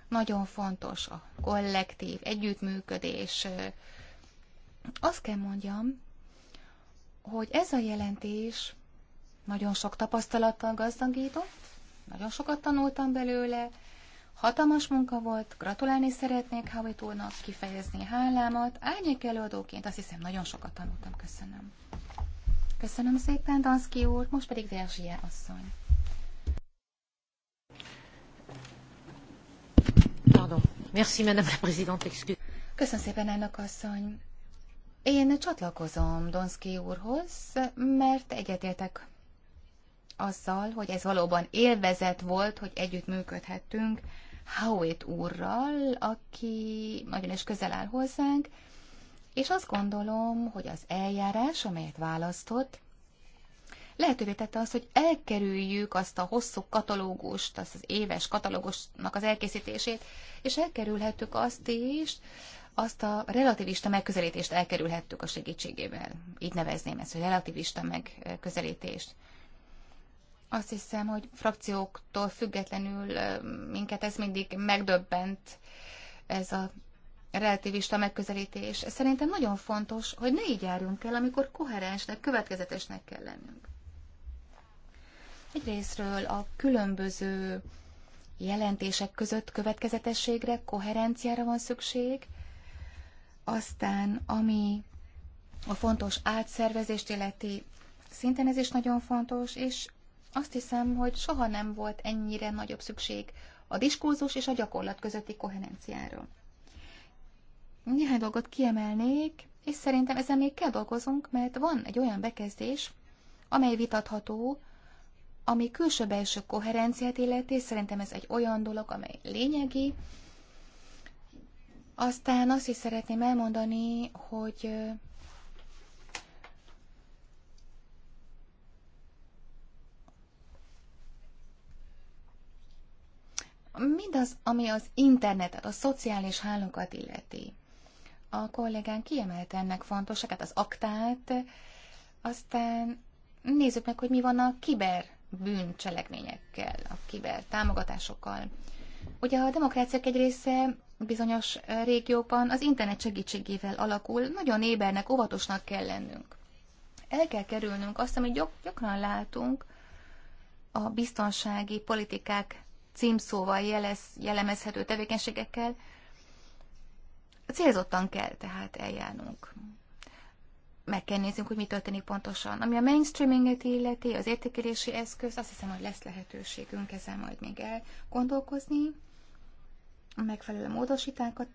Nagyon fontos a kollektív együttműködés. Azt kell mondjam, hogy ez a jelentés nagyon sok tapasztalattal gazdagított, nagyon sokat tanultam belőle, hatalmas munka volt, gratulálni szeretnék Howitt úrnak, kifejezni hálámat, árnyék előadóként azt hiszem nagyon sokat tanultam, köszönöm. Köszönöm szépen, Danszki úr, most pedig Verzsie asszony. Pardon. Merci, Madame la Présidente, excuse. Köszönöm szépen, elnök asszony. Én csatlakozom Donszki úrhoz, mert egyetértek azzal, hogy ez valóban élvezet volt, hogy együtt működhettünk Howitt úrral, aki nagyon is közel áll hozzánk, és azt gondolom, hogy az eljárás, amelyet választott, lehetővé tette azt, hogy elkerüljük azt a hosszú katalógust, azt az éves katalógusnak az elkészítését, és elkerülhettük azt is, azt a relativista megközelítést elkerülhettük a segítségével. Így nevezném ezt, hogy relativista megközelítést. Azt hiszem, hogy frakcióktól függetlenül minket ez mindig megdöbbent, ez a relativista megközelítés. Szerintem nagyon fontos, hogy ne így járjunk el, amikor koherensnek, következetesnek kell lennünk. Egyrésztről a különböző jelentések között következetességre, koherenciára van szükség, aztán ami a fontos átszervezést illeti, szinten ez is nagyon fontos, és azt hiszem, hogy soha nem volt ennyire nagyobb szükség a diskurzus és a gyakorlat közötti koherenciáról néhány dolgot kiemelnék, és szerintem ezen még kell dolgozunk, mert van egy olyan bekezdés, amely vitatható, ami külső-belső koherenciát illeti, és szerintem ez egy olyan dolog, amely lényegi. Aztán azt is szeretném elmondani, hogy mindaz, ami az internetet, a szociális hálókat illeti a kollégán kiemelte ennek fontosakat, az aktát, aztán nézzük meg, hogy mi van a kiber bűncselekményekkel, a kiber támogatásokkal. Ugye a demokráciák egy része bizonyos régióban az internet segítségével alakul, nagyon ébernek, óvatosnak kell lennünk. El kell kerülnünk azt, amit gyakran látunk, a biztonsági politikák címszóval jelez, jellemezhető tevékenységekkel, Célzottan kell tehát eljárnunk. Meg kell néznünk, hogy mi történik pontosan. Ami a mainstreaminget illeti, az értékelési eszköz, azt hiszem, hogy lesz lehetőségünk ezzel majd még elgondolkozni, megfelelő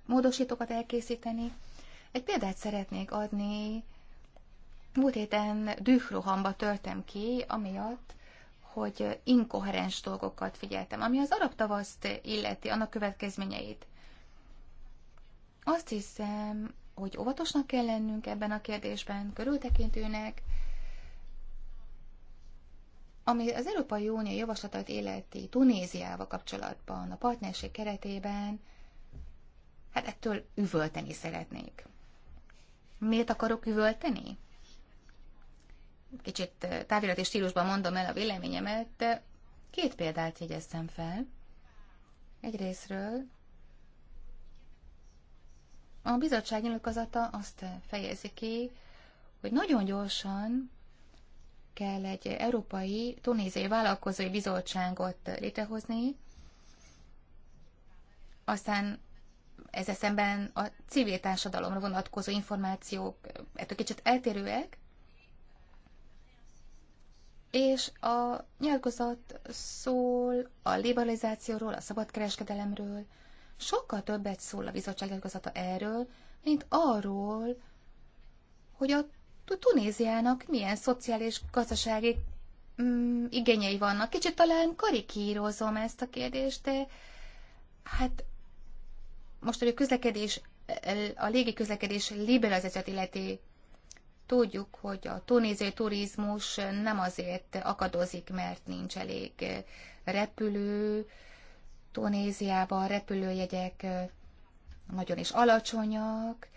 módosítókat elkészíteni. Egy példát szeretnék adni. Múlt héten dührohamba törtem ki, amiatt, hogy inkoherens dolgokat figyeltem, ami az arab tavaszt illeti, annak következményeit. Azt hiszem, hogy óvatosnak kell lennünk ebben a kérdésben, körültekintőnek, ami az Európai Unió javaslatait életi Tunéziával kapcsolatban, a partnerség keretében, hát ettől üvölteni szeretnék. Miért akarok üvölteni? Kicsit eh, távirati stílusban mondom el a véleményemet, két példát jegyeztem fel. Egyrésztről a bizottság nyilatkozata azt fejezi ki, hogy nagyon gyorsan kell egy európai tunéziai vállalkozói bizottságot létrehozni, aztán ez szemben a civil társadalomra vonatkozó információk ettől kicsit eltérőek, és a nyilatkozat szól a liberalizációról, a szabadkereskedelemről, Sokkal többet szól a bizottság igazata erről, mint arról, hogy a Tunéziának milyen szociális, gazdasági mm, igényei vannak. Kicsit talán karikírozom ezt a kérdést, de hát most, hogy a közlekedés, a légi közlekedés liberalizációt illeti, tudjuk, hogy a tunéziai turizmus nem azért akadozik, mert nincs elég repülő, Tunéziában a repülőjegyek nagyon is alacsonyak.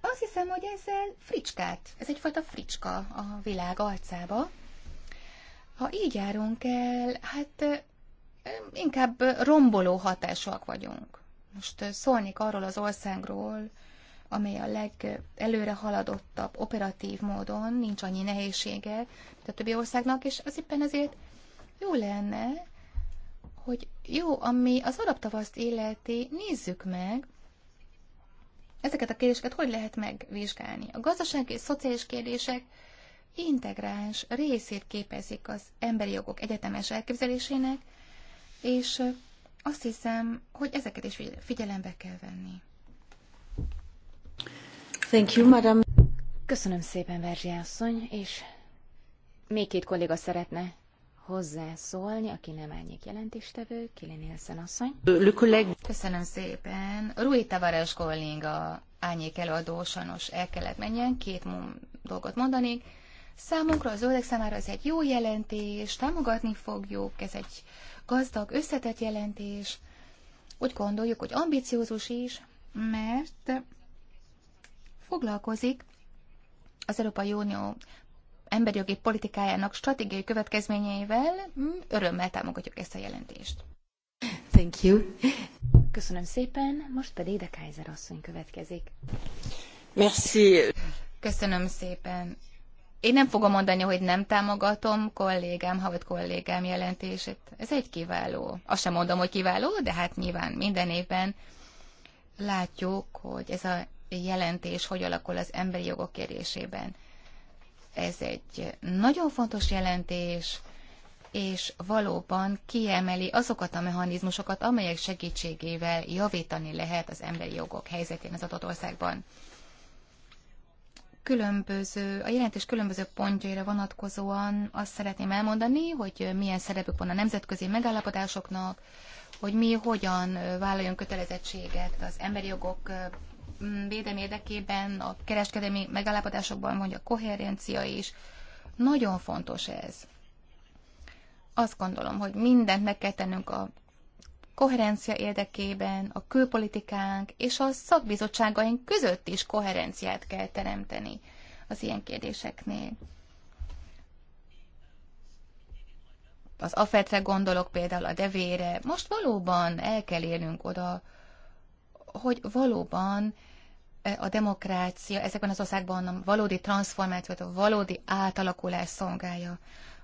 Azt hiszem, hogy ezzel fricskát, ez egyfajta fricska a világ arcába. Ha így járunk el, hát inkább romboló hatásúak vagyunk. Most szólnék arról az országról, amely a legelőre haladottabb operatív módon, nincs annyi nehézsége, mint a többi országnak, és az éppen ezért jó lenne, hogy jó, ami az arab tavaszt életi, nézzük meg, ezeket a kérdéseket hogy lehet megvizsgálni. A gazdasági és szociális kérdések integráns részét képezik az emberi jogok egyetemes elképzelésének, és azt hiszem, hogy ezeket is figyelembe kell venni. Thank you, madam. Köszönöm szépen, Verzsi asszony, és még két kolléga szeretne hozzászólni, aki nem árnyék jelentéstevő, Kili Nielsen asszony. Köszönöm szépen. Rui Tavares kolléga árnyék előadó sajnos el kellett menjen, két dolgot mondanék. Számunkra, a zöldek számára ez egy jó jelentés, támogatni fogjuk, ez egy gazdag, összetett jelentés. Úgy gondoljuk, hogy ambiciózus is, mert foglalkozik az Európai Unió emberjogi politikájának stratégiai következményeivel hm, örömmel támogatjuk ezt a jelentést. Thank you. Köszönöm szépen, most pedig de Kaiser asszony következik. Merci. Köszönöm szépen. Én nem fogom mondani, hogy nem támogatom kollégám, Howard kollégám jelentését. Ez egy kiváló. Azt sem mondom, hogy kiváló, de hát nyilván minden évben látjuk, hogy ez a jelentés hogy alakul az emberi jogok kérésében. Ez egy nagyon fontos jelentés, és valóban kiemeli azokat a mechanizmusokat, amelyek segítségével javítani lehet az emberi jogok helyzetén az adott országban. Különböző, a jelentés különböző pontjaira vonatkozóan azt szeretném elmondani, hogy milyen szerepük van a nemzetközi megállapodásoknak, hogy mi hogyan vállaljon kötelezettséget az emberi jogok Mm, védelmi érdekében, a kereskedelmi megállapodásokban mondja a koherencia is. Nagyon fontos ez. Azt gondolom, hogy mindent meg kell tennünk a koherencia érdekében, a külpolitikánk és a szakbizottságaink között is koherenciát kell teremteni az ilyen kérdéseknél. Az afetre gondolok például a devére. Most valóban el kell érnünk oda, hogy valóban e, a demokrácia ezekben az országban a valódi transformációt, a valódi átalakulás szolgálja.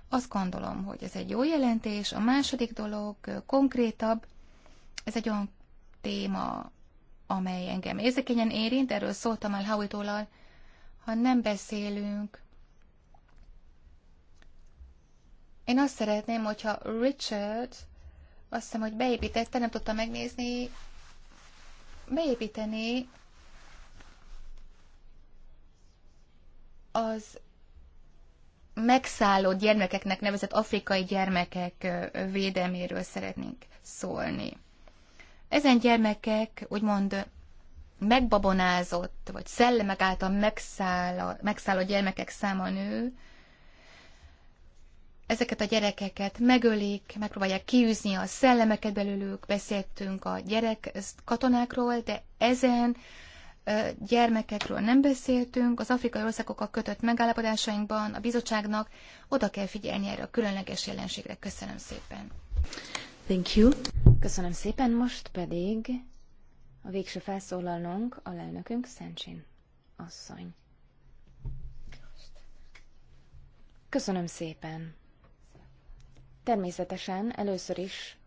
Azt gondolom, hogy ez egy jó jelentés. A második dolog e, konkrétabb, ez egy olyan téma, amely engem érzékenyen érint, erről szóltam el Howitólal, ha nem beszélünk. Én azt szeretném, hogyha Richard, azt hiszem, hogy beépítette, nem tudta megnézni, beépíteni az megszálló gyermekeknek nevezett afrikai gyermekek védelméről szeretnénk szólni. Ezen gyermekek úgymond megbabonázott, vagy szellemek által megszálló, megszálló gyermekek száma nő, ezeket a gyerekeket megölik, megpróbálják kiűzni a szellemeket belőlük, beszéltünk a gyerek katonákról, de ezen gyermekekről nem beszéltünk, az afrikai országokkal kötött megállapodásainkban a bizottságnak oda kell figyelni erre a különleges jelenségre. Köszönöm szépen. Thank you. Köszönöm szépen, most pedig a végső felszólalnunk a lelnökünk Szentsin asszony. Köszönöm szépen. Természetesen először is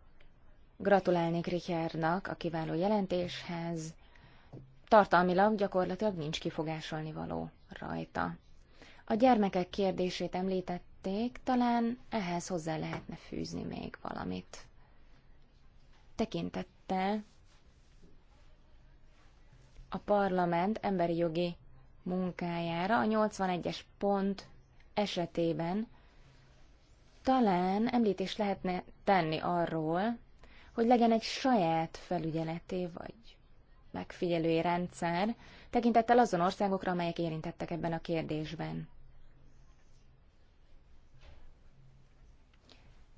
gratulálnék Richardnak a kiváló jelentéshez. Tartalmilag gyakorlatilag nincs kifogásolni való rajta. A gyermekek kérdését említették, talán ehhez hozzá lehetne fűzni még valamit. Tekintettel a parlament emberi jogi munkájára a 81-es pont esetében talán említés lehetne tenni arról, hogy legyen egy saját felügyeleté vagy megfigyelői rendszer, tekintettel azon országokra, amelyek érintettek ebben a kérdésben.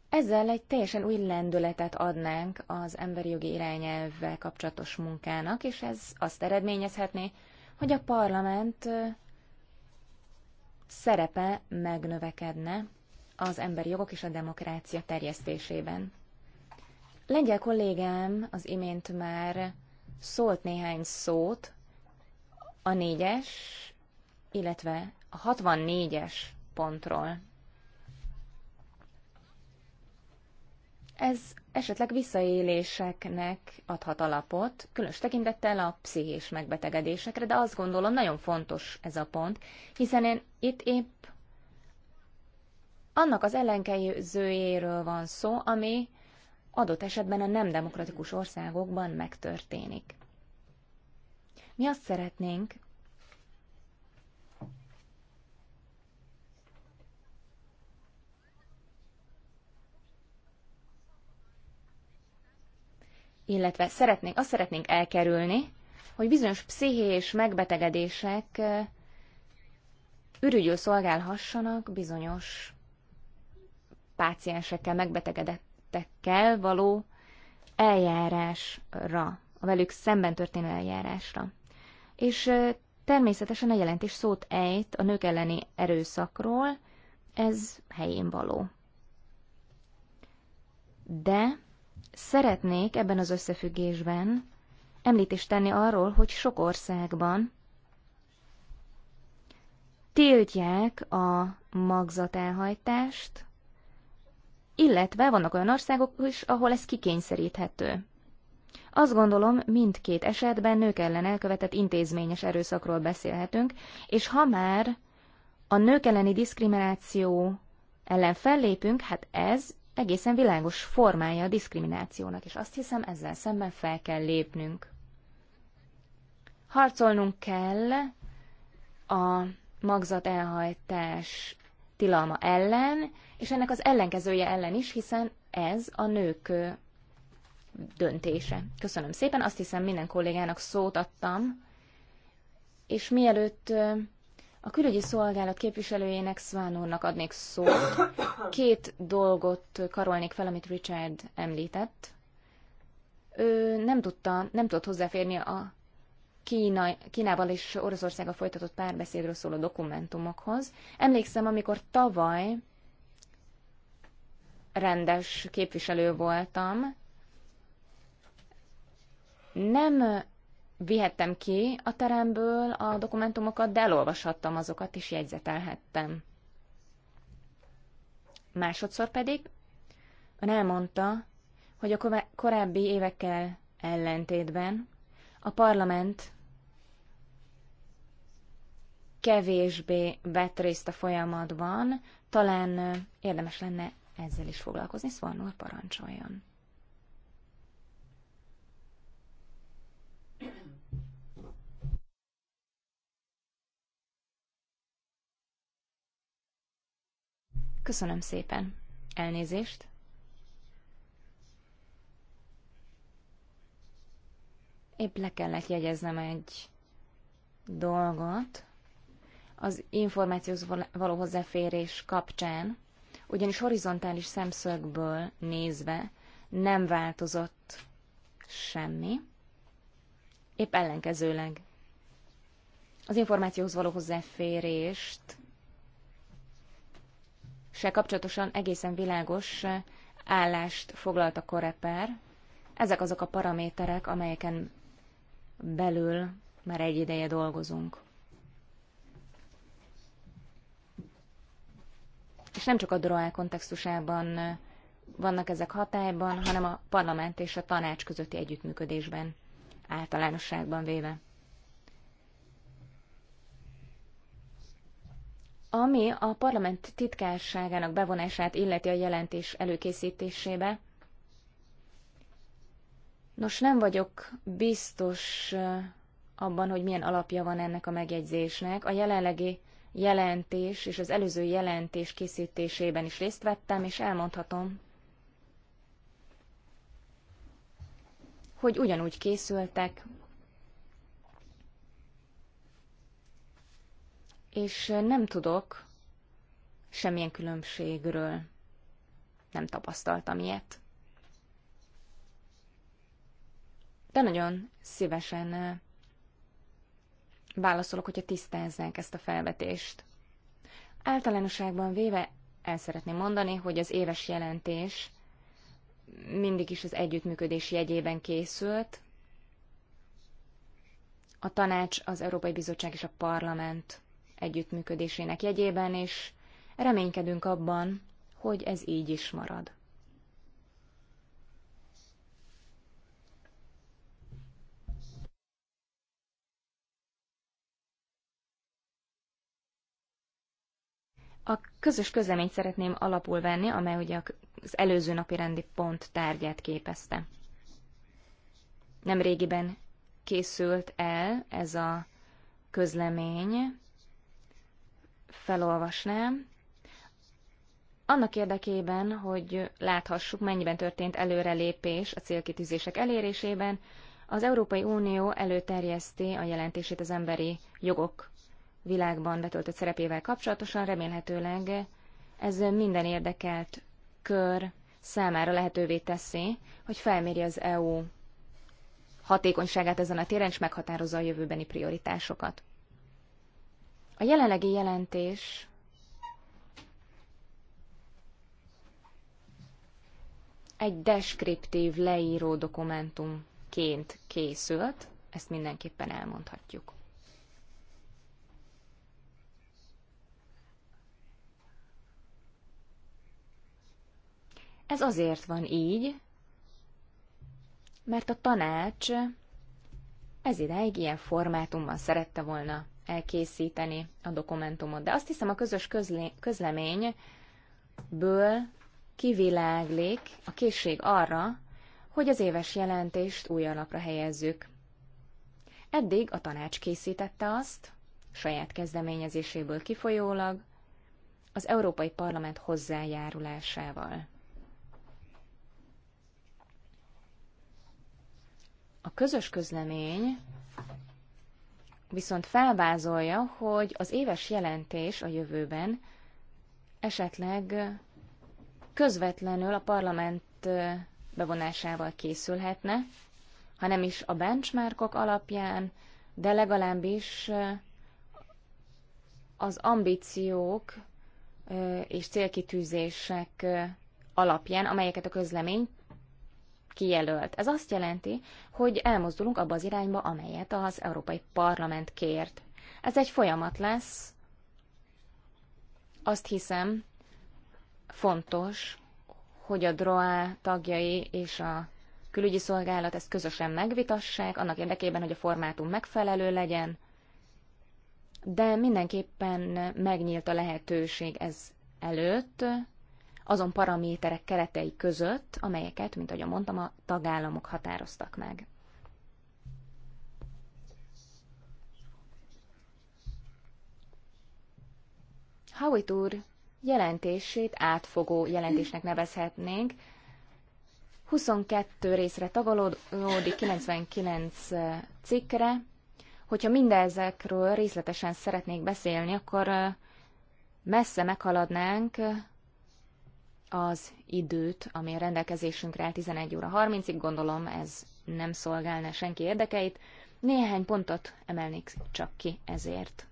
Ezzel egy teljesen új lendületet adnánk az emberi jogi irányelvvel kapcsolatos munkának, és ez azt eredményezhetné, hogy a parlament szerepe megnövekedne az emberi jogok és a demokrácia terjesztésében. Lengyel kollégám az imént már szólt néhány szót a négyes, illetve a 64-es pontról. Ez esetleg visszaéléseknek adhat alapot, különös tekintettel a pszichés megbetegedésekre, de azt gondolom nagyon fontos ez a pont, hiszen én itt épp annak az ellenkezőjéről van szó, ami adott esetben a nem demokratikus országokban megtörténik. Mi azt szeretnénk, illetve szeretnénk, azt szeretnénk elkerülni, hogy bizonyos pszichés megbetegedések eh, ürügyül szolgálhassanak bizonyos páciensekkel, megbetegedettekkel való eljárásra, a velük szemben történő eljárásra. És természetesen a jelentés szót ejt a nők elleni erőszakról, ez helyén való. De szeretnék ebben az összefüggésben említést tenni arról, hogy sok országban tiltják a magzatelhajtást, illetve vannak olyan országok is, ahol ez kikényszeríthető. Azt gondolom, mindkét esetben nők ellen elkövetett intézményes erőszakról beszélhetünk, és ha már a nők elleni diszkrimináció ellen fellépünk, hát ez egészen világos formája a diszkriminációnak, és azt hiszem ezzel szemben fel kell lépnünk. Harcolnunk kell a magzat elhajtás tilalma ellen, és ennek az ellenkezője ellen is, hiszen ez a nők döntése. Köszönöm szépen, azt hiszem minden kollégának szót adtam, és mielőtt a külügyi szolgálat képviselőjének, Sván úrnak adnék szót, két dolgot karolnék fel, amit Richard említett. Ő nem tudta, nem tudott hozzáférni a Kína, Kínával és Oroszországgal folytatott párbeszédről szóló dokumentumokhoz. Emlékszem, amikor tavaly rendes képviselő voltam, nem vihettem ki a teremből a dokumentumokat, de elolvashattam azokat és jegyzetelhettem. Másodszor pedig ön elmondta, hogy a korábbi évekkel ellentétben a parlament kevésbé vett részt a folyamatban, talán érdemes lenne ezzel is foglalkozni, szóval Nor parancsoljon. Köszönöm szépen. Elnézést. Épp le kellett jegyeznem egy dolgot az információhoz való hozzáférés kapcsán, ugyanis horizontális szemszögből nézve nem változott semmi, épp ellenkezőleg. Az információhoz való hozzáférést se kapcsolatosan egészen világos állást foglalt a koreper. Ezek azok a paraméterek, amelyeken belül már egy ideje dolgozunk. És nem csak a DROA kontextusában vannak ezek hatályban, hanem a parlament és a tanács közötti együttműködésben általánosságban véve. Ami a parlament titkárságának bevonását illeti a jelentés előkészítésébe, Nos, nem vagyok biztos abban, hogy milyen alapja van ennek a megjegyzésnek. A jelenlegi jelentés és az előző jelentés készítésében is részt vettem, és elmondhatom, hogy ugyanúgy készültek, és nem tudok semmilyen különbségről. Nem tapasztaltam ilyet. de nagyon szívesen válaszolok, hogyha tisztázzák ezt a felvetést. Általánosságban véve el szeretném mondani, hogy az éves jelentés mindig is az együttműködés jegyében készült. A tanács, az Európai Bizottság és a Parlament együttműködésének jegyében, és reménykedünk abban, hogy ez így is marad. A közös közleményt szeretném alapul venni, amely ugye az előző napi rendi pont tárgyát képezte. Nem régiben készült el ez a közlemény, felolvasnám, annak érdekében, hogy láthassuk, mennyiben történt előrelépés a célkitűzések elérésében, az Európai Unió előterjeszti a jelentését az emberi jogok világban betöltött szerepével kapcsolatosan, remélhetőleg ez minden érdekelt kör számára lehetővé teszi, hogy felméri az EU hatékonyságát ezen a téren, és meghatározza a jövőbeni prioritásokat. A jelenlegi jelentés egy deskriptív leíró dokumentumként készült, ezt mindenképpen elmondhatjuk. Ez azért van így, mert a tanács ez ideig ilyen formátumban szerette volna elkészíteni a dokumentumot. De azt hiszem a közös közleményből kiviláglik a készség arra, hogy az éves jelentést új alapra helyezzük. Eddig a tanács készítette azt, saját kezdeményezéséből kifolyólag, az Európai Parlament hozzájárulásával. A közös közlemény viszont felvázolja, hogy az éves jelentés a jövőben esetleg közvetlenül a parlament bevonásával készülhetne, hanem is a benchmarkok alapján, de legalábbis az ambíciók és célkitűzések alapján, amelyeket a közlemény kijelölt. Ez azt jelenti, hogy elmozdulunk abba az irányba, amelyet az Európai Parlament kért. Ez egy folyamat lesz. Azt hiszem, fontos, hogy a DROA tagjai és a külügyi szolgálat ezt közösen megvitassák, annak érdekében, hogy a formátum megfelelő legyen, de mindenképpen megnyílt a lehetőség ez előtt, azon paraméterek keretei között, amelyeket, mint ahogy mondtam, a tagállamok határoztak meg. Howitt úr jelentését átfogó jelentésnek nevezhetnénk. 22 részre tagolódik, 99 cikkre. Hogyha mindezekről részletesen szeretnék beszélni, akkor messze meghaladnánk az időt, ami a rendelkezésünkre áll 11 óra 30-ig, gondolom ez nem szolgálna senki érdekeit. Néhány pontot emelnék csak ki ezért.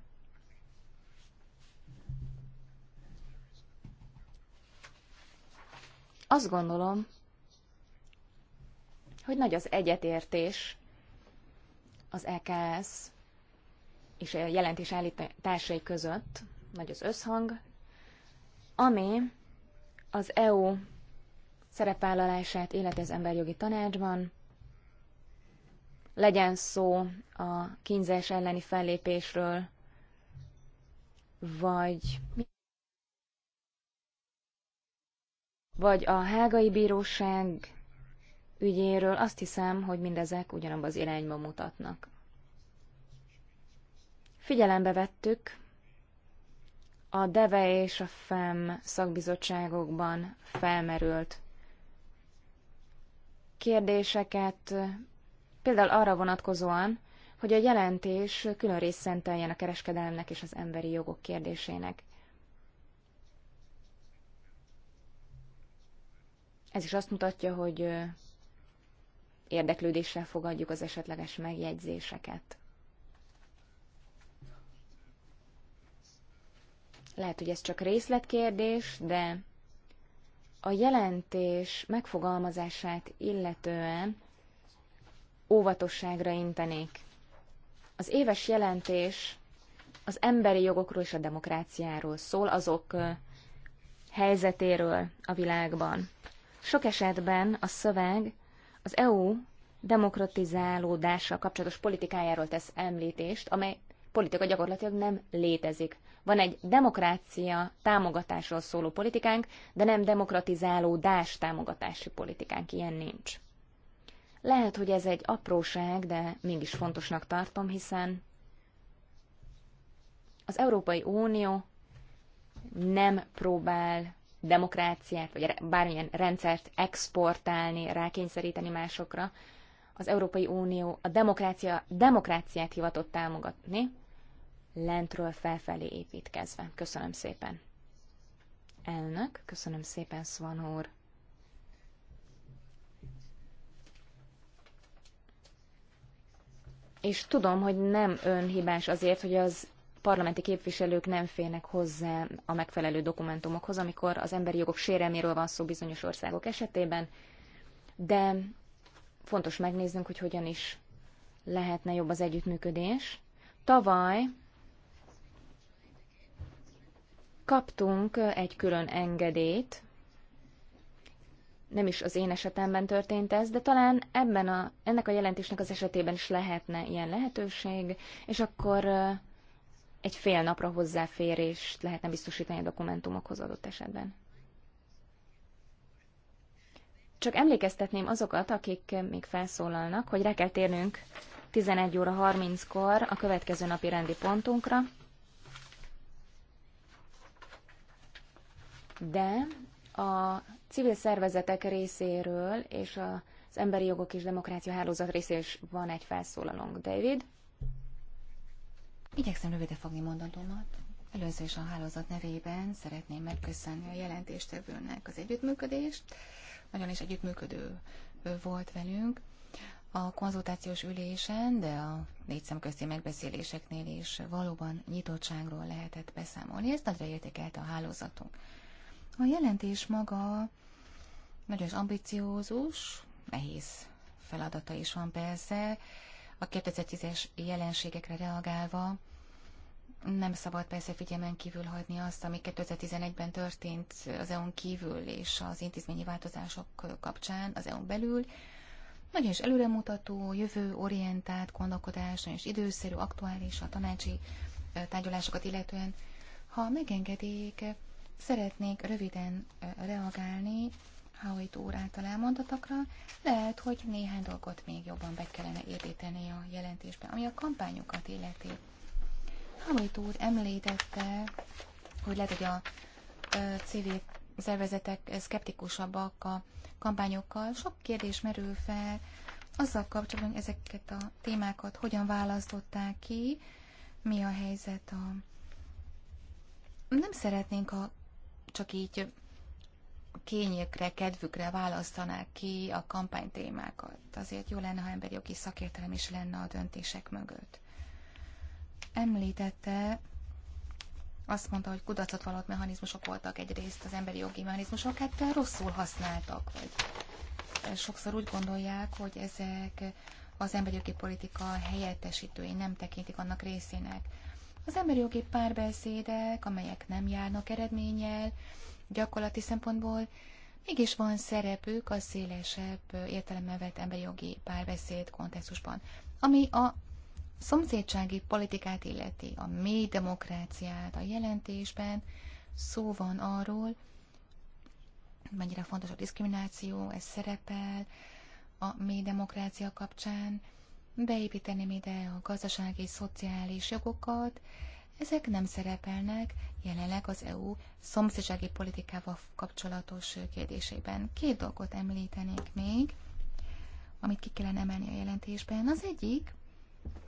Azt gondolom, hogy nagy az egyetértés az EKS és a jelentés állításai között, nagy az összhang, ami az EU szerepvállalását életi az emberjogi tanácsban, legyen szó a kínzás elleni fellépésről, vagy vagy a hágai bíróság ügyéről, azt hiszem, hogy mindezek ugyanabban az irányba mutatnak. Figyelembe vettük a DEVE és a FEM szakbizottságokban felmerült kérdéseket, például arra vonatkozóan, hogy a jelentés külön részt szenteljen a kereskedelemnek és az emberi jogok kérdésének. Ez is azt mutatja, hogy érdeklődéssel fogadjuk az esetleges megjegyzéseket. Lehet, hogy ez csak részletkérdés, de a jelentés megfogalmazását illetően óvatosságra intenék. Az éves jelentés az emberi jogokról és a demokráciáról szól, azok helyzetéről a világban. Sok esetben a szöveg az EU demokratizálódással kapcsolatos politikájáról tesz említést, amely politika gyakorlatilag nem létezik. Van egy demokrácia támogatásról szóló politikánk, de nem demokratizáló dás támogatási politikánk, ilyen nincs. Lehet, hogy ez egy apróság, de mégis fontosnak tartom, hiszen az Európai Unió nem próbál demokráciát, vagy bármilyen rendszert exportálni, rákényszeríteni másokra, az Európai Unió a demokrácia, demokráciát hivatott támogatni, lentről felfelé építkezve. Köszönöm szépen. Elnök, köszönöm szépen, Svan úr. És tudom, hogy nem önhibás azért, hogy az parlamenti képviselők nem férnek hozzá a megfelelő dokumentumokhoz, amikor az emberi jogok sérelméről van szó bizonyos országok esetében, de fontos megnéznünk, hogy hogyan is lehetne jobb az együttműködés. Tavaly kaptunk egy külön engedélyt, nem is az én esetemben történt ez, de talán ebben a, ennek a jelentésnek az esetében is lehetne ilyen lehetőség, és akkor egy fél napra hozzáférést lehetne biztosítani a dokumentumokhoz adott esetben. Csak emlékeztetném azokat, akik még felszólalnak, hogy rá kell térnünk 11 óra 30-kor a következő napi rendi pontunkra. De a civil szervezetek részéről és az Emberi Jogok és Demokrácia Hálózat részéről is van egy felszólalónk. David? Igyekszem rövide fogni mondatomat. Először is a hálózat nevében szeretném megköszönni a jelentéstevőnek az együttműködést, nagyon is együttműködő volt velünk a konzultációs ülésen, de a négy szemközti megbeszéléseknél is valóban nyitottságról lehetett beszámolni. Ezt nagyra értékelte a hálózatunk. A jelentés maga nagyon is ambiciózus, nehéz feladata is van persze, a 2010-es jelenségekre reagálva nem szabad persze figyelmen kívül hagyni azt, ami 2011-ben történt az EU-n kívül és az intézményi változások kapcsán az EU-n belül. Nagyon is előremutató, jövőorientált gondolkodás, és időszerű, aktuális a tanácsi tárgyalásokat illetően. Ha megengedik, szeretnék röviden reagálni Howitt úr által elmondottakra, lehet, hogy néhány dolgot még jobban be kellene értéteni a jelentésben, ami a kampányokat illeti. Hámait úr említette, hogy lehet, hogy a civil szervezetek szkeptikusabbak a kampányokkal. Sok kérdés merül fel azzal kapcsolatban, hogy ezeket a témákat hogyan választották ki, mi a helyzet a... Nem szeretnénk, ha csak így kényekre, kedvükre választanák ki a kampánytémákat. Azért jó lenne, ha emberi jogi szakértelem is lenne a döntések mögött. Említette, azt mondta, hogy kudarcot vallott mechanizmusok voltak egyrészt, az emberi jogi mechanizmusok, hát rosszul használtak, vagy sokszor úgy gondolják, hogy ezek az emberi jogi politika helyettesítői nem tekintik annak részének. Az emberi jogi párbeszédek, amelyek nem járnak eredménnyel, gyakorlati szempontból mégis van szerepük a szélesebb értelemmel vett emberi jogi párbeszéd kontextusban, ami a szomszédsági politikát illeti, a mély demokráciát a jelentésben, szó van arról, mennyire fontos a diszkrimináció, ez szerepel a mély demokrácia kapcsán, beépíteném ide a gazdasági és szociális jogokat, ezek nem szerepelnek jelenleg az EU szomszédsági politikával kapcsolatos kérdésében. Két dolgot említenék még, amit ki kellene emelni a jelentésben. Az egyik,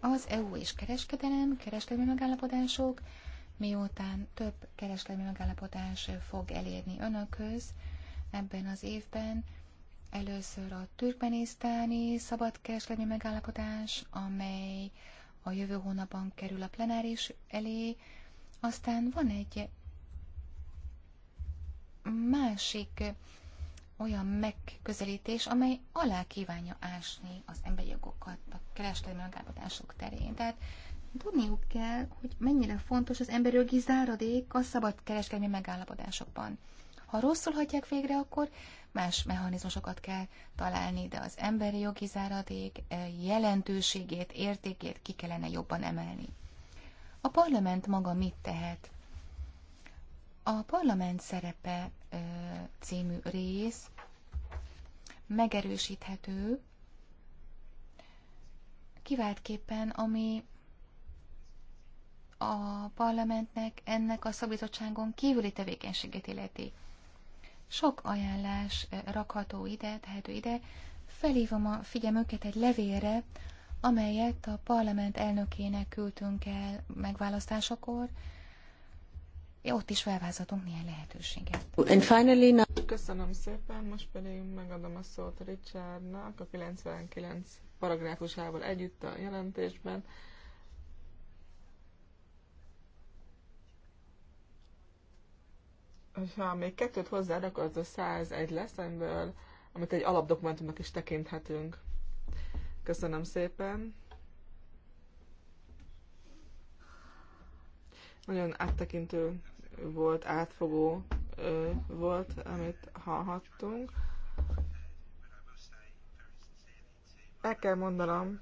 az EU és kereskedelem, kereskedelmi megállapodások, miután több kereskedelmi megállapodás fog elérni önökhöz ebben az évben, először a türkmenisztáni szabadkereskedelmi megállapodás, amely a jövő hónapban kerül a plenáris elé, aztán van egy másik olyan megközelítés, amely alá kívánja ásni az emberi jogokat a kereskedelmi megállapodások terén. Tehát tudniuk kell, hogy mennyire fontos az emberi jogi záradék a szabad kereskedelmi megállapodásokban. Ha rosszul hagyják végre, akkor más mechanizmusokat kell találni, de az emberi jogi záradék eh, jelentőségét, értékét ki kellene jobban emelni. A parlament maga mit tehet? A parlament szerepe eh, című rész megerősíthető, kiváltképpen ami a parlamentnek ennek a szabizottságon kívüli tevékenységet illeti. Sok ajánlás rakható ide, tehető ide. Felhívom a figyelmüket egy levélre, amelyet a parlament elnökének küldtünk el megválasztásakor, ott is felvázatunk néhány lehetőséget. And finally now... Köszönöm szépen, most pedig megadom a szót Richardnak a 99 paragráfusával együtt a jelentésben. Ha még kettőt akkor az a 101 lesz, amiből, amit egy alapdokumentumnak is tekinthetünk. Köszönöm szépen. Nagyon áttekintő volt, átfogó volt, amit hallhattunk. El kell mondanom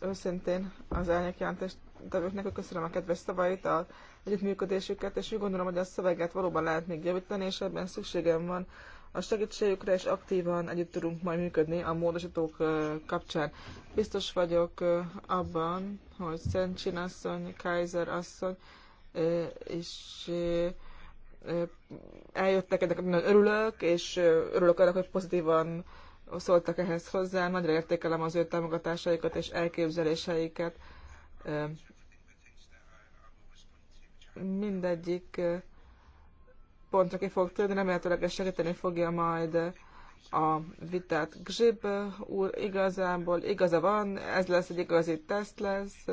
őszintén az elnyekjelentést tevőknek, hogy köszönöm a kedves szavait, az együttműködésüket, és úgy gondolom, hogy a szöveget valóban lehet még javítani, és ebben szükségem van a segítségükre, és aktívan együtt tudunk majd működni a módosítók kapcsán. Biztos vagyok abban, hogy Szent Csinasszony, Kaiser asszony, és eljöttek, ennek nagyon örülök, és örülök annak, hogy pozitívan szóltak ehhez hozzá, nagyra értékelem az ő támogatásaikat és elképzeléseiket. Mindegyik pontra ki fog tűnni, remélhetőleg ez segíteni fogja majd a vitát. Gzsib úr igazából igaza van, ez lesz egy igazi teszt lesz,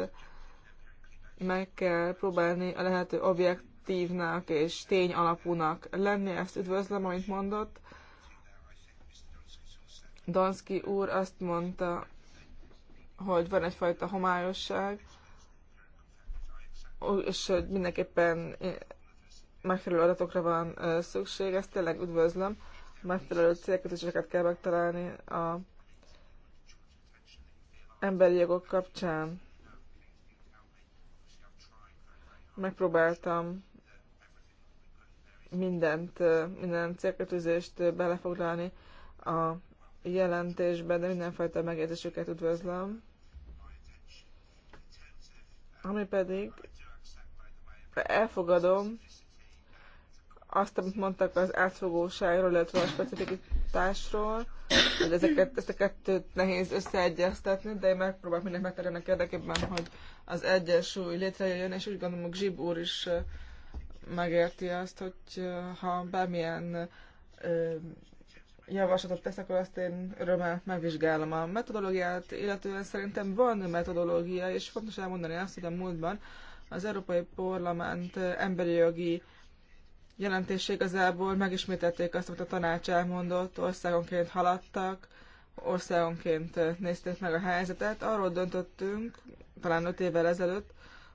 meg kell próbálni a lehető objektívnak és tény alapúnak lenni. Ezt üdvözlöm, amit mondott. Donski úr azt mondta, hogy van egyfajta homályosság, és hogy mindenképpen megfelelő adatokra van szükség, ezt tényleg üdvözlöm. Megfelelő célkötéseket kell megtalálni a emberi jogok kapcsán megpróbáltam mindent, minden célkötőzést belefoglalni a jelentésbe, de mindenfajta megjegyzésüket üdvözlöm. Ami pedig elfogadom azt, amit mondtak az átfogóságról, illetve a fogyasztásról, hogy ezeket, ezt a kettőt nehéz összeegyeztetni, de én megpróbálok mindenki megtenni ennek érdekében, hogy az egyensúly létrejöjjön, és úgy gondolom, hogy Zsib úr is megérti azt, hogy ha bármilyen ö, javaslatot teszek, akkor azt én örömmel megvizsgálom. A metodológiát illetően szerintem van metodológia, és fontos elmondani azt, hogy a múltban az Európai Parlament emberi jogi jelentés igazából megismételték azt, amit a tanács elmondott, országonként haladtak, országonként nézték meg a helyzetet. Arról döntöttünk, talán öt évvel ezelőtt,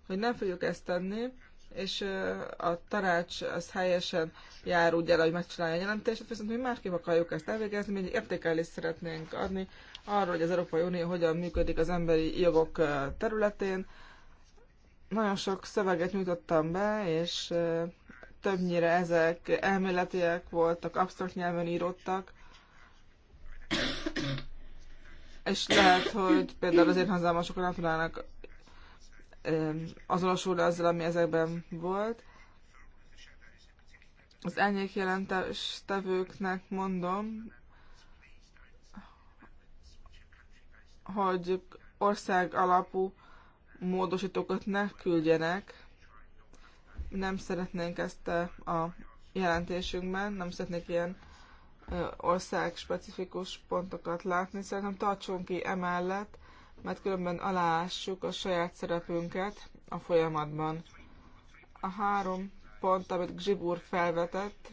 hogy nem fogjuk ezt tenni, és a tanács az helyesen jár úgy el, hogy megcsinálja a jelentést, viszont mi másképp akarjuk ezt elvégezni, mi egy értékelést szeretnénk adni arról, hogy az Európai Unió hogyan működik az emberi jogok területén. Nagyon sok szöveget nyújtottam be, és többnyire ezek elméletiek voltak, absztrakt nyelven írottak. és lehet, hogy például azért sokan nem tudnának azonosulni azzal, ami ezekben volt. Az jelentős tevőknek mondom, hogy ország alapú módosítókat ne küldjenek, nem szeretnénk ezt eh, a jelentésünkben, nem szeretnék ilyen eh, ország specifikus pontokat látni, szerintem tartsunk ki emellett, mert különben aláássuk a saját szerepünket a folyamatban. A három pont, amit Gzsibur felvetett,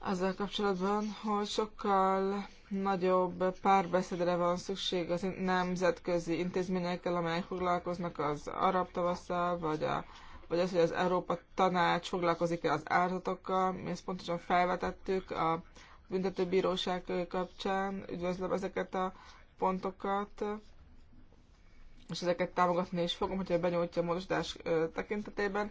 azzal kapcsolatban, hogy sokkal nagyobb párbeszédre van szükség az nemzetközi intézményekkel, amelyek foglalkoznak az arab tavasszal, vagy a vagy az, hogy az Európa Tanács foglalkozik-e az áldozatokkal, mi ezt pontosan felvetettük a büntetőbíróság kapcsán. Üdvözlöm ezeket a pontokat, és ezeket támogatni is fogom, hogyha benyújtja a módosítás tekintetében.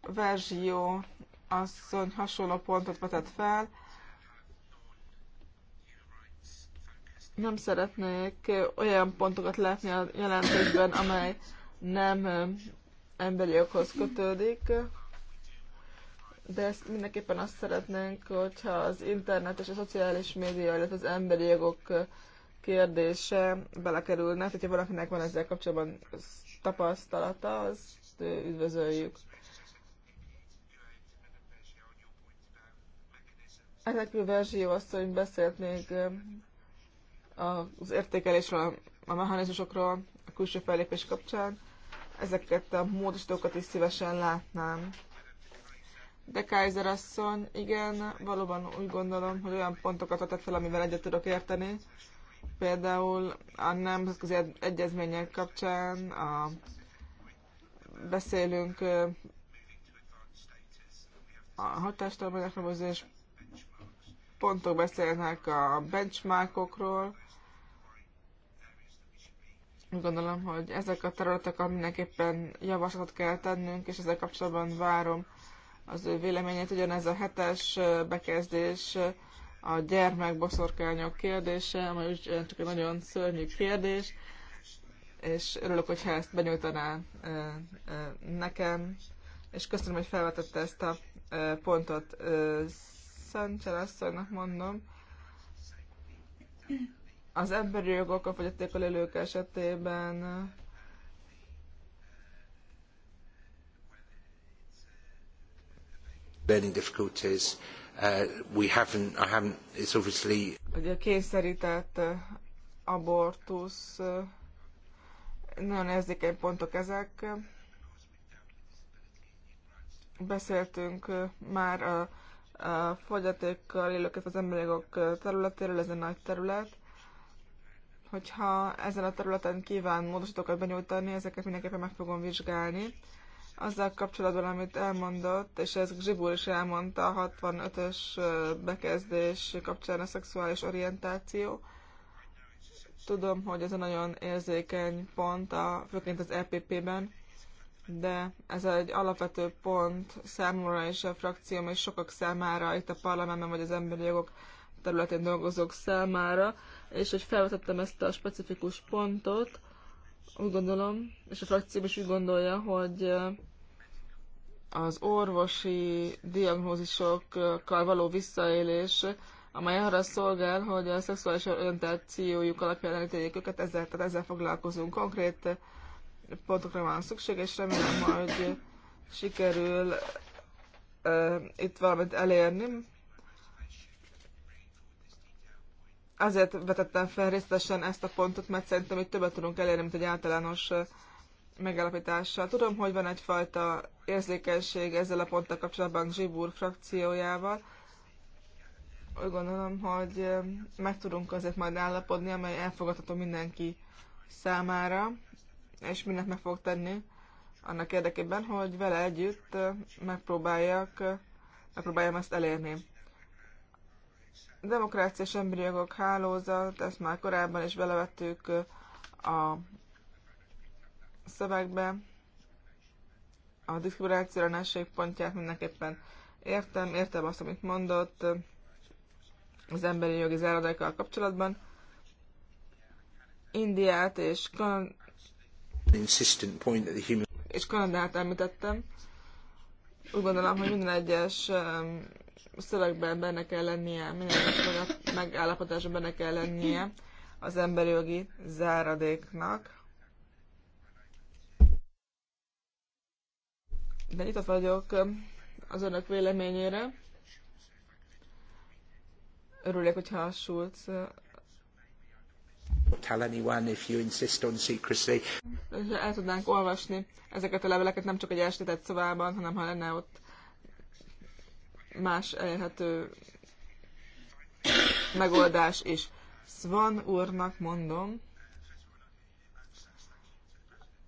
Verzió asszony hasonló pontot vetett fel. Nem szeretnék olyan pontokat látni a jelentésben, amely nem emberi okhoz kötődik, de ezt mindenképpen azt szeretnénk, hogyha az internet és a szociális média, illetve az emberi jogok kérdése belekerülne. Tehát, hogyha valakinek van ezzel kapcsolatban tapasztalata, azt üdvözöljük. verzió azt, hogy beszélt még eh, az értékelésről, a mechanizmusokról a külső fellépés kapcsán ezeket a módosítókat is szívesen látnám. De Kaiser asszony, igen, valóban úgy gondolom, hogy olyan pontokat adott fel, amivel egyet tudok érteni. Például a nemzetközi egyezmények kapcsán a, beszélünk a hatástalanokról, és pontok beszélnek a benchmarkokról, úgy Gondolom, hogy ezek a területek mindenképpen javaslatot kell tennünk, és ezzel kapcsolatban várom az ő véleményét. Ugyanez a hetes bekezdés a gyermekboszorkányok kérdése, ami csak egy nagyon szörnyű kérdés, és örülök, hogy ezt benyújtaná nekem, és köszönöm, hogy felvetette ezt a pontot. Szent asszonynak mondom, az emberi jogok a fogyatékkal élők esetében learning difficulties. Uh, we haven't, I haven't, it's obviously... Ugye kényszerített uh, abortusz, uh, nagyon érzékeny pontok ezek. Beszéltünk uh, már a, a fogyatékkal élőket az emberi jogok területéről, ez egy nagy terület hogyha ezen a területen kíván módosítókat benyújtani, ezeket mindenképpen meg fogom vizsgálni. Azzal kapcsolatban, amit elmondott, és ez Zsibúr is elmondta, a 65-ös bekezdés kapcsán a szexuális orientáció. Tudom, hogy ez a nagyon érzékeny pont, a, főként az EPP-ben, de ez egy alapvető pont számomra és a frakcióm és sokak számára itt a parlamentben vagy az emberi jogok területén dolgozók számára és hogy felvetettem ezt a specifikus pontot, úgy gondolom, és a frakció is úgy gondolja, hogy az orvosi diagnózisokkal való visszaélés, amely arra szolgál, hogy a szexuális orientációjuk alapján elítéljék őket, ezzel, tehát ezzel foglalkozunk. Konkrét pontokra van szükség, és remélem, hogy sikerül uh, itt valamit elérni. azért vetettem fel részletesen ezt a pontot, mert szerintem itt többet tudunk elérni, mint egy általános megállapítással. Tudom, hogy van egyfajta érzékenység ezzel a ponttal kapcsolatban Zsibur frakciójával. Úgy gondolom, hogy meg tudunk azért majd állapodni, amely elfogadható mindenki számára, és mindent meg fog tenni annak érdekében, hogy vele együtt megpróbáljak, megpróbáljam ezt elérni demokrácia és emberi jogok hálózat, ezt már korábban is belevettük a szövegbe. A diszkriminációra ellenség pontját mindenképpen értem, értem azt, amit mondott az emberi jogi záradékkal kapcsolatban. Indiát és Kanadát és Kanadát említettem. Úgy gondolom, hogy minden egyes szövegben benne kell lennie, minden megállapodásban benne kell lennie az emberi jogi záradéknak. De nyitott vagyok um, az önök véleményére. Örülök, hogy hasult. Uh, tell anyone if you insist on secrecy. El tudnánk olvasni ezeket a leveleket nem csak egy elstétett szavában, hanem ha lenne ott más elérhető megoldás is. Svan úrnak mondom,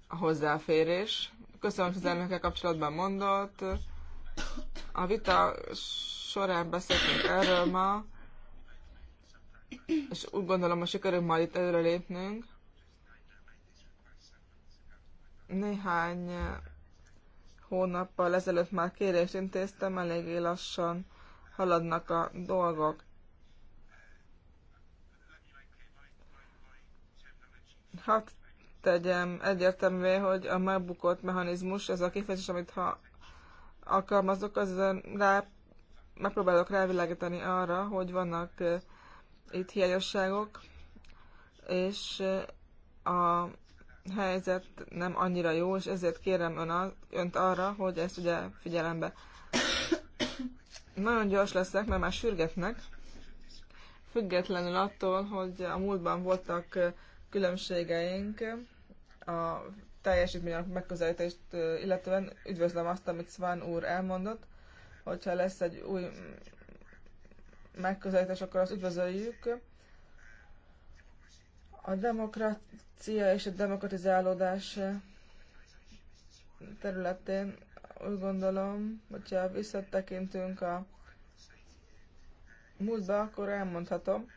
a hozzáférés. Köszönöm, hogy az elnökkel kapcsolatban mondott. A vita során beszéltünk erről ma, és úgy gondolom, hogy sikerül majd itt lépnünk. Néhány hónappal ezelőtt már kérést intéztem, eléggé lassan haladnak a dolgok. Hát tegyem egyértelművé, hogy a megbukott mechanizmus, ez a kifejezés, amit ha alkalmazok, az rá, megpróbálok rávilágítani arra, hogy vannak itt hiányosságok, és a helyzet nem annyira jó, és ezért kérem ön a, önt arra, hogy ezt ugye figyelembe. Nagyon gyors leszek, mert már sürgetnek. Függetlenül attól, hogy a múltban voltak különbségeink a teljesítmény megközelítést illetően, üdvözlöm azt, amit Svan úr elmondott, hogyha lesz egy új megközelítés, akkor azt üdvözöljük a demokrácia és a demokratizálódás területén úgy gondolom, hogyha visszatekintünk a múltba, akkor elmondhatom,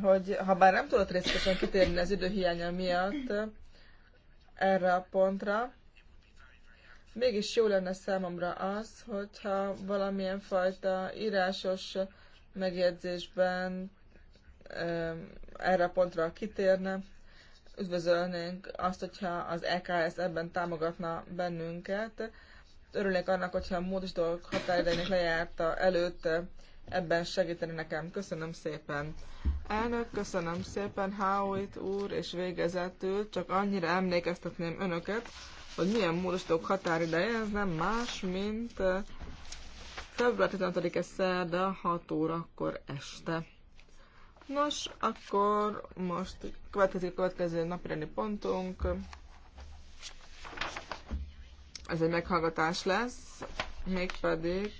hogy ha bár nem tudott részletesen kitérni az időhiánya miatt erre a pontra, mégis jó lenne számomra az, hogyha valamilyen fajta írásos megjegyzésben erre a pontra kitérne. Üdvözölnénk azt, hogyha az EKS ebben támogatna bennünket. Örülnék annak, hogyha a módosítók határidejének lejárta előtt ebben segíteni nekem. Köszönöm szépen. Elnök, köszönöm szépen, Howitt úr, és végezetül csak annyira emlékeztetném önöket, hogy milyen módosítók határideje, ez nem más, mint Február 15-e szerda, 6 órakor este. Nos, akkor most következik a következő napirendi pontunk. Ez egy meghallgatás lesz, mégpedig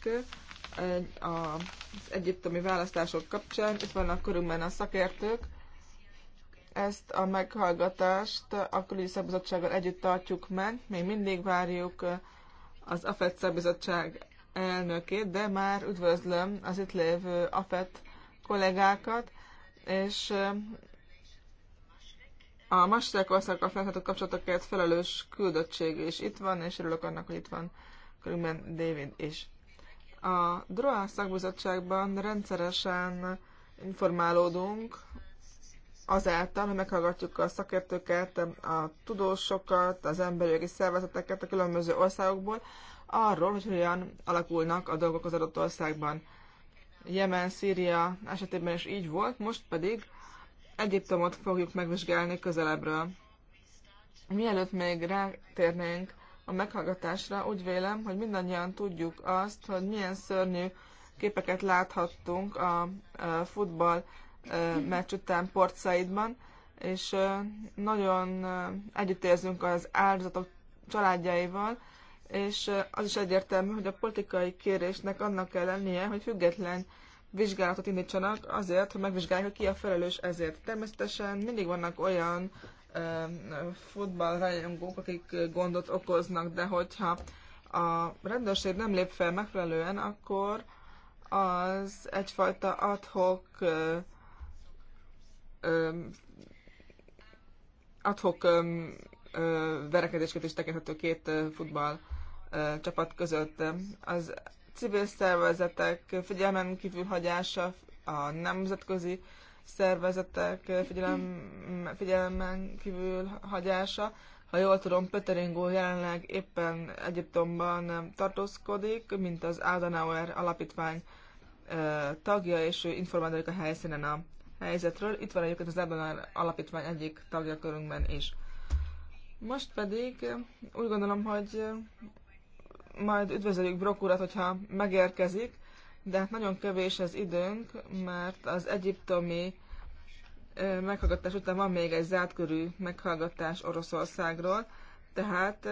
egy, a, az egyiptomi választások kapcsán. Itt vannak körülben a szakértők. Ezt a meghallgatást a külügyi szakbizottsággal együtt tartjuk meg. Még mindig várjuk az AFED szakbizottság elnökét, de már üdvözlöm az itt lévő AFET kollégákat, és a Masrek országokkal felhető kapcsolatokért felelős küldöttség is itt van, és örülök annak, hogy itt van körülben David is. A DROA szakbizottságban rendszeresen informálódunk azáltal, hogy meghallgatjuk a szakértőket, a tudósokat, az emberi szervezeteket a különböző országokból, arról, hogy hogyan alakulnak a dolgok az adott országban. Jemen, Szíria esetében is így volt, most pedig Egyiptomot fogjuk megvizsgálni közelebbről. Mielőtt még rátérnénk a meghallgatásra, úgy vélem, hogy mindannyian tudjuk azt, hogy milyen szörnyű képeket láthattunk a, futball e, meccs után Port Saidban, és e, nagyon e, együttérzünk az áldozatok családjaival, és az is egyértelmű, hogy a politikai kérésnek annak kell lennie, hogy független vizsgálatot indítsanak azért, hogy megvizsgálják, hogy ki a felelős ezért. Természetesen mindig vannak olyan futballrajongók, akik gondot okoznak, de hogyha a rendőrség nem lép fel megfelelően, akkor az egyfajta adhok adhok verekedésként is tekinthető két futball csapat között. Az civil szervezetek figyelmen kívül hagyása, a nemzetközi szervezetek figyelem, figyelmen kívül hagyása. Ha jól tudom, Peteringó jelenleg éppen Egyiptomban tartózkodik, mint az Adenauer alapítvány tagja, és ő informálódik a helyszínen a helyzetről. Itt van egyébként az Adenauer alapítvány egyik tagja körünkben is. Most pedig úgy gondolom, hogy majd üdvözöljük Brokurat, hogyha megérkezik, de hát nagyon kevés az időnk, mert az egyiptomi meghallgatás után van még egy zárt körű meghallgatás Oroszországról, tehát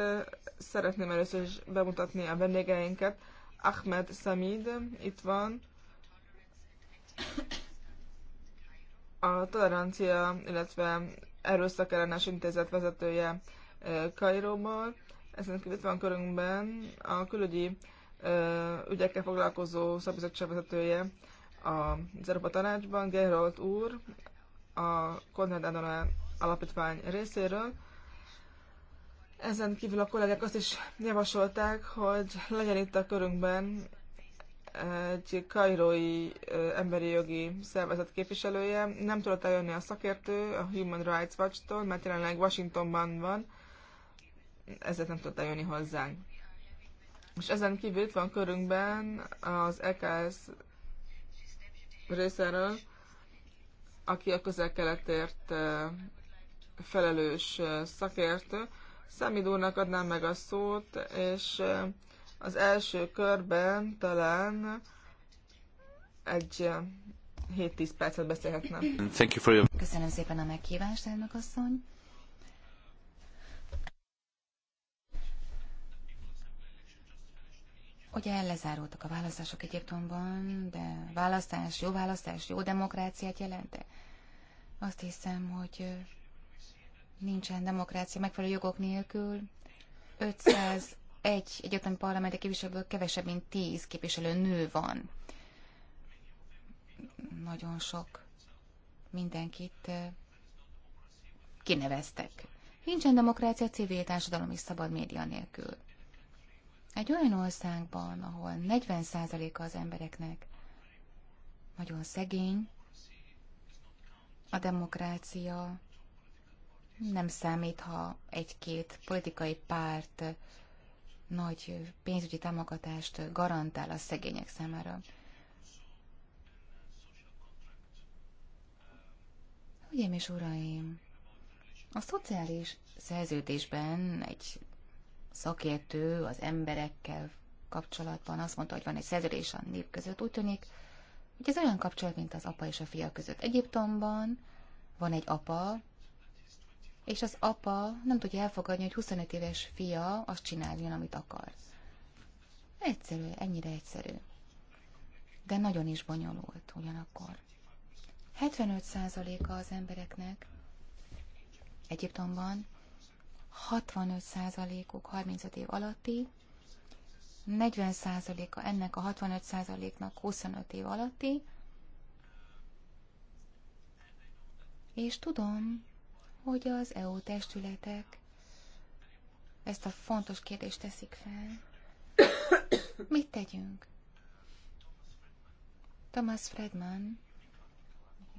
szeretném először is bemutatni a vendégeinket. Ahmed Samid itt van, a Tolerancia, illetve Erőszak ellenes intézet vezetője Kairóból, ezen kívül itt van körünkben a külügyi ö, ügyekkel foglalkozó szabizottság vezetője az Európa Tanácsban, Gerold úr, a Konrad Adenauer Alapítvány részéről. Ezen kívül a kollégák azt is javasolták, hogy legyen itt a körünkben egy kairói emberi jogi szervezet képviselője. Nem tudott eljönni a szakértő a Human Rights Watch-tól, mert jelenleg Washingtonban van, ezért nem tudott eljönni hozzánk. És ezen kívül itt van körünkben az EKS részéről, aki a közel-keletért felelős szakértő. Számid úrnak adnám meg a szót, és az első körben talán egy 7-10 percet beszélhetne. Köszönöm szépen a meghívást, elnök asszony. Ugye lezárultak a választások Egyiptomban, de választás, jó választás, jó demokráciát jelente. Azt hiszem, hogy nincsen demokrácia megfelelő jogok nélkül. 501 egyetemi parlamenti képviselőből kevesebb, mint 10 képviselő nő van. Nagyon sok mindenkit kineveztek. Nincsen demokrácia, civil társadalom és szabad média nélkül. Egy olyan országban, ahol 40%-a az embereknek nagyon szegény, a demokrácia nem számít, ha egy-két politikai párt nagy pénzügyi támogatást garantál a szegények számára. Hölgyeim és uraim, a szociális szerződésben egy szakértő az emberekkel kapcsolatban azt mondta, hogy van egy szerződés a nép között, úgy tűnik, hogy ez olyan kapcsolat, mint az apa és a fia között. Egyiptomban van egy apa, és az apa nem tudja elfogadni, hogy 25 éves fia azt csináljon, amit akar. Egyszerű, ennyire egyszerű. De nagyon is bonyolult ugyanakkor. 75%-a az embereknek Egyiptomban 65%-uk 35 év alatti, 40%-a ennek a 65%-nak 25 év alatti, és tudom, hogy az EU testületek ezt a fontos kérdést teszik fel. Mit tegyünk? Thomas Fredman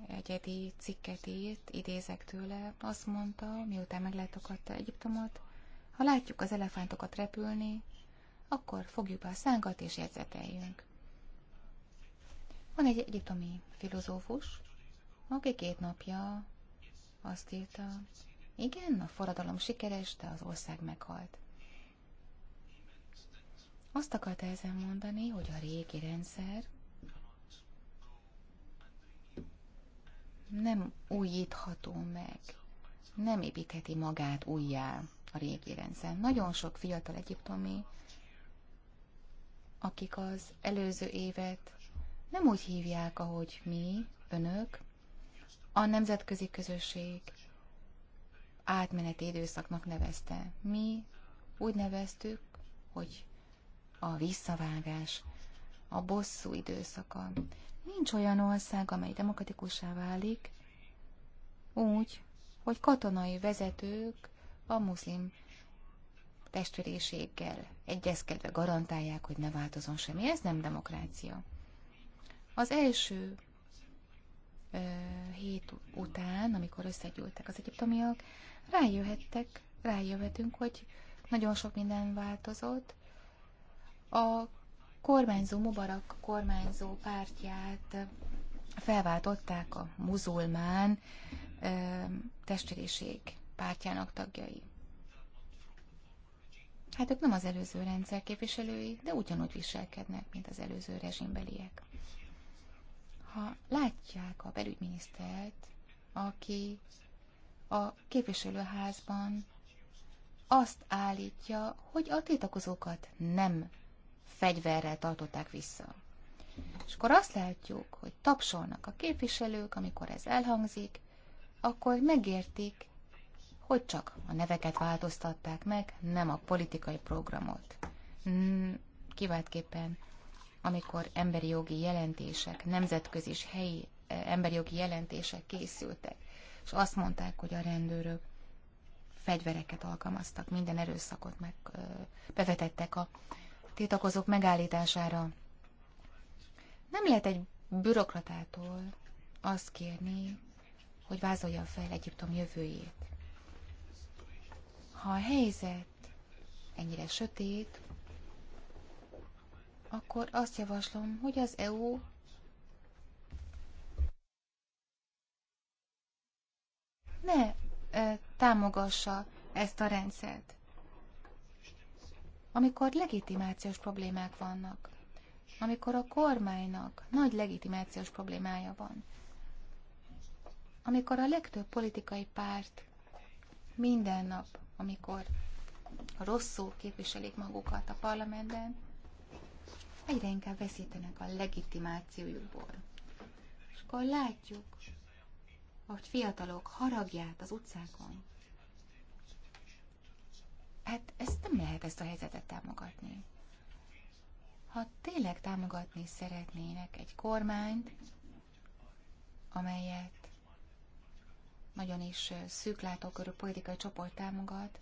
egyedi cikket írt, idézek tőle, azt mondta, miután meglátogatta Egyiptomot, ha látjuk az elefántokat repülni, akkor fogjuk be a szánkat és jegyzeteljünk. Van egy egyiptomi filozófus, aki két napja azt írta, igen, a forradalom sikeres, de az ország meghalt. Azt akarta ezen mondani, hogy a régi rendszer nem újítható meg, nem építheti magát újjá a régi rendszer. Nagyon sok fiatal egyiptomi, akik az előző évet nem úgy hívják, ahogy mi, önök, a nemzetközi közösség átmeneti időszaknak nevezte. Mi úgy neveztük, hogy a visszavágás, a bosszú időszaka. Nincs olyan ország, amely demokratikussá válik úgy, hogy katonai vezetők a muszlim testvériséggel egyezkedve garantálják, hogy ne változon semmi. Ez nem demokrácia. Az első ö, hét után, amikor összegyűltek az egyiptomiak, rájöhettek, rájöhetünk, hogy nagyon sok minden változott. A kormányzó, Mubarak kormányzó pártját felváltották a muzulmán testvériség pártjának tagjai. Hát ők nem az előző rendszer képviselői, de ugyanúgy viselkednek, mint az előző rezsimbeliek. Ha látják a belügyminisztert, aki a képviselőházban azt állítja, hogy a tiltakozókat nem fegyverrel tartották vissza. És akkor azt látjuk, hogy tapsolnak a képviselők, amikor ez elhangzik, akkor megértik, hogy csak a neveket változtatták meg, nem a politikai programot. Hmm, kiváltképpen, amikor emberi jogi jelentések, nemzetközi és helyi eh, emberi jogi jelentések készültek, és azt mondták, hogy a rendőrök fegyvereket alkalmaztak, minden erőszakot meg eh, bevetettek a tiltakozók megállítására. Nem lehet egy bürokratától azt kérni, hogy vázolja fel Egyiptom jövőjét. Ha a helyzet ennyire sötét, akkor azt javaslom, hogy az EU ne támogassa ezt a rendszert amikor legitimációs problémák vannak, amikor a kormánynak nagy legitimációs problémája van, amikor a legtöbb politikai párt minden nap, amikor rosszul képviselik magukat a parlamentben, egyre inkább veszítenek a legitimációjukból. És akkor látjuk, hogy fiatalok haragját az utcákon, Hát ezt nem lehet ezt a helyzetet támogatni. Ha tényleg támogatni szeretnének egy kormányt, amelyet nagyon is szűklátókörű politikai csoport támogat,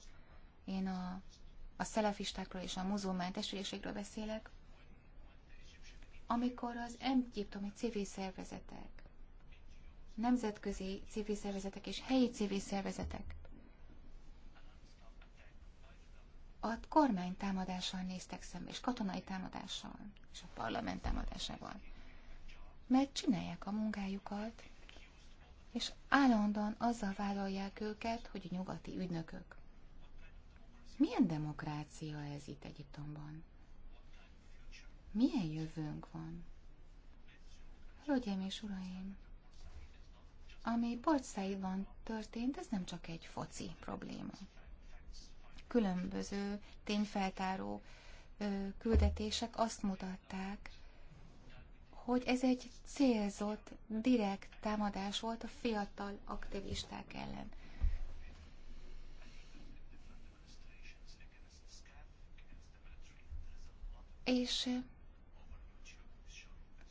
én a, a szelefistákról és a muzulmán testvérségről beszélek, amikor az egyiptomi civil szervezetek, nemzetközi civil szervezetek és helyi civil szervezetek a kormány támadással néztek szembe, és katonai támadással, és a parlament támadásával. Mert csinálják a munkájukat, és állandóan azzal vállalják őket, hogy a nyugati ügynökök. Milyen demokrácia ez itt Egyiptomban? Milyen jövőnk van? Hölgyeim és uraim, ami Port Saidban történt, ez nem csak egy foci probléma különböző tényfeltáró küldetések azt mutatták, hogy ez egy célzott, direkt támadás volt a fiatal aktivisták ellen. És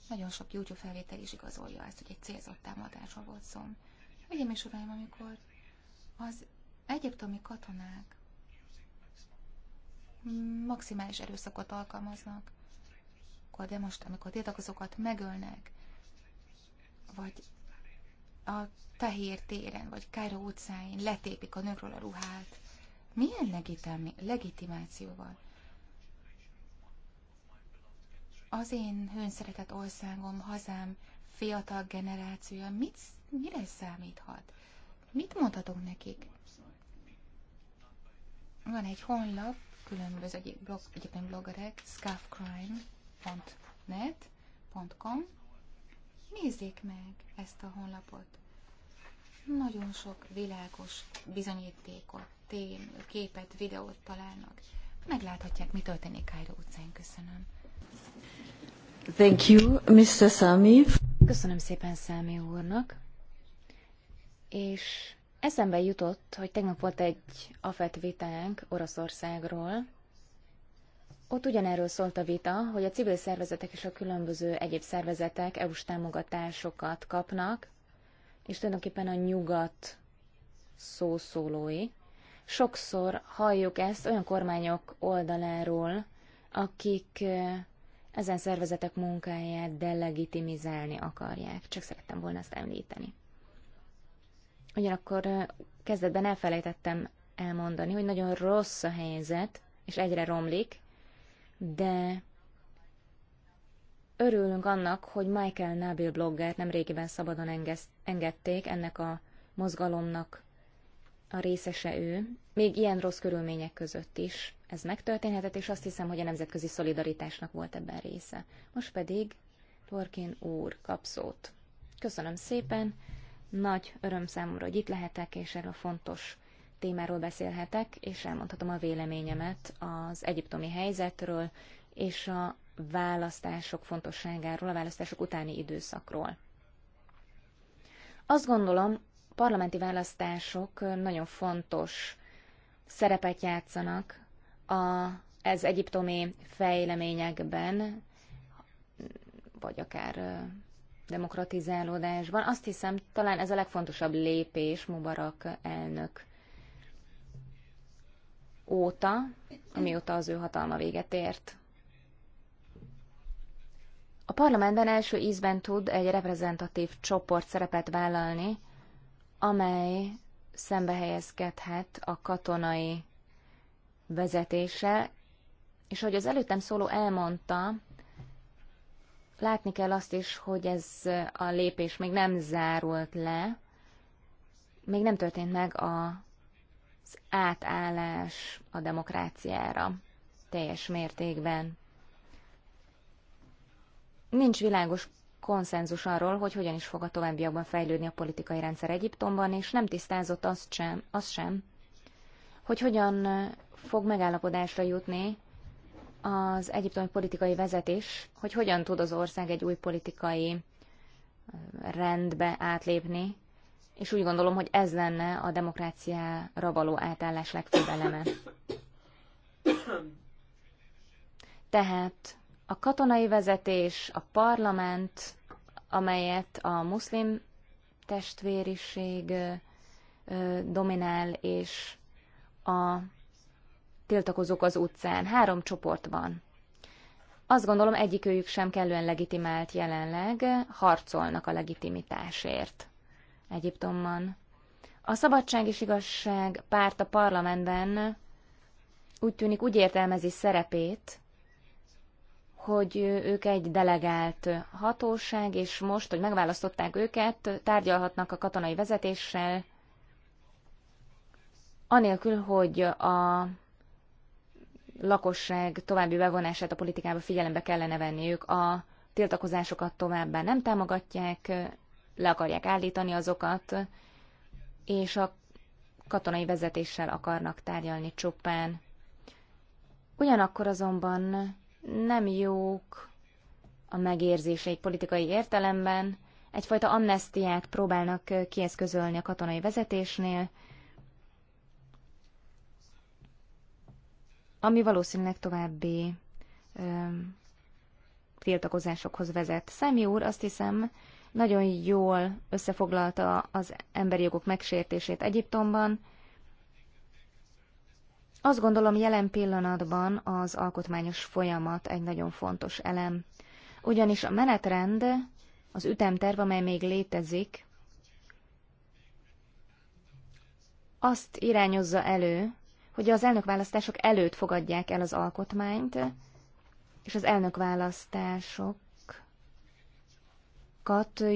nagyon sok YouTube felvétel is igazolja ezt, hogy egy célzott támadásról volt szó. Egyébként uraim, amikor az egyiptomi katonák maximális erőszakot alkalmaznak. Akkor de most, amikor tiltakozókat megölnek, vagy a tehér téren, vagy Kára utcáin letépik a nőkről a ruhát, milyen legitim legitimációval? Az én hőnszeretett országom, hazám, fiatal generációja mit, mire számíthat? Mit mondhatok nekik? Van egy honlap, különböző egy blog, egyetemi bloggerek, scuffcrime.net.com Nézzék meg ezt a honlapot. Nagyon sok világos bizonyítékot, tém, képet, videót találnak. Megláthatják, mi történik Kájra utcán. Köszönöm. Thank you, Mr. Sami. Köszönöm szépen Sami úrnak, és Eszembe jutott, hogy tegnap volt egy afet vitánk Oroszországról. Ott ugyanerről szólt a vita, hogy a civil szervezetek és a különböző egyéb szervezetek EU-s támogatásokat kapnak, és tulajdonképpen a nyugat szószólói. Sokszor halljuk ezt olyan kormányok oldaláról, akik ezen szervezetek munkáját delegitimizálni akarják. Csak szerettem volna ezt említeni. Ugyanakkor kezdetben elfelejtettem elmondani, hogy nagyon rossz a helyzet, és egyre romlik, de örülünk annak, hogy Michael Nabil bloggert régiben szabadon engedték, ennek a mozgalomnak a részese ő, még ilyen rossz körülmények között is ez megtörténhetett, és azt hiszem, hogy a nemzetközi szolidaritásnak volt ebben része. Most pedig Torkin úr kap szót. Köszönöm szépen, nagy öröm számomra, hogy itt lehetek, és erről fontos témáról beszélhetek, és elmondhatom a véleményemet az egyiptomi helyzetről, és a választások fontosságáról, a választások utáni időszakról. Azt gondolom, parlamenti választások nagyon fontos szerepet játszanak a, ez egyiptomi fejleményekben, vagy akár demokratizálódásban. Azt hiszem, talán ez a legfontosabb lépés Mubarak elnök óta, amióta az ő hatalma véget ért. A parlamentben első ízben tud egy reprezentatív csoport szerepet vállalni, amely szembe helyezkedhet a katonai vezetése, és ahogy az előttem szóló elmondta, Látni kell azt is, hogy ez a lépés még nem zárult le, még nem történt meg a az átállás a demokráciára teljes mértékben. Nincs világos konszenzus arról, hogy hogyan is fog a továbbiakban fejlődni a politikai rendszer Egyiptomban, és nem tisztázott azt sem, az sem, hogy hogyan fog megállapodásra jutni az egyiptomi politikai vezetés, hogy hogyan tud az ország egy új politikai rendbe átlépni, és úgy gondolom, hogy ez lenne a demokráciára való átállás legfőbb eleme. Tehát a katonai vezetés, a parlament, amelyet a muszlim testvériség dominál, és a tiltakozók az utcán. Három csoport van. Azt gondolom, egyikőjük sem kellően legitimált jelenleg, harcolnak a legitimitásért Egyiptomban. A Szabadság és Igazság párt a parlamentben úgy tűnik úgy értelmezi szerepét, hogy ők egy delegált hatóság, és most, hogy megválasztották őket, tárgyalhatnak a katonai vezetéssel, anélkül, hogy a lakosság további bevonását a politikába figyelembe kellene venniük. A tiltakozásokat továbbá nem támogatják, le akarják állítani azokat, és a katonai vezetéssel akarnak tárgyalni csupán. Ugyanakkor azonban nem jók a megérzéseik politikai értelemben, egyfajta amnestiát próbálnak kieszközölni a katonai vezetésnél, ami valószínűleg további ö, tiltakozásokhoz vezet. Számi úr azt hiszem nagyon jól összefoglalta az emberi jogok megsértését Egyiptomban. Azt gondolom jelen pillanatban az alkotmányos folyamat egy nagyon fontos elem. Ugyanis a menetrend, az ütemterv, amely még létezik, azt irányozza elő, hogy az elnökválasztások előtt fogadják el az alkotmányt, és az elnökválasztásokat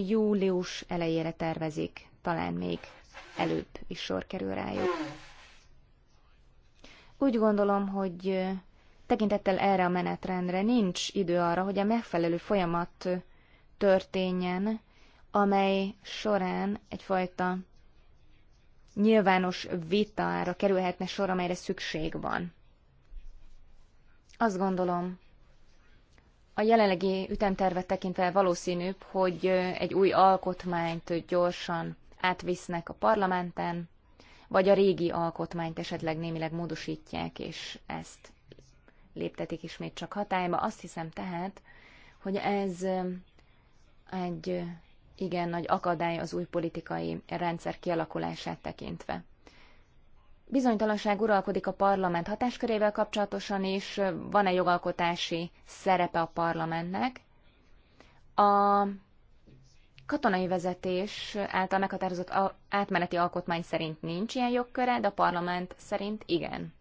július elejére tervezik, talán még előbb is sor kerül rájuk. Úgy gondolom, hogy tekintettel erre a menetrendre nincs idő arra, hogy a megfelelő folyamat történjen, amely során egyfajta nyilvános vitára kerülhetne sor, amelyre szükség van. Azt gondolom, a jelenlegi ütemtervet tekintve valószínűbb, hogy egy új alkotmányt gyorsan átvisznek a parlamenten, vagy a régi alkotmányt esetleg némileg módosítják, és ezt léptetik ismét csak hatályba. Azt hiszem tehát, hogy ez egy igen nagy akadály az új politikai rendszer kialakulását tekintve. Bizonytalanság uralkodik a parlament hatáskörével kapcsolatosan is, van-e jogalkotási szerepe a parlamentnek. A katonai vezetés által meghatározott átmeneti alkotmány szerint nincs ilyen jogköre, de a parlament szerint igen.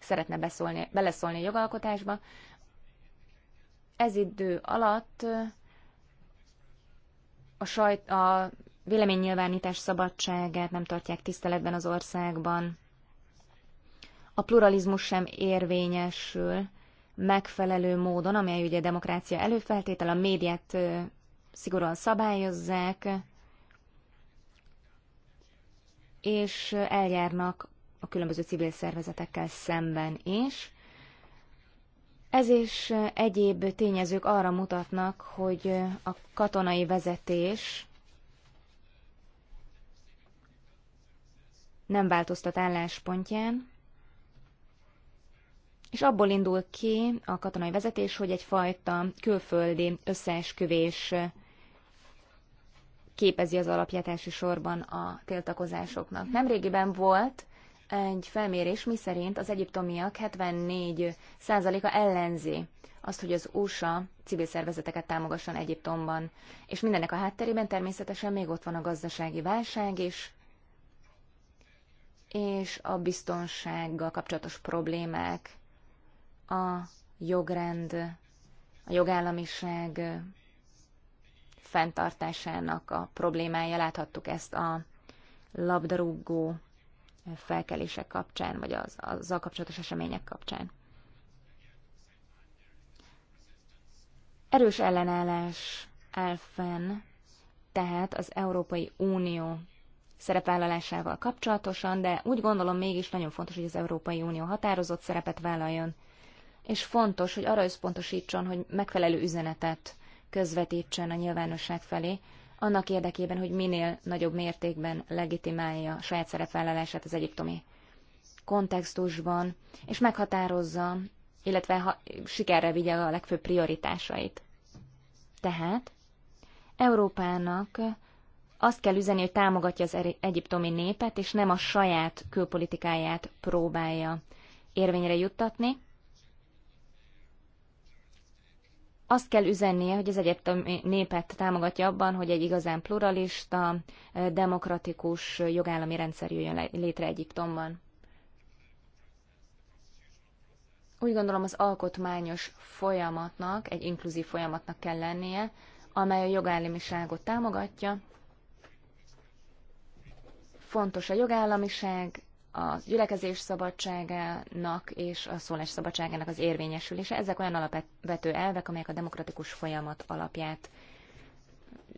Szeretne beszólni, beleszólni a jogalkotásba. Ez idő alatt a, sajt, a véleménynyilvánítás szabadságát nem tartják tiszteletben az országban, a pluralizmus sem érvényesül megfelelő módon, amely ugye a demokrácia előfeltétel, a médiát szigorúan szabályozzák, és eljárnak a különböző civil szervezetekkel szemben is. Ez és egyéb tényezők arra mutatnak, hogy a katonai vezetés nem változtat álláspontján, és abból indul ki a katonai vezetés, hogy egyfajta külföldi összeesküvés képezi az alapját elsősorban a tiltakozásoknak. Nemrégiben volt egy felmérés, miszerint az egyiptomiak 74%-a ellenzi azt, hogy az USA civil szervezeteket támogasson Egyiptomban. És mindennek a hátterében természetesen még ott van a gazdasági válság is, és a biztonsággal kapcsolatos problémák, a jogrend, a jogállamiság fenntartásának a problémája. Láthattuk ezt a labdarúgó felkelések kapcsán, vagy az, azzal kapcsolatos események kapcsán. Erős ellenállás áll fenn, tehát az Európai Unió szerepvállalásával kapcsolatosan, de úgy gondolom mégis nagyon fontos, hogy az Európai Unió határozott szerepet vállaljon, és fontos, hogy arra összpontosítson, hogy megfelelő üzenetet közvetítsen a nyilvánosság felé, annak érdekében, hogy minél nagyobb mértékben legitimálja saját szerepvállalását az egyiptomi kontextusban, és meghatározza, illetve ha, sikerre vigye a legfőbb prioritásait. Tehát Európának azt kell üzeni, hogy támogatja az egyiptomi népet, és nem a saját külpolitikáját próbálja érvényre juttatni, azt kell üzennie, hogy az egyetem népet támogatja abban, hogy egy igazán pluralista, demokratikus jogállami rendszer jöjjön létre Egyiptomban. Úgy gondolom az alkotmányos folyamatnak, egy inkluzív folyamatnak kell lennie, amely a jogállamiságot támogatja. Fontos a jogállamiság, a gyülekezés szabadságának és a szólás szabadságának az érvényesülése. Ezek olyan alapvető elvek, amelyek a demokratikus folyamat alapját,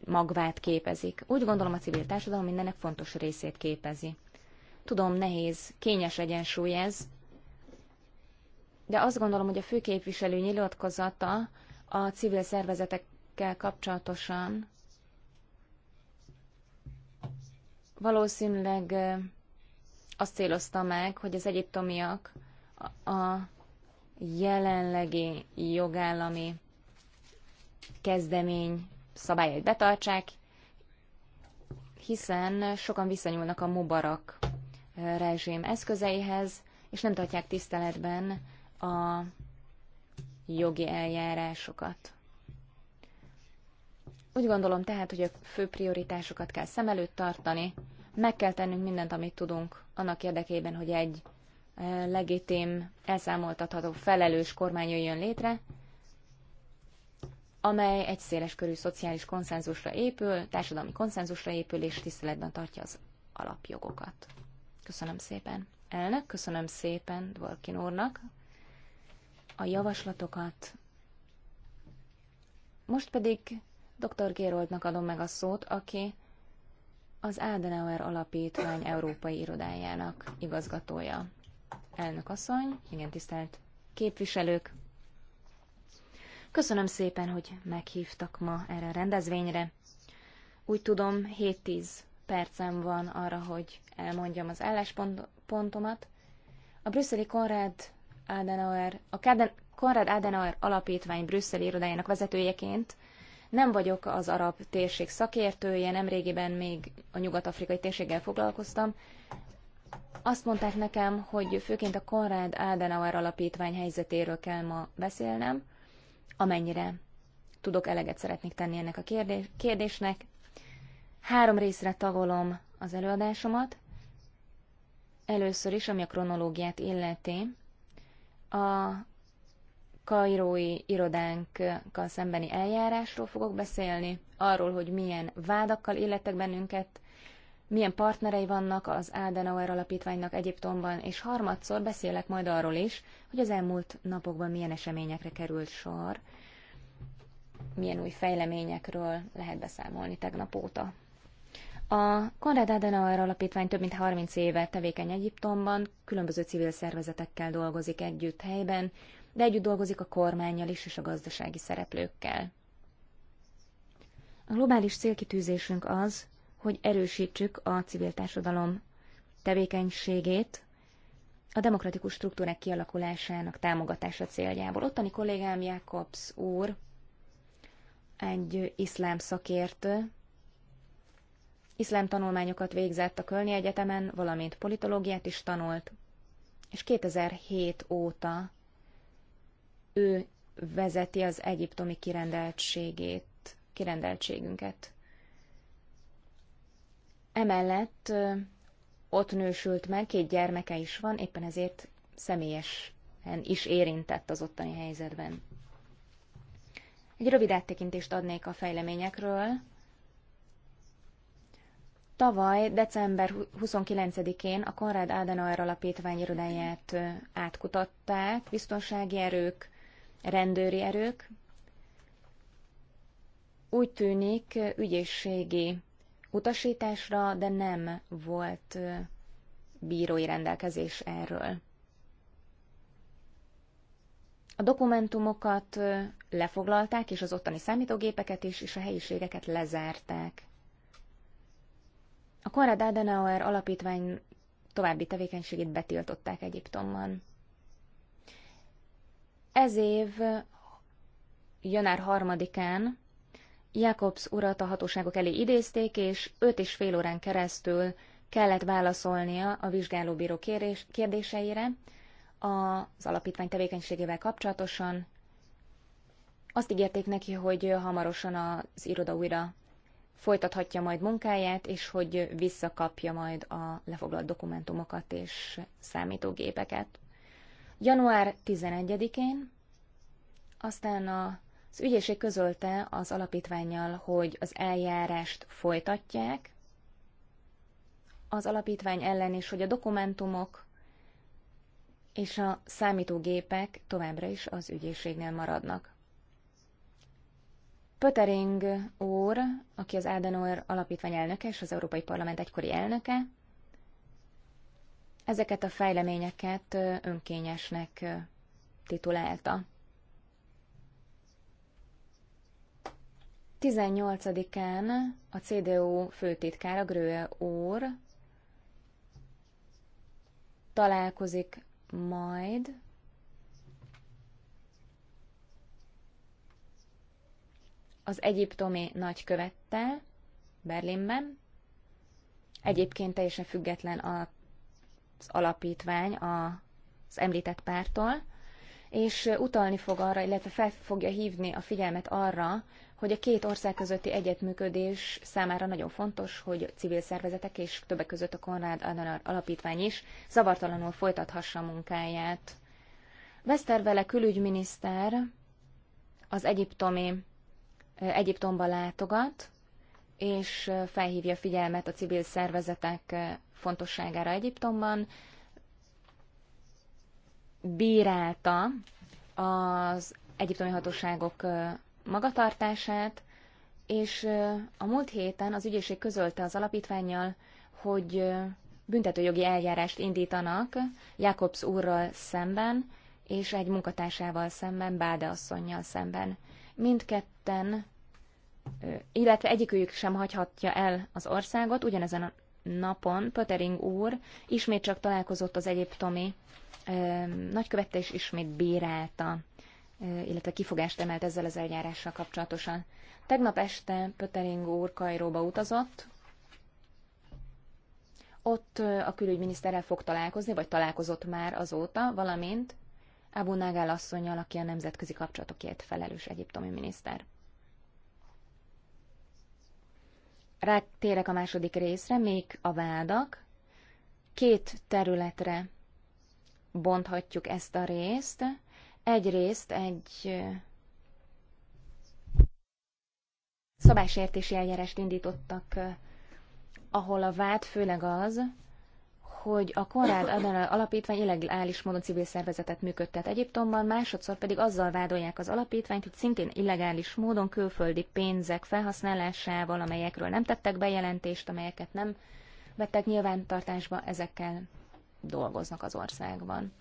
magvát képezik. Úgy gondolom a civil társadalom mindennek fontos részét képezi. Tudom, nehéz, kényes egyensúly ez, de azt gondolom, hogy a főképviselő nyilatkozata a civil szervezetekkel kapcsolatosan valószínűleg azt célozta meg, hogy az egyiptomiak a jelenlegi jogállami kezdemény szabályait betartsák, hiszen sokan visszanyúlnak a Mubarak eh, rezsém eszközeihez, és nem tartják tiszteletben a jogi eljárásokat. Úgy gondolom tehát, hogy a fő prioritásokat kell szem előtt tartani, meg kell tennünk mindent, amit tudunk annak érdekében, hogy egy e, legitim, elszámoltatható, felelős kormány jöjjön létre, amely egy széles körű szociális konszenzusra épül, társadalmi konszenzusra épül, és tiszteletben tartja az alapjogokat. Köszönöm szépen. Elnök, köszönöm szépen Dvorkin úrnak a javaslatokat. Most pedig dr. Géroldnak adom meg a szót, aki az Adenauer Alapítvány Európai Irodájának igazgatója. Elnök asszony, igen tisztelt képviselők, köszönöm szépen, hogy meghívtak ma erre a rendezvényre. Úgy tudom, 7-10 percem van arra, hogy elmondjam az álláspontomat. A brüsszeli Konrad Adenauer, a Konrad Adenauer Alapítvány brüsszeli irodájának vezetőjeként nem vagyok az arab térség szakértője, nemrégiben még a nyugat-afrikai térséggel foglalkoztam. Azt mondták nekem, hogy főként a Konrad Adenauer alapítvány helyzetéről kell ma beszélnem, amennyire tudok eleget szeretnék tenni ennek a kérdésnek. Három részre tagolom az előadásomat. Először is, ami a kronológiát illeti, a kairói irodánkkal szembeni eljárásról fogok beszélni, arról, hogy milyen vádakkal illettek bennünket, milyen partnerei vannak az Adenauer Alapítványnak Egyiptomban, és harmadszor beszélek majd arról is, hogy az elmúlt napokban milyen eseményekre került sor, milyen új fejleményekről lehet beszámolni tegnap óta. A Konrad Adenauer Alapítvány több mint 30 éve tevékeny Egyiptomban, különböző civil szervezetekkel dolgozik együtt helyben, de együtt dolgozik a kormányjal is és a gazdasági szereplőkkel. A globális célkitűzésünk az, hogy erősítsük a civil társadalom tevékenységét a demokratikus struktúrák kialakulásának támogatása céljából. Ottani kollégám Jakobs úr, egy iszlám szakértő, iszlám tanulmányokat végzett a Kölni Egyetemen, valamint politológiát is tanult, és 2007 óta ő vezeti az egyiptomi kirendeltségét, kirendeltségünket. Emellett ott nősült meg, két gyermeke is van, éppen ezért személyesen is érintett az ottani helyzetben. Egy rövid áttekintést adnék a fejleményekről. Tavaly, december 29-én a Konrad Adenauer Alapítvány irodáját átkutatták biztonsági erők, rendőri erők. Úgy tűnik ügyészségi utasításra, de nem volt bírói rendelkezés erről. A dokumentumokat lefoglalták, és az ottani számítógépeket is, és a helyiségeket lezárták. A Konrad Adenauer alapítvány további tevékenységét betiltották Egyiptomban. Ez év január harmadikán Jakobs urat a hatóságok elé idézték, és öt és fél órán keresztül kellett válaszolnia a vizsgálóbíró kérés, kérdéseire az alapítvány tevékenységével kapcsolatosan. Azt ígérték neki, hogy hamarosan az iroda újra folytathatja majd munkáját, és hogy visszakapja majd a lefoglalt dokumentumokat és számítógépeket január 11-én, aztán a az ügyészség közölte az alapítványjal, hogy az eljárást folytatják, az alapítvány ellen is, hogy a dokumentumok és a számítógépek továbbra is az ügyészségnél maradnak. Pötering úr, aki az Adenauer alapítvány elnöke és az Európai Parlament egykori elnöke, ezeket a fejleményeket önkényesnek titulálta. 18-án a CDU főtitkára Gröhe úr találkozik majd az egyiptomi nagykövettel Berlinben. Egyébként teljesen független a alapítvány az említett pártól, és utalni fog arra, illetve fel fogja hívni a figyelmet arra, hogy a két ország közötti egyetműködés számára nagyon fontos, hogy civil szervezetek és többek között a Konrád Adenauer Alapítvány is zavartalanul folytathassa a munkáját. Westervele külügyminiszter az egyiptomi Egyiptomba látogat, és felhívja figyelmet a civil szervezetek fontosságára Egyiptomban, bírálta az egyiptomi hatóságok magatartását, és a múlt héten az ügyészség közölte az alapítványjal, hogy büntetőjogi eljárást indítanak Jakobs úrral szemben, és egy munkatársával szemben, Báde asszonynal szemben. Mindketten, illetve egyikőjük sem hagyhatja el az országot, ugyanezen napon Pötering úr ismét csak találkozott az egyiptomi nagykövette, és ismét bírálta, illetve kifogást emelt ezzel az eljárással kapcsolatosan. Tegnap este Pötering úr Kajróba utazott, ott a külügyminiszterrel fog találkozni, vagy találkozott már azóta, valamint Abu Nagál asszonyjal, aki a nemzetközi kapcsolatokért felelős egyiptomi miniszter. Rátérek a második részre, még a vádak. Két területre bonthatjuk ezt a részt. Egyrészt egy szabásértési eljárást indítottak, ahol a vád főleg az, hogy a Konrád Adenauer Alapítvány illegális módon civil szervezetet működtet Egyiptomban, másodszor pedig azzal vádolják az alapítványt, hogy szintén illegális módon külföldi pénzek felhasználásával, amelyekről nem tettek bejelentést, amelyeket nem vettek nyilvántartásba, ezekkel dolgoznak az országban.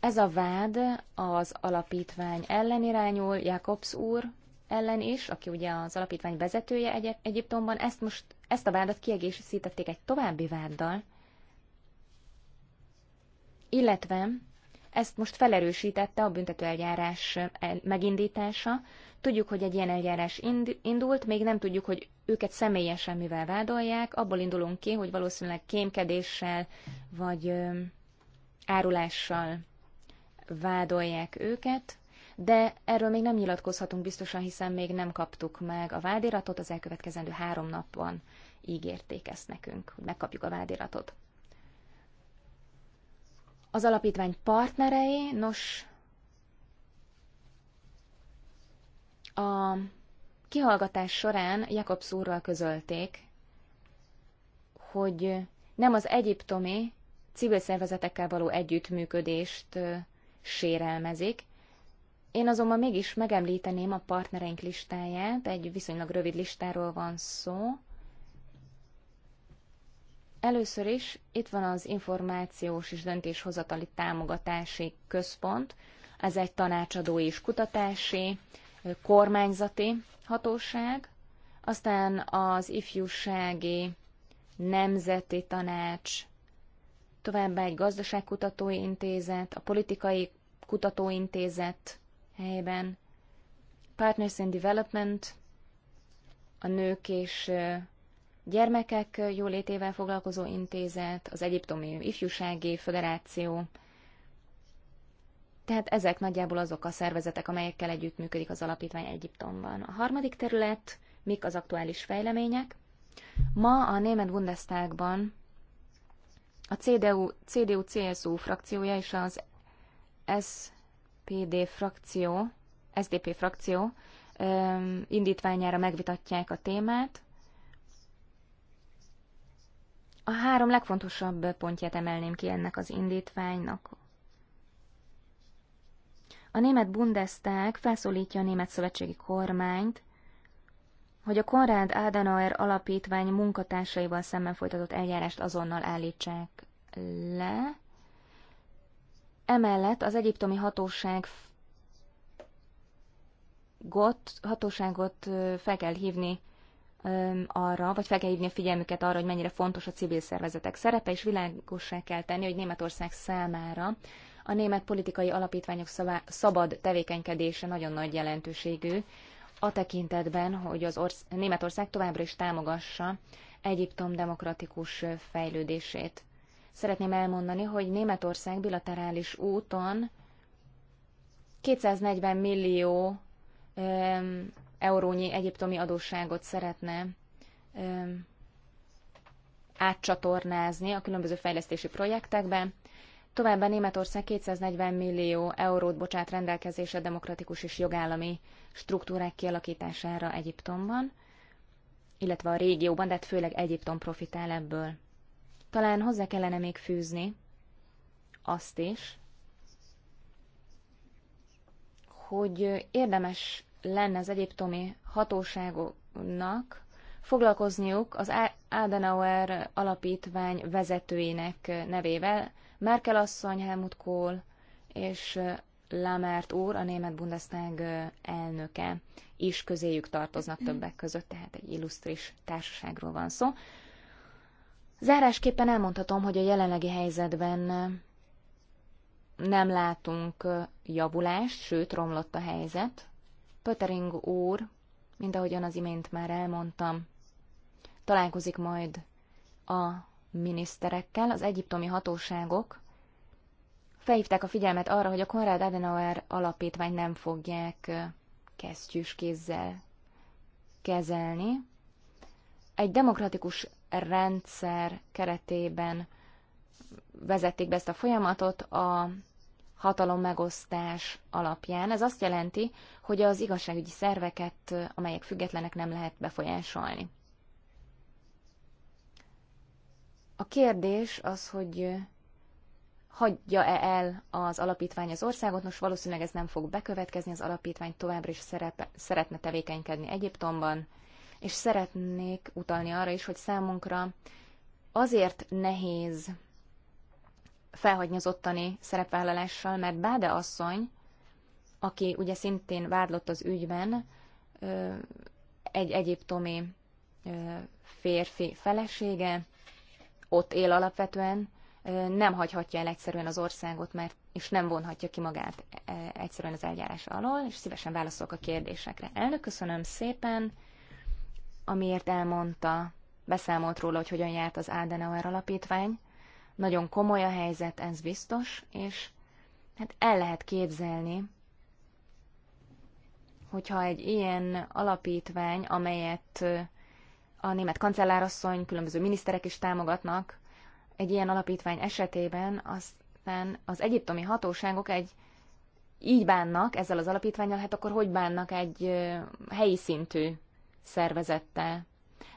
Ez a vád az alapítvány ellen irányul, Jakobs úr ellen is, aki ugye az alapítvány vezetője Egyiptomban, ezt most ezt a vádat kiegészítették egy további váddal, illetve ezt most felerősítette a büntetőeljárás megindítása. Tudjuk, hogy egy ilyen eljárás indult, még nem tudjuk, hogy őket személyesen mivel vádolják. Abból indulunk ki, hogy valószínűleg kémkedéssel vagy árulással vádolják őket, de erről még nem nyilatkozhatunk biztosan, hiszen még nem kaptuk meg a vádiratot, az elkövetkezendő három napban ígérték ezt nekünk, hogy megkapjuk a vádiratot az alapítvány partnerei, nos, a kihallgatás során Jakob úrral közölték, hogy nem az egyiptomi civil szervezetekkel való együttműködést sérelmezik. Én azonban mégis megemlíteném a partnereink listáját, egy viszonylag rövid listáról van szó, Először is itt van az Információs és Döntéshozatali Támogatási Központ, ez egy tanácsadó és kutatási, kormányzati hatóság, aztán az ifjúsági nemzeti tanács, továbbá egy gazdaságkutatói intézet, a politikai kutatóintézet helyben, Partners in Development, a nők és gyermekek jólétével foglalkozó intézet, az Egyiptomi Ifjúsági Föderáció. Tehát ezek nagyjából azok a szervezetek, amelyekkel együttműködik az alapítvány Egyiptomban. A harmadik terület, mik az aktuális fejlemények? Ma a német Bundestagban a CDU, CDU-CSU frakciója és az SPD frakció, SDP frakció indítványára megvitatják a témát, a három legfontosabb pontját emelném ki ennek az indítványnak. A német Bundestag felszólítja a német szövetségi kormányt, hogy a Konrad Adenauer alapítvány munkatársaival szemben folytatott eljárást azonnal állítsák le. Emellett az egyiptomi hatóság got, hatóságot fel kell hívni arra, vagy fel kell hívni a figyelmüket arra, hogy mennyire fontos a civil szervezetek szerepe, és világossá kell tenni, hogy Németország számára a német politikai alapítványok szabad tevékenykedése nagyon nagy jelentőségű, a tekintetben, hogy az orsz- Németország továbbra is támogassa Egyiptom demokratikus fejlődését. Szeretném elmondani, hogy Németország bilaterális úton 240 millió eurónyi egyiptomi adósságot szeretne átcsatornázni a különböző fejlesztési projektekbe. Továbbá Németország 240 millió eurót bocsát rendelkezésre demokratikus és jogállami struktúrák kialakítására Egyiptomban, illetve a régióban, de hát főleg Egyiptom profitál ebből. Talán hozzá kellene még fűzni azt is, hogy érdemes lenne az egyiptomi hatóságoknak foglalkozniuk az Adenauer alapítvány vezetőinek nevével, Merkel asszony, Helmut Kohl és Lamert úr, a német Bundestag elnöke is közéjük tartoznak többek között, tehát egy illusztris társaságról van szó. Zárásképpen elmondhatom, hogy a jelenlegi helyzetben nem látunk javulást, sőt, romlott a helyzet. Pötering úr, mint ahogyan az imént már elmondtam, találkozik majd a miniszterekkel, az egyiptomi hatóságok felhívták a figyelmet arra, hogy a Konrad Adenauer alapítvány nem fogják kesztyűs kézzel kezelni. Egy demokratikus rendszer keretében vezették be ezt a folyamatot, a Hatalom megosztás alapján. Ez azt jelenti, hogy az igazságügyi szerveket, amelyek függetlenek, nem lehet befolyásolni. A kérdés az, hogy hagyja-e el az alapítvány az országot, most valószínűleg ez nem fog bekövetkezni, az alapítvány továbbra is szerepe, szeretne tevékenykedni Egyiptomban, és szeretnék utalni arra is, hogy számunkra azért nehéz felhagyni az ottani szerepvállalással, mert Báde asszony, aki ugye szintén vádlott az ügyben, egy egyiptomi férfi felesége, ott él alapvetően, nem hagyhatja el egyszerűen az országot, mert és nem vonhatja ki magát egyszerűen az eljárás alól, és szívesen válaszolok a kérdésekre. Elnök, köszönöm szépen, amiért elmondta, beszámolt róla, hogy hogyan járt az Adenauer alapítvány. Nagyon komoly a helyzet, ez biztos, és hát el lehet képzelni, hogyha egy ilyen alapítvány, amelyet a német kancellárasszony, különböző miniszterek is támogatnak, egy ilyen alapítvány esetében aztán az egyiptomi hatóságok egy így bánnak ezzel az alapítványal, hát akkor hogy bánnak egy helyi szintű szervezettel?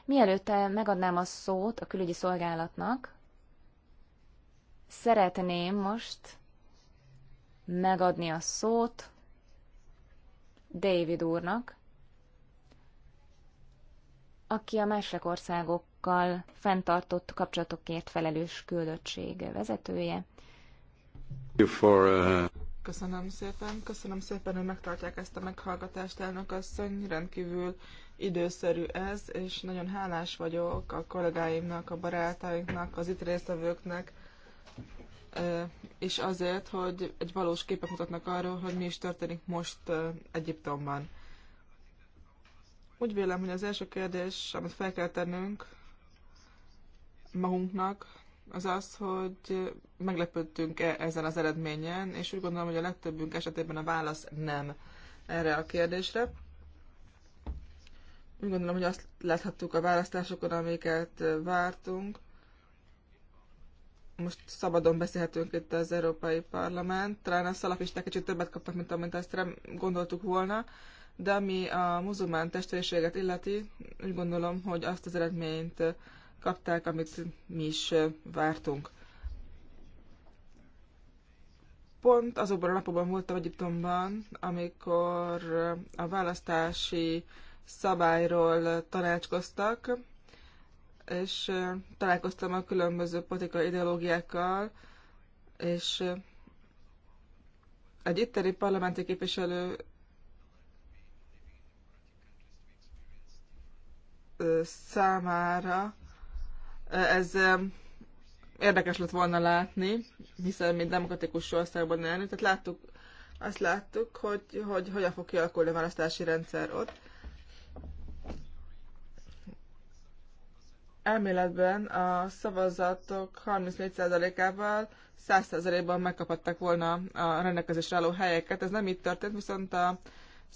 Mielőtt megadnám a szót a külügyi szolgálatnak, Szeretném most megadni a szót David úrnak, aki a másik országokkal fenntartott kapcsolatokért felelős küldöttség vezetője. Köszönöm szépen, köszönöm szépen, hogy megtartják ezt a meghallgatást, elnök asszony, rendkívül időszerű ez, és nagyon hálás vagyok a kollégáimnak, a barátainknak, az itt résztvevőknek, és azért, hogy egy valós képet mutatnak arról, hogy mi is történik most Egyiptomban. Úgy vélem, hogy az első kérdés, amit fel kell tennünk magunknak, az az, hogy meglepődtünk -e ezen az eredményen, és úgy gondolom, hogy a legtöbbünk esetében a válasz nem erre a kérdésre. Úgy gondolom, hogy azt láthattuk a választásokon, amiket vártunk, most szabadon beszélhetünk itt az Európai Parlament. Talán a szalapisták kicsit többet kaptak, mint amit ezt gondoltuk volna, de ami a muzulmán testvérséget illeti, úgy gondolom, hogy azt az eredményt kapták, amit mi is vártunk. Pont azokban a napokban voltam Egyiptomban, amikor a választási szabályról tanácskoztak, és találkoztam a különböző politikai ideológiákkal, és egy itteni parlamenti képviselő számára ez érdekes lett volna látni, hiszen mi demokratikus országban élni, tehát láttuk, azt láttuk, hogy, hogy hogyan fog kialakulni a választási rendszer ott. elméletben a szavazatok 34%-ával 100%-ban megkaphatták volna a rendelkezésre álló helyeket. Ez nem így történt, viszont a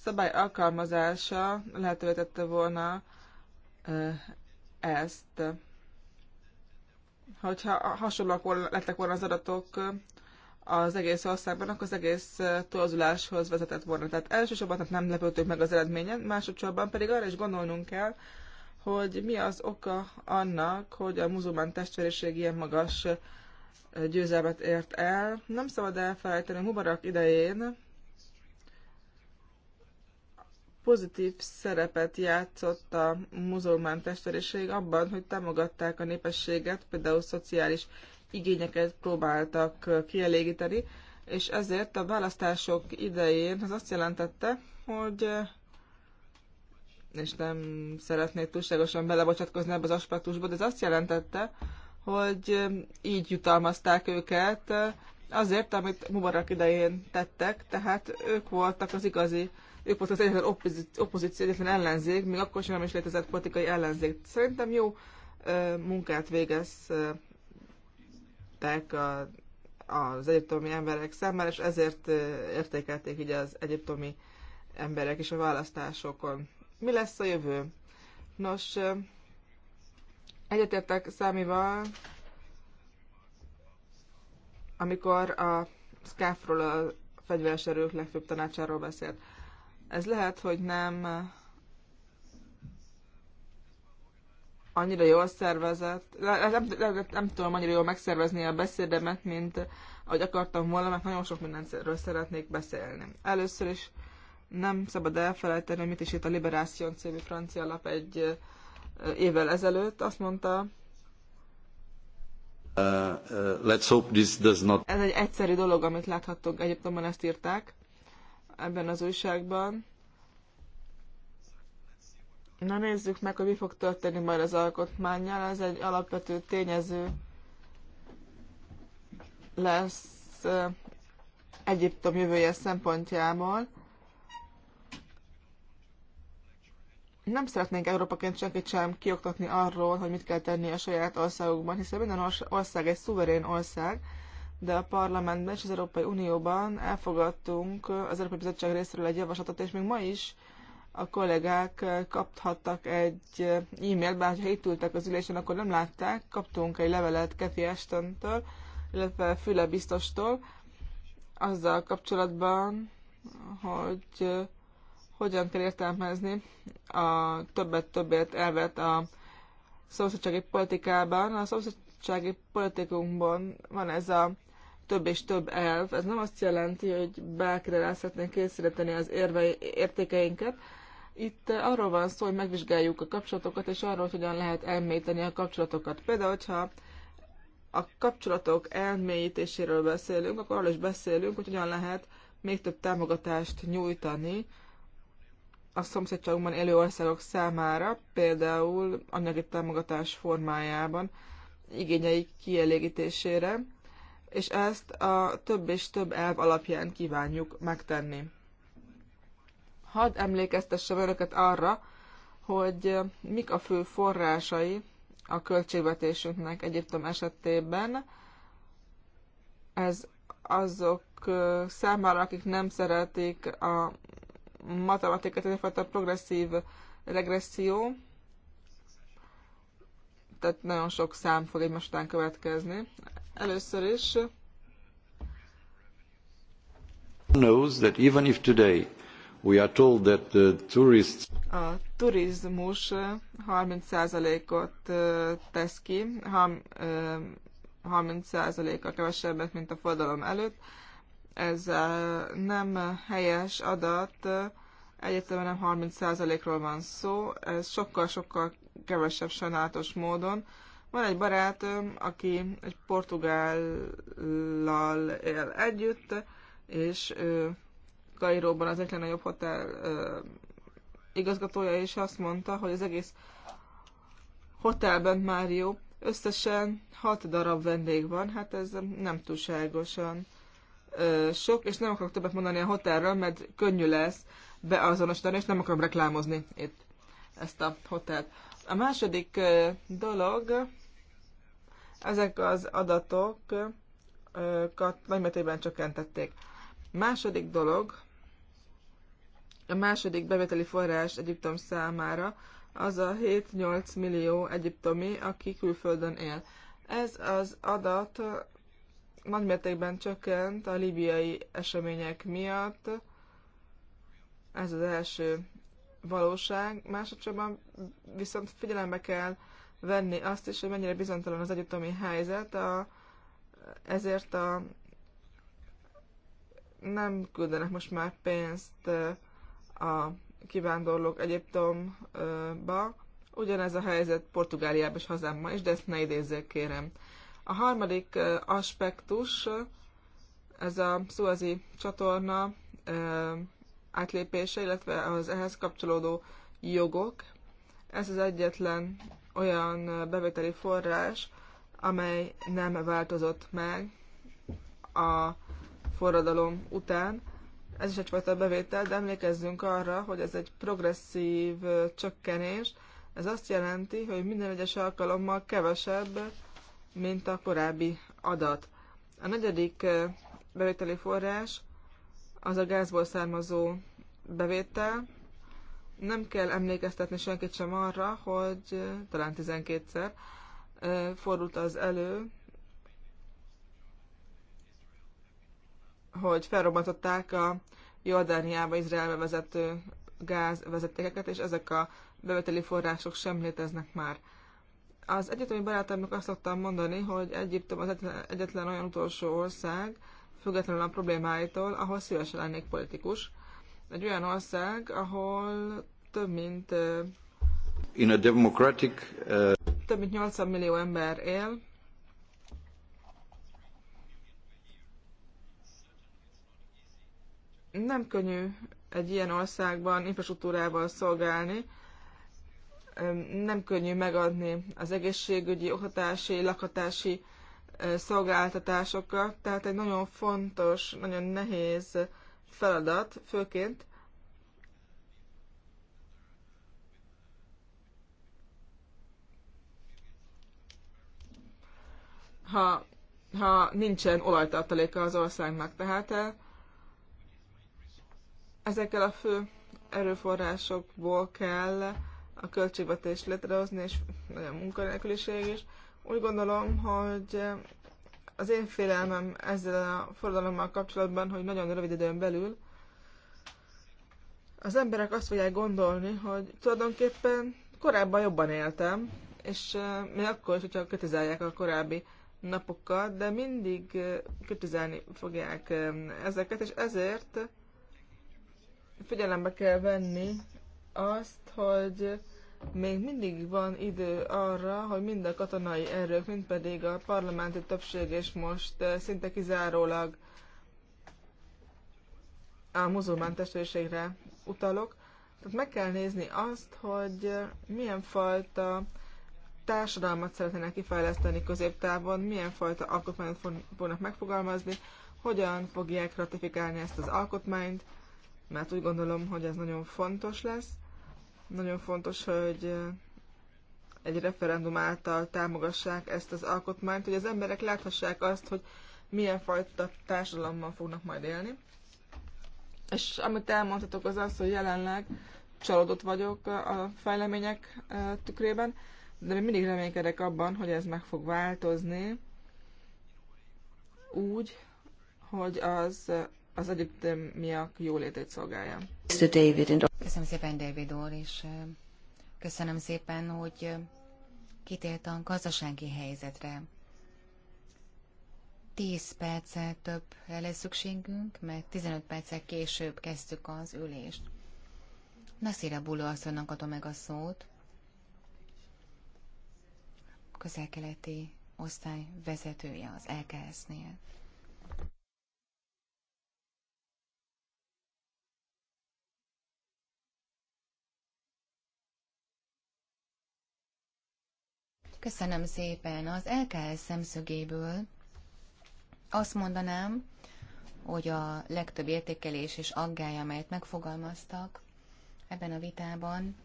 szabály alkalmazása lehetővé tette volna ezt. Hogyha hasonlóak lettek volna az adatok az egész országban, akkor az egész torzuláshoz vezetett volna. Tehát elsősorban nem lepődtünk meg az eredményen, másodszorban pedig arra is gondolnunk kell, hogy mi az oka annak, hogy a muzulmán testvériség ilyen magas győzelmet ért el. Nem szabad elfelejteni, Mubarak idején pozitív szerepet játszott a muzulmán testvériség abban, hogy támogatták a népességet, például szociális igényeket próbáltak kielégíteni, és ezért a választások idején az azt jelentette, hogy és nem szeretnék túlságosan belebocsatkozni ebbe az aspektusba, de ez azt jelentette, hogy um, így jutalmazták őket uh, azért, amit Mubarak idején tettek, tehát ők voltak az igazi, ők voltak az egyetlen opozíció, opozíció egyetlen ellenzék, még akkor sem nem is létezett politikai ellenzék. Szerintem jó uh, munkát végeztek a, az egyiptomi emberek számára, és ezért uh, értékelték így az egyiptomi emberek is a választásokon mi lesz a jövő? Nos, egyetértek számival, amikor a SCAF-ról a fegyveres erők legfőbb tanácsáról beszélt. Ez lehet, hogy nem annyira jól szervezett, nem, nem, nem, nem tudom annyira jól megszervezni a beszédemet, mint ahogy akartam volna, mert nagyon sok mindenről szeretnék beszélni. Először is nem szabad elfelejteni, mit is itt a Liberation című francia lap egy évvel ezelőtt. Azt mondta, uh, uh, let's hope this does not... Ez egy egyszerű dolog, amit láthattok Egyiptomban ezt írták ebben az újságban. Na nézzük meg, hogy mi fog történni majd az alkotmányjal. Ez egy alapvető tényező lesz Egyiptom jövője szempontjából. nem szeretnénk Európaként senkit sem kioktatni arról, hogy mit kell tenni a saját országukban, hiszen minden ország egy szuverén ország, de a parlamentben és az Európai Unióban elfogadtunk az Európai Bizottság részéről egy javaslatot, és még ma is a kollégák kaphattak egy e-mailt, bár ha itt ültek az ülésen, akkor nem látták, kaptunk egy levelet Kathy Ashton-től, illetve Füle biztostól, azzal kapcsolatban, hogy hogyan kell értelmezni a többet-többért elvet a szomszédsági politikában. A szomszédsági politikunkban van ez a több és több elv. Ez nem azt jelenti, hogy bárkire rá szeretnénk készíteni az érvei, értékeinket. Itt arról van szó, hogy megvizsgáljuk a kapcsolatokat, és arról, hogy hogyan lehet elmélyíteni a kapcsolatokat. Például, hogyha a kapcsolatok elmélyítéséről beszélünk, akkor arról is beszélünk, hogy hogyan lehet még több támogatást nyújtani a szomszédságunkban élő országok számára, például anyagi támogatás formájában igényeik kielégítésére, és ezt a több és több elv alapján kívánjuk megtenni. Hadd emlékeztessem önöket arra, hogy mik a fő forrásai a költségvetésünknek Egyiptom esetében. Ez azok számára, akik nem szeretik a matematikát, egyfajta progresszív regresszió, tehát nagyon sok szám fog egymás után következni. Először is knows that even if today we are told that the tourists a turizmus 30%-ot tesz ki, 30%-a kevesebbet, mint a forradalom előtt, ez nem helyes adat, egyértelműen nem 30%-ról van szó, ez sokkal-sokkal kevesebb sajnálatos módon. Van egy barátom, aki egy portugállal él együtt, és Kairóban az egyetlen jobb hotel igazgatója is azt mondta, hogy az egész hotelben már jó, összesen 6 darab vendég van, hát ez nem túlságosan sok, és nem akarok többet mondani a hotelről, mert könnyű lesz beazonosítani, és nem akarom reklámozni itt ezt a hotelt. A második dolog, ezek az adatokat nagymetében csökkentették. Második dolog, a második bevételi forrás Egyiptom számára az a 7-8 millió egyiptomi, aki külföldön él. Ez az adat nagymértékben csökkent a libiai események miatt. Ez az első valóság. Másodszorban viszont figyelembe kell venni azt is, hogy mennyire bizonytalan az egyetemi helyzet, a, ezért a, nem küldenek most már pénzt a kivándorlók Egyiptomba. Ugyanez a helyzet Portugáliában és hazámban is, de ezt ne idézzék, kérem. A harmadik aspektus, ez a szuazi csatorna átlépése, illetve az ehhez kapcsolódó jogok. Ez az egyetlen olyan bevételi forrás, amely nem változott meg a forradalom után. Ez is egyfajta bevétel, de emlékezzünk arra, hogy ez egy progresszív csökkenés. Ez azt jelenti, hogy minden egyes alkalommal kevesebb mint a korábbi adat. A negyedik bevételi forrás az a gázból származó bevétel. Nem kell emlékeztetni senkit sem arra, hogy talán 12-szer fordult az elő, hogy felrobbantották a Jordániába, Izraelbe vezető gázvezetékeket, és ezek a bevételi források sem léteznek már. Az egyetemi barátomnak azt szoktam mondani, hogy Egyiptom az egyetlen olyan utolsó ország, függetlenül a problémáitól, ahol szívesen lennék politikus. Egy olyan ország, ahol több mint In a democratic, uh... több mint 80 millió ember él, nem könnyű egy ilyen országban infrastruktúrával szolgálni, nem könnyű megadni az egészségügyi, oktatási, lakhatási szolgáltatásokat, tehát egy nagyon fontos, nagyon nehéz feladat, főként ha, ha nincsen olajtartaléka az országnak. Tehát ezekkel a fő erőforrásokból kell a költségvetést létrehozni, és nagy munkanélküliség is. Úgy gondolom, hogy az én félelmem ezzel a forradalommal kapcsolatban, hogy nagyon rövid időn belül az emberek azt fogják gondolni, hogy tulajdonképpen korábban jobban éltem, és eh, még akkor is, hogyha kritizálják a korábbi napokat, de mindig eh, kritizálni fogják eh, ezeket, és ezért figyelembe kell venni azt, hogy még mindig van idő arra, hogy mind a katonai erők, mind pedig a parlamenti többség, és most eh, szinte kizárólag a muzulmán testvérségre utalok. Tehát meg kell nézni azt, hogy milyen fajta társadalmat szeretnének kifejleszteni középtávon, milyen fajta alkotmányt fognak megfogalmazni, hogyan fogják ratifikálni ezt az alkotmányt, mert úgy gondolom, hogy ez nagyon fontos lesz nagyon fontos, hogy eh, egy referendum által támogassák ezt az alkotmányt, hogy az emberek láthassák azt, hogy milyen fajta társadalommal fognak majd élni. És amit elmondhatok az az, hogy jelenleg csalódott vagyok a fejlemények eh, tükrében, de még mindig reménykedek abban, hogy ez meg fog változni úgy, hogy az, eh, az egyiptomiak jólétét szolgálja. Köszönöm szépen, David úr, és köszönöm szépen, hogy kitért a gazdasági helyzetre. Tíz perccel több lesz szükségünk, mert 15 perccel később kezdtük az ülést. Nasira Bulu asszonynak adom meg a szót. Közelkeleti osztály vezetője az LKS-nél. Köszönöm szépen. Az LKS szemszögéből azt mondanám, hogy a legtöbb értékelés és aggály, amelyet megfogalmaztak ebben a vitában,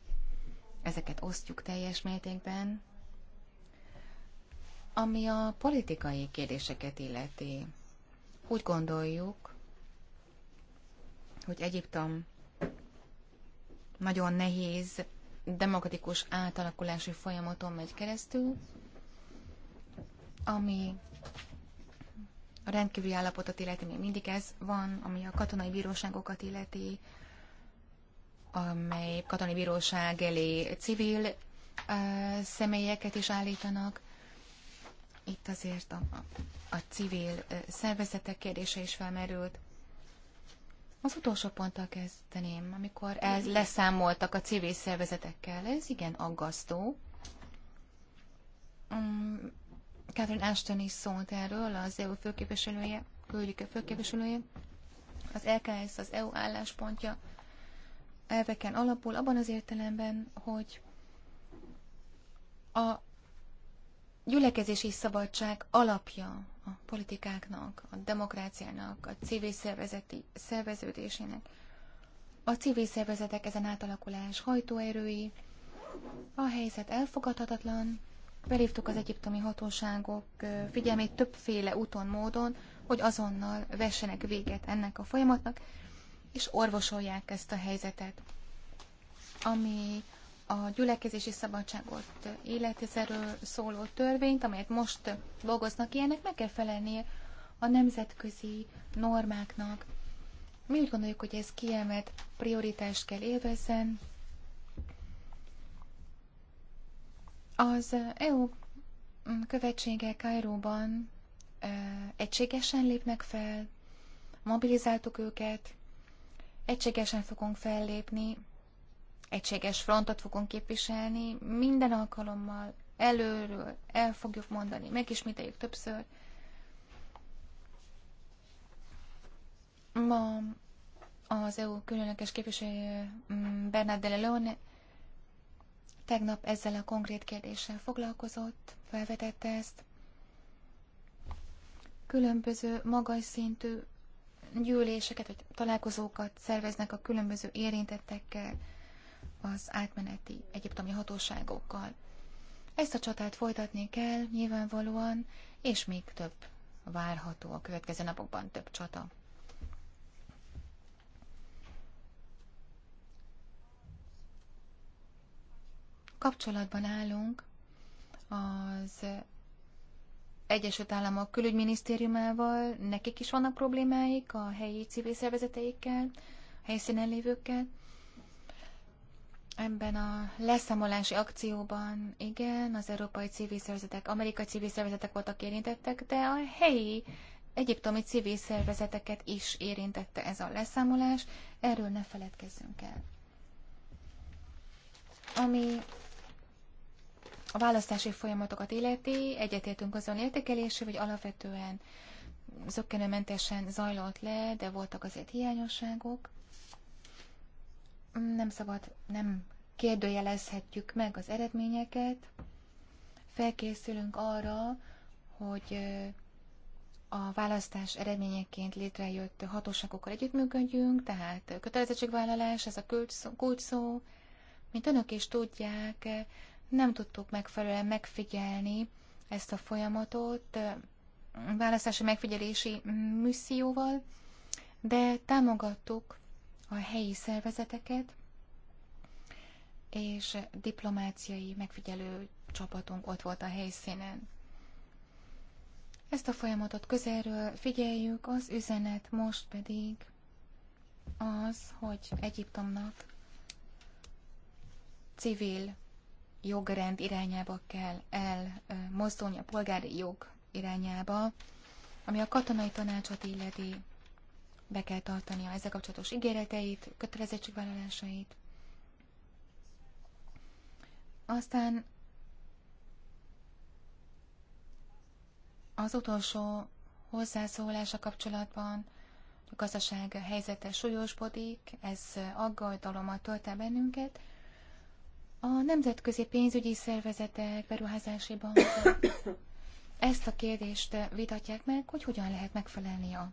ezeket osztjuk teljes mértékben. Ami a politikai kérdéseket illeti, úgy gondoljuk, hogy Egyiptom nagyon nehéz demokratikus átalakulási folyamaton megy keresztül, ami a rendkívüli állapotot illeti, még mindig ez van, ami a katonai bíróságokat illeti, amely katonai bíróság elé civil ö, személyeket is állítanak. Itt azért a, a civil szervezetek kérdése is felmerült. Az utolsó ponttal kezdeném, amikor ez leszámoltak a civil szervezetekkel. Ez igen aggasztó. Um, Catherine Ashton is szólt erről, az EU főképviselője, küldjük főképviselője. Az LKS, az EU álláspontja elveken alapul abban az értelemben, hogy a gyülekezési szabadság alapja a politikáknak, a demokráciának, a civil szervezeti, szerveződésének. A civil szervezetek ezen átalakulás hajtóerői, a helyzet elfogadhatatlan, felhívtuk az egyiptomi hatóságok figyelmét többféle úton, módon, hogy azonnal vessenek véget ennek a folyamatnak, és orvosolják ezt a helyzetet. Ami a gyülekezési szabadságot életezerről szóló törvényt, amelyet most dolgoznak ilyenek, meg kell felelnie a nemzetközi normáknak. Mi úgy gondoljuk, hogy ez kiemelt prioritást kell élvezzen. Az EU követsége Kairóban egységesen lépnek fel, mobilizáltuk őket, egységesen fogunk fellépni egységes frontot fogunk képviselni, minden alkalommal előről el fogjuk mondani, megismételjük többször. Ma az EU különleges képviselő mm, Bernadette Leone tegnap ezzel a konkrét kérdéssel foglalkozott, felvetette ezt. Különböző magas szintű gyűléseket vagy találkozókat szerveznek a különböző érintettekkel, az átmeneti egyiptomi hatóságokkal. Ezt a csatát folytatni kell nyilvánvalóan, és még több várható a következő napokban több csata. Kapcsolatban állunk az Egyesült Államok külügyminisztériumával, nekik is vannak problémáik a helyi civil szervezeteikkel, helyszínen lévőkkel. Ebben a leszámolási akcióban, igen, az európai civil szervezetek, amerikai civil szervezetek voltak érintettek, de a helyi egyiptomi civil szervezeteket is érintette ez a leszámolás, erről ne feledkezzünk el. Ami a választási folyamatokat illeti, egyetértünk azon értékelésével, hogy alapvetően zöggenőmentesen zajlott le, de voltak azért hiányosságok nem szabad, nem kérdőjelezhetjük meg az eredményeket, felkészülünk arra, hogy a választás eredményeként létrejött hatóságokkal együttműködjünk, tehát kötelezettségvállalás, ez a kulcs szó. Mint önök is tudják, nem tudtuk megfelelően megfigyelni ezt a folyamatot választási megfigyelési misszióval, de támogattuk a helyi szervezeteket, és diplomáciai megfigyelő csapatunk ott volt a helyszínen. Ezt a folyamatot közelről figyeljük, az üzenet most pedig az, hogy Egyiptomnak civil jogrend irányába kell elmozdulni, a polgári jog irányába, ami a katonai tanácsot illeti be kell tartania ezzel kapcsolatos ígéreteit, kötelezettségvállalásait. Aztán az utolsó hozzászólása kapcsolatban a gazdaság helyzete súlyosbodik, ez aggajdalommal tölt el bennünket. A nemzetközi pénzügyi szervezetek, beruházási bankok ezt a kérdést vitatják meg, hogy hogyan lehet megfelelni a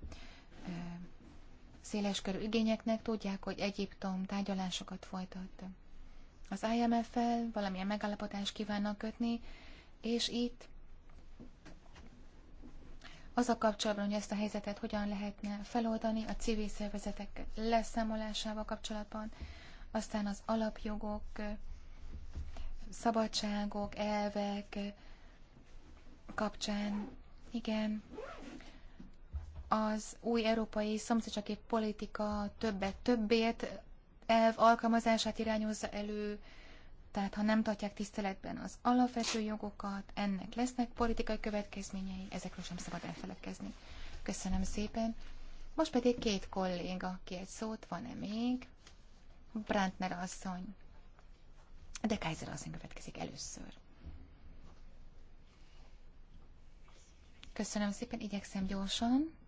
széleskörű igényeknek, tudják, hogy Egyiptom tárgyalásokat folytat. Az IMF-fel valamilyen megállapodást kívánnak kötni, és itt az a kapcsolatban, hogy ezt a helyzetet hogyan lehetne feloldani a civil szervezetek leszámolásával kapcsolatban, aztán az alapjogok, szabadságok, elvek kapcsán. Igen, az új európai szomszédsági politika többet többét elv alkalmazását irányozza elő, tehát ha nem tartják tiszteletben az alapvető jogokat, ennek lesznek politikai következményei, ezekről sem szabad elfeledkezni. Köszönöm szépen. Most pedig két kolléga egy szót, van-e még? Brandner asszony. De Kaiser asszony következik először. Köszönöm szépen, igyekszem gyorsan.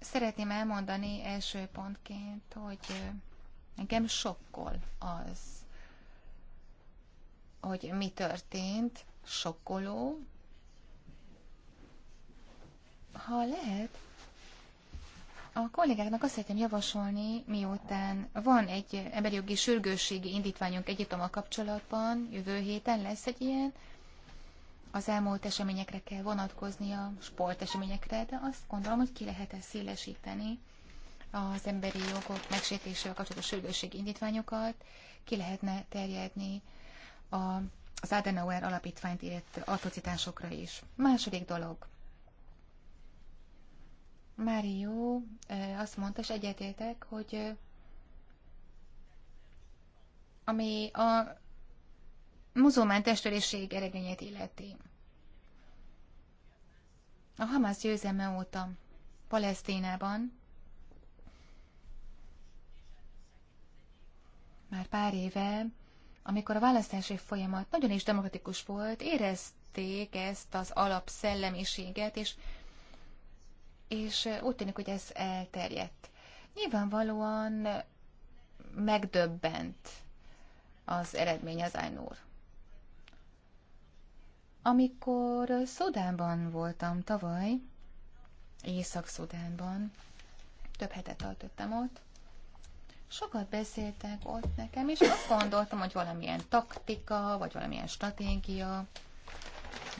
Szeretném elmondani első pontként, hogy engem sokkol az, hogy mi történt, sokkoló. Ha lehet, a kollégáknak azt szeretném javasolni, miután van egy emberi jogi sürgősségi indítványunk a kapcsolatban, jövő héten lesz egy ilyen, az elmúlt eseményekre kell vonatkozni, a sporteseményekre, de azt gondolom, hogy ki lehet -e szélesíteni az emberi jogok megsértésével kapcsolatos sürgősségi indítványokat, ki lehetne terjedni a, az Adenauer alapítványt ért atrocitásokra is. Második dolog. Mário azt mondta, és egyetértek, hogy ami a muzulmán testvériség eredményét illeti. A Hamas győzelme óta Palesztinában már pár éve, amikor a választási folyamat nagyon is demokratikus volt, érezték ezt az alapszellemiséget, és, és úgy tűnik, hogy ez elterjedt. Nyilvánvalóan megdöbbent az eredmény az Ainur. Amikor Szudánban voltam tavaly, Észak-Szudánban, több hetet töltöttem ott, sokat beszéltek ott nekem, és azt gondoltam, hogy valamilyen taktika, vagy valamilyen stratégia,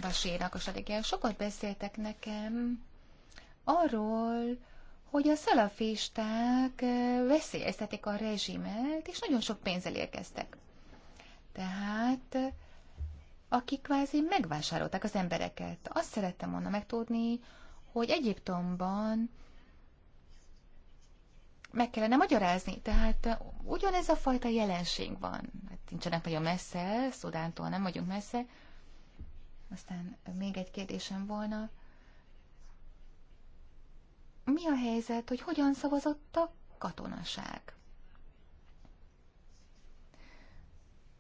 Basírnak a stratégia, sokat beszéltek nekem arról, hogy a szalafisták eh, veszélyeztetik a rezsimet, és nagyon sok pénzzel érkeztek. Tehát eh, akik kvázi megvásárolták az embereket. Azt szerettem volna megtudni, hogy Egyiptomban meg kellene magyarázni. Tehát ugyanez a fajta jelenség van. Hát nincsenek nagyon messze, Szudántól nem vagyunk messze. Aztán még egy kérdésem volna. Mi a helyzet, hogy hogyan szavazott a katonaság?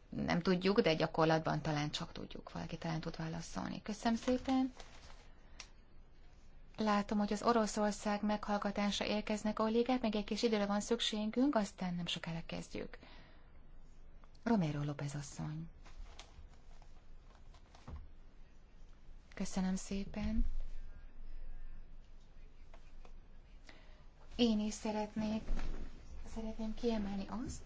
nem tudjuk, de gyakorlatban talán csak tudjuk. Valaki talán tud válaszolni. Köszönöm szépen. Látom, hogy az Oroszország meghallgatása érkeznek légát, meg egy kis időre van szükségünk, aztán nem sokára kezdjük. Romero López asszony. Köszönöm szépen. Én is szeretnék, szeretném kiemelni azt,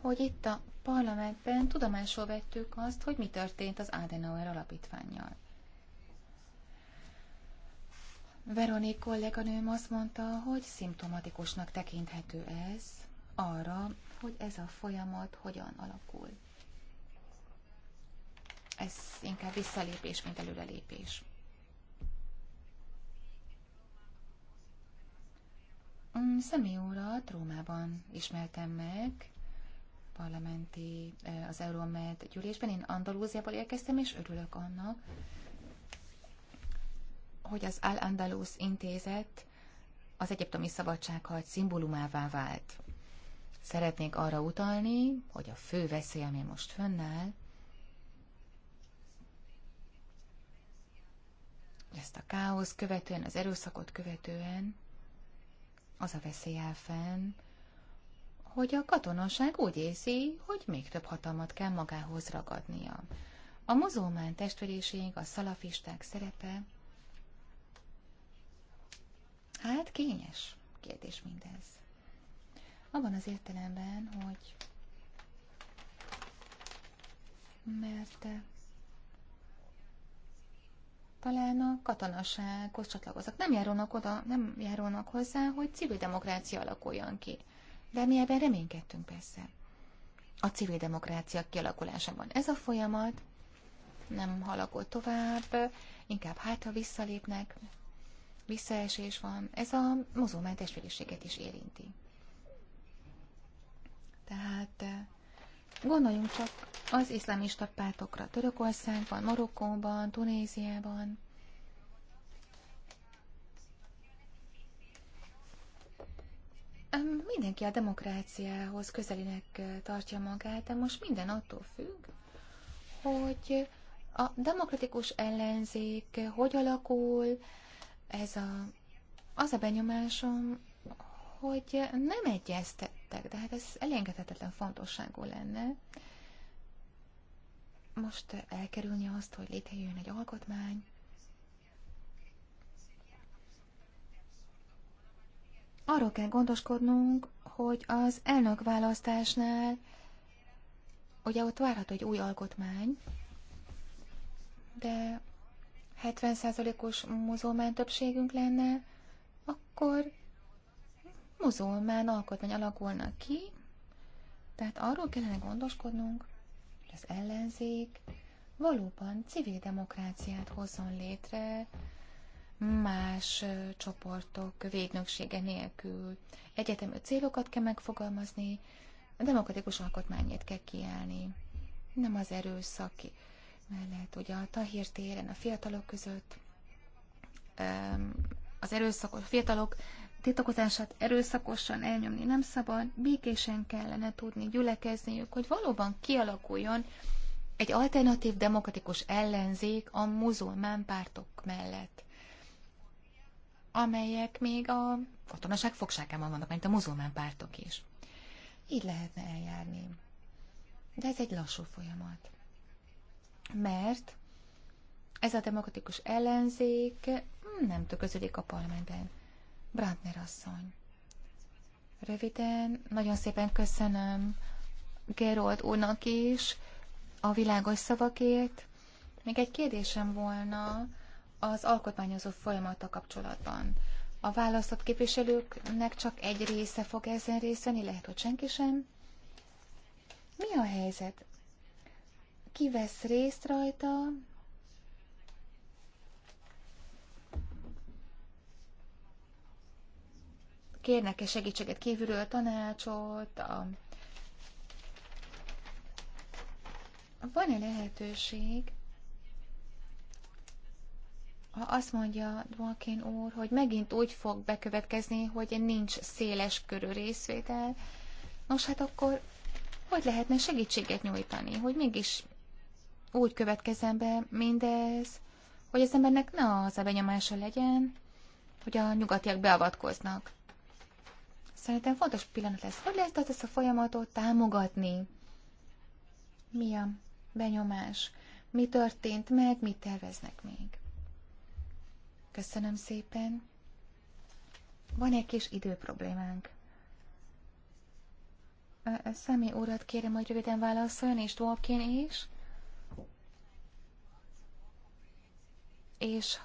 hogy itt a parlamentben tudomásul vettük azt, hogy mi történt az Adenauer alapítványjal. Veronik kolléganőm azt mondta, hogy szimptomatikusnak tekinthető ez arra, hogy ez a folyamat hogyan alakul. Ez inkább visszalépés, mint előrelépés. Mm, Személy urat Rómában ismertem meg, parlamenti, eh, az Euromed gyűlésben. Én Andalúziából érkeztem, és örülök annak, hogy az Al-Andalus intézet az egyiptomi szabadságharc szimbólumává vált. Szeretnék arra utalni, hogy a fő veszély, ami most fönnáll, ezt a káosz követően, az erőszakot követően, az a veszély áll fenn, hogy a katonaság úgy érzi, hogy még több hatalmat kell magához ragadnia. A muzulmán testvériség, a szalafisták szerepe, hát kényes kérdés mindez. Abban az értelemben, hogy mert eh, talán a katonasághoz csatlakoznak. Nem járulnak oda, nem járulnak hozzá, hogy civil demokrácia alakuljon ki de mi ebben reménykedtünk persze. A civil demokrácia kialakulásában ez a folyamat nem halakol tovább, inkább hátra visszalépnek, visszaesés van. Ez a muzulmán testvériséget is érinti. Tehát gondoljunk csak az iszlamista pártokra Törökországban, Marokkóban, Tunéziában. Mindenki a demokráciához közelinek eh, tartja magát, de most minden attól függ, hogy a demokratikus ellenzék hogy alakul, ez a, az a benyomásom, hogy nem egyeztettek, de hát ez elengedhetetlen fontosságú lenne. Most elkerülni azt, hogy létrejön egy alkotmány, arról kell gondoskodnunk, hogy az elnökválasztásnál ugye ott várható egy új alkotmány, de 70%-os muzulmán többségünk lenne, akkor muzulmán alkotmány alakulna ki, tehát arról kellene gondoskodnunk, hogy az ellenzék valóban civil demokráciát hozzon létre, más csoportok védnöksége nélkül. Egyetemű célokat kell megfogalmazni, a demokratikus alkotmányért kell kiállni. Nem az erőszak mellett, ugye a Tahir téren a fiatalok között az erőszakos fiatalok titakozását erőszakosan elnyomni nem szabad, békésen kellene tudni gyülekezniük, hogy valóban kialakuljon egy alternatív demokratikus ellenzék a muzulmán pártok mellett amelyek még a katonaság fogságában vannak, mint a muzulmán pártok is. Így lehetne eljárni. De ez egy lassú folyamat. Mert ez a demokratikus ellenzék nem tükröződik a parlamentben. Brandner asszony. Röviden, nagyon szépen köszönöm Gerold úrnak is a világos szavakért. Még egy kérdésem volna az alkotmányozó folyamata kapcsolatban. A választott képviselőknek csak egy része fog ezen részeni, lehet, hogy senki sem. Mi a helyzet? Ki vesz részt rajta? Kérnek-e segítséget kívülről, a tanácsot? A... Van-e lehetőség ha azt mondja Dwalkin úr, hogy megint úgy fog bekövetkezni, hogy nincs széles körű részvétel, nos hát akkor hogy lehetne segítséget nyújtani, hogy mégis úgy következzen be mindez, hogy az embernek ne az a benyomása legyen, hogy a nyugatiak beavatkoznak. Szerintem fontos pillanat lesz, hogy lehet ezt a folyamatot támogatni. Mi a benyomás? Mi történt meg, mit terveznek még? Köszönöm szépen. Van egy kis időproblémánk. Szemi urat kérem, hogy röviden válaszoljon, és Dwalkin is. És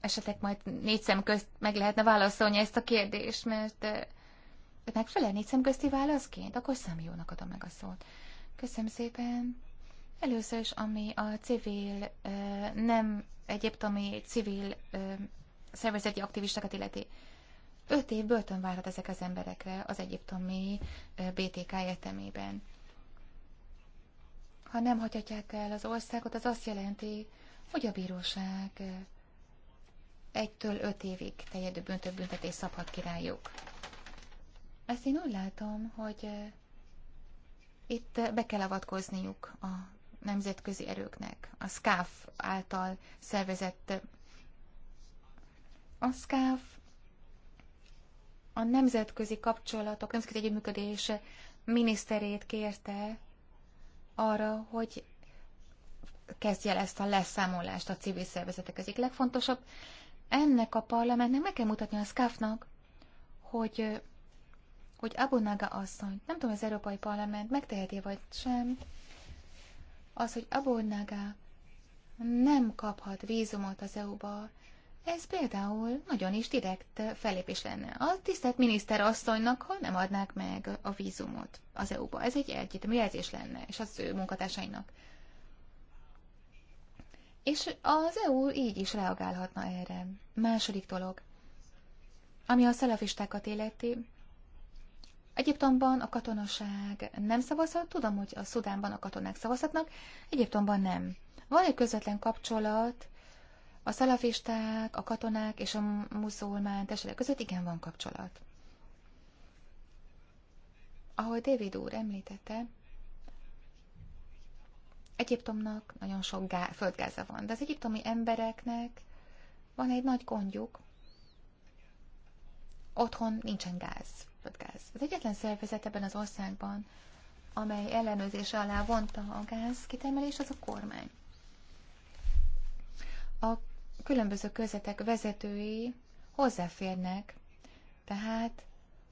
esetleg majd négy szem közt meg lehetne válaszolni ezt a kérdést, mert megfelel négy szem közti válaszként, akkor Szemi jónak adom meg a szót. Köszönöm szépen. Először is, ami a civil nem egyiptomi civil ö, szervezeti aktivistákat illeti. Öt év börtön várhat ezek az emberekre az egyiptomi ö, BTK egyetemében. Ha nem hagyhatják el az országot, az azt jelenti, hogy a bíróság egytől öt évig teljedő büntetés szabhat királyuk. Ezt én úgy látom, hogy itt be kell avatkozniuk a nemzetközi erőknek, a SCAF által szervezett. A SCAF a nemzetközi kapcsolatok, nemzetközi együttműködés miniszterét kérte arra, hogy kezdje el ezt a leszámolást a civil szervezetek egyik legfontosabb. Ennek a parlamentnek meg kell mutatni a SCAF-nak, hogy, hogy Abunaga asszony, nem tudom, az Európai Parlament megteheti vagy sem, az, hogy Abornaga nem kaphat vízumot az EU-ba, ez például nagyon is direkt felépés lenne. A tisztelt miniszter asszonynak, ha nem adnák meg a vízumot az EU-ba. Ez egy egyetemi jelzés lenne, és az ő munkatársainak. És az EU így is reagálhatna erre. Második dolog. Ami a szalafistákat életi, Egyiptomban a katonaság nem szavazhat, tudom, hogy a Szudánban a katonák szavazhatnak, Egyiptomban nem. Van egy közvetlen kapcsolat a szalafisták, a katonák és a muszulmán testvérek között, igen, van kapcsolat. Ahogy David úr említette, Egyiptomnak nagyon sok gá- földgáza van, de az egyiptomi embereknek van egy nagy gondjuk, otthon nincsen gáz gáz. Az egyetlen szervezet ebben az országban, amely ellenőrzése alá vonta a gáz kitermelés, az a kormány. A különböző közetek vezetői hozzáférnek, tehát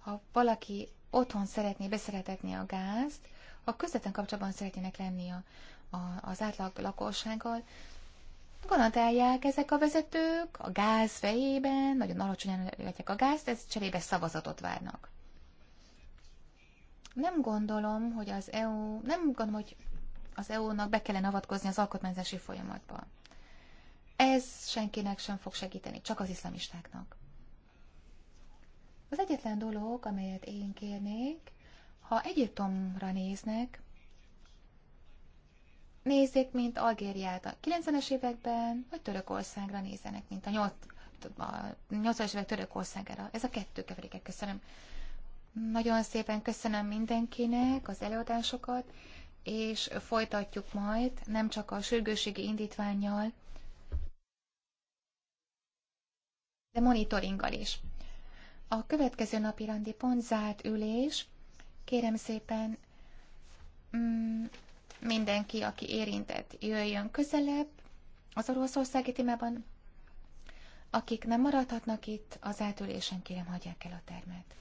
ha valaki otthon szeretné beszeretetni a gázt, ha közvetlen kapcsolatban szeretnének lenni a, a, az átlag lakossággal, garantálják ezek a vezetők a gáz fejében, nagyon alacsonyan adják a gázt, ez cserébe szavazatot várnak. Nem gondolom, hogy az EU, nem gondolom, hogy az EU-nak be kellene avatkozni az alkotmányzási folyamatba. Ez senkinek sem fog segíteni, csak az iszlamistáknak. Az egyetlen dolog, amelyet én kérnék, ha Egyiptomra néznek, nézzék, mint Algériát a 90-es években, vagy Törökországra nézzenek, mint a 8 80-as évek Törökországára. Ez a kettő keveréke, köszönöm. Nagyon szépen köszönöm mindenkinek az előadásokat, és folytatjuk majd, nem csak a sürgőségi indítványjal, de monitoringgal is. A következő napi randi pont zárt ülés. Kérem szépen, mm, mindenki, aki érintett, jöjjön közelebb az oroszországi témában. Akik nem maradhatnak itt, az átülésen kérem hagyják el a termet.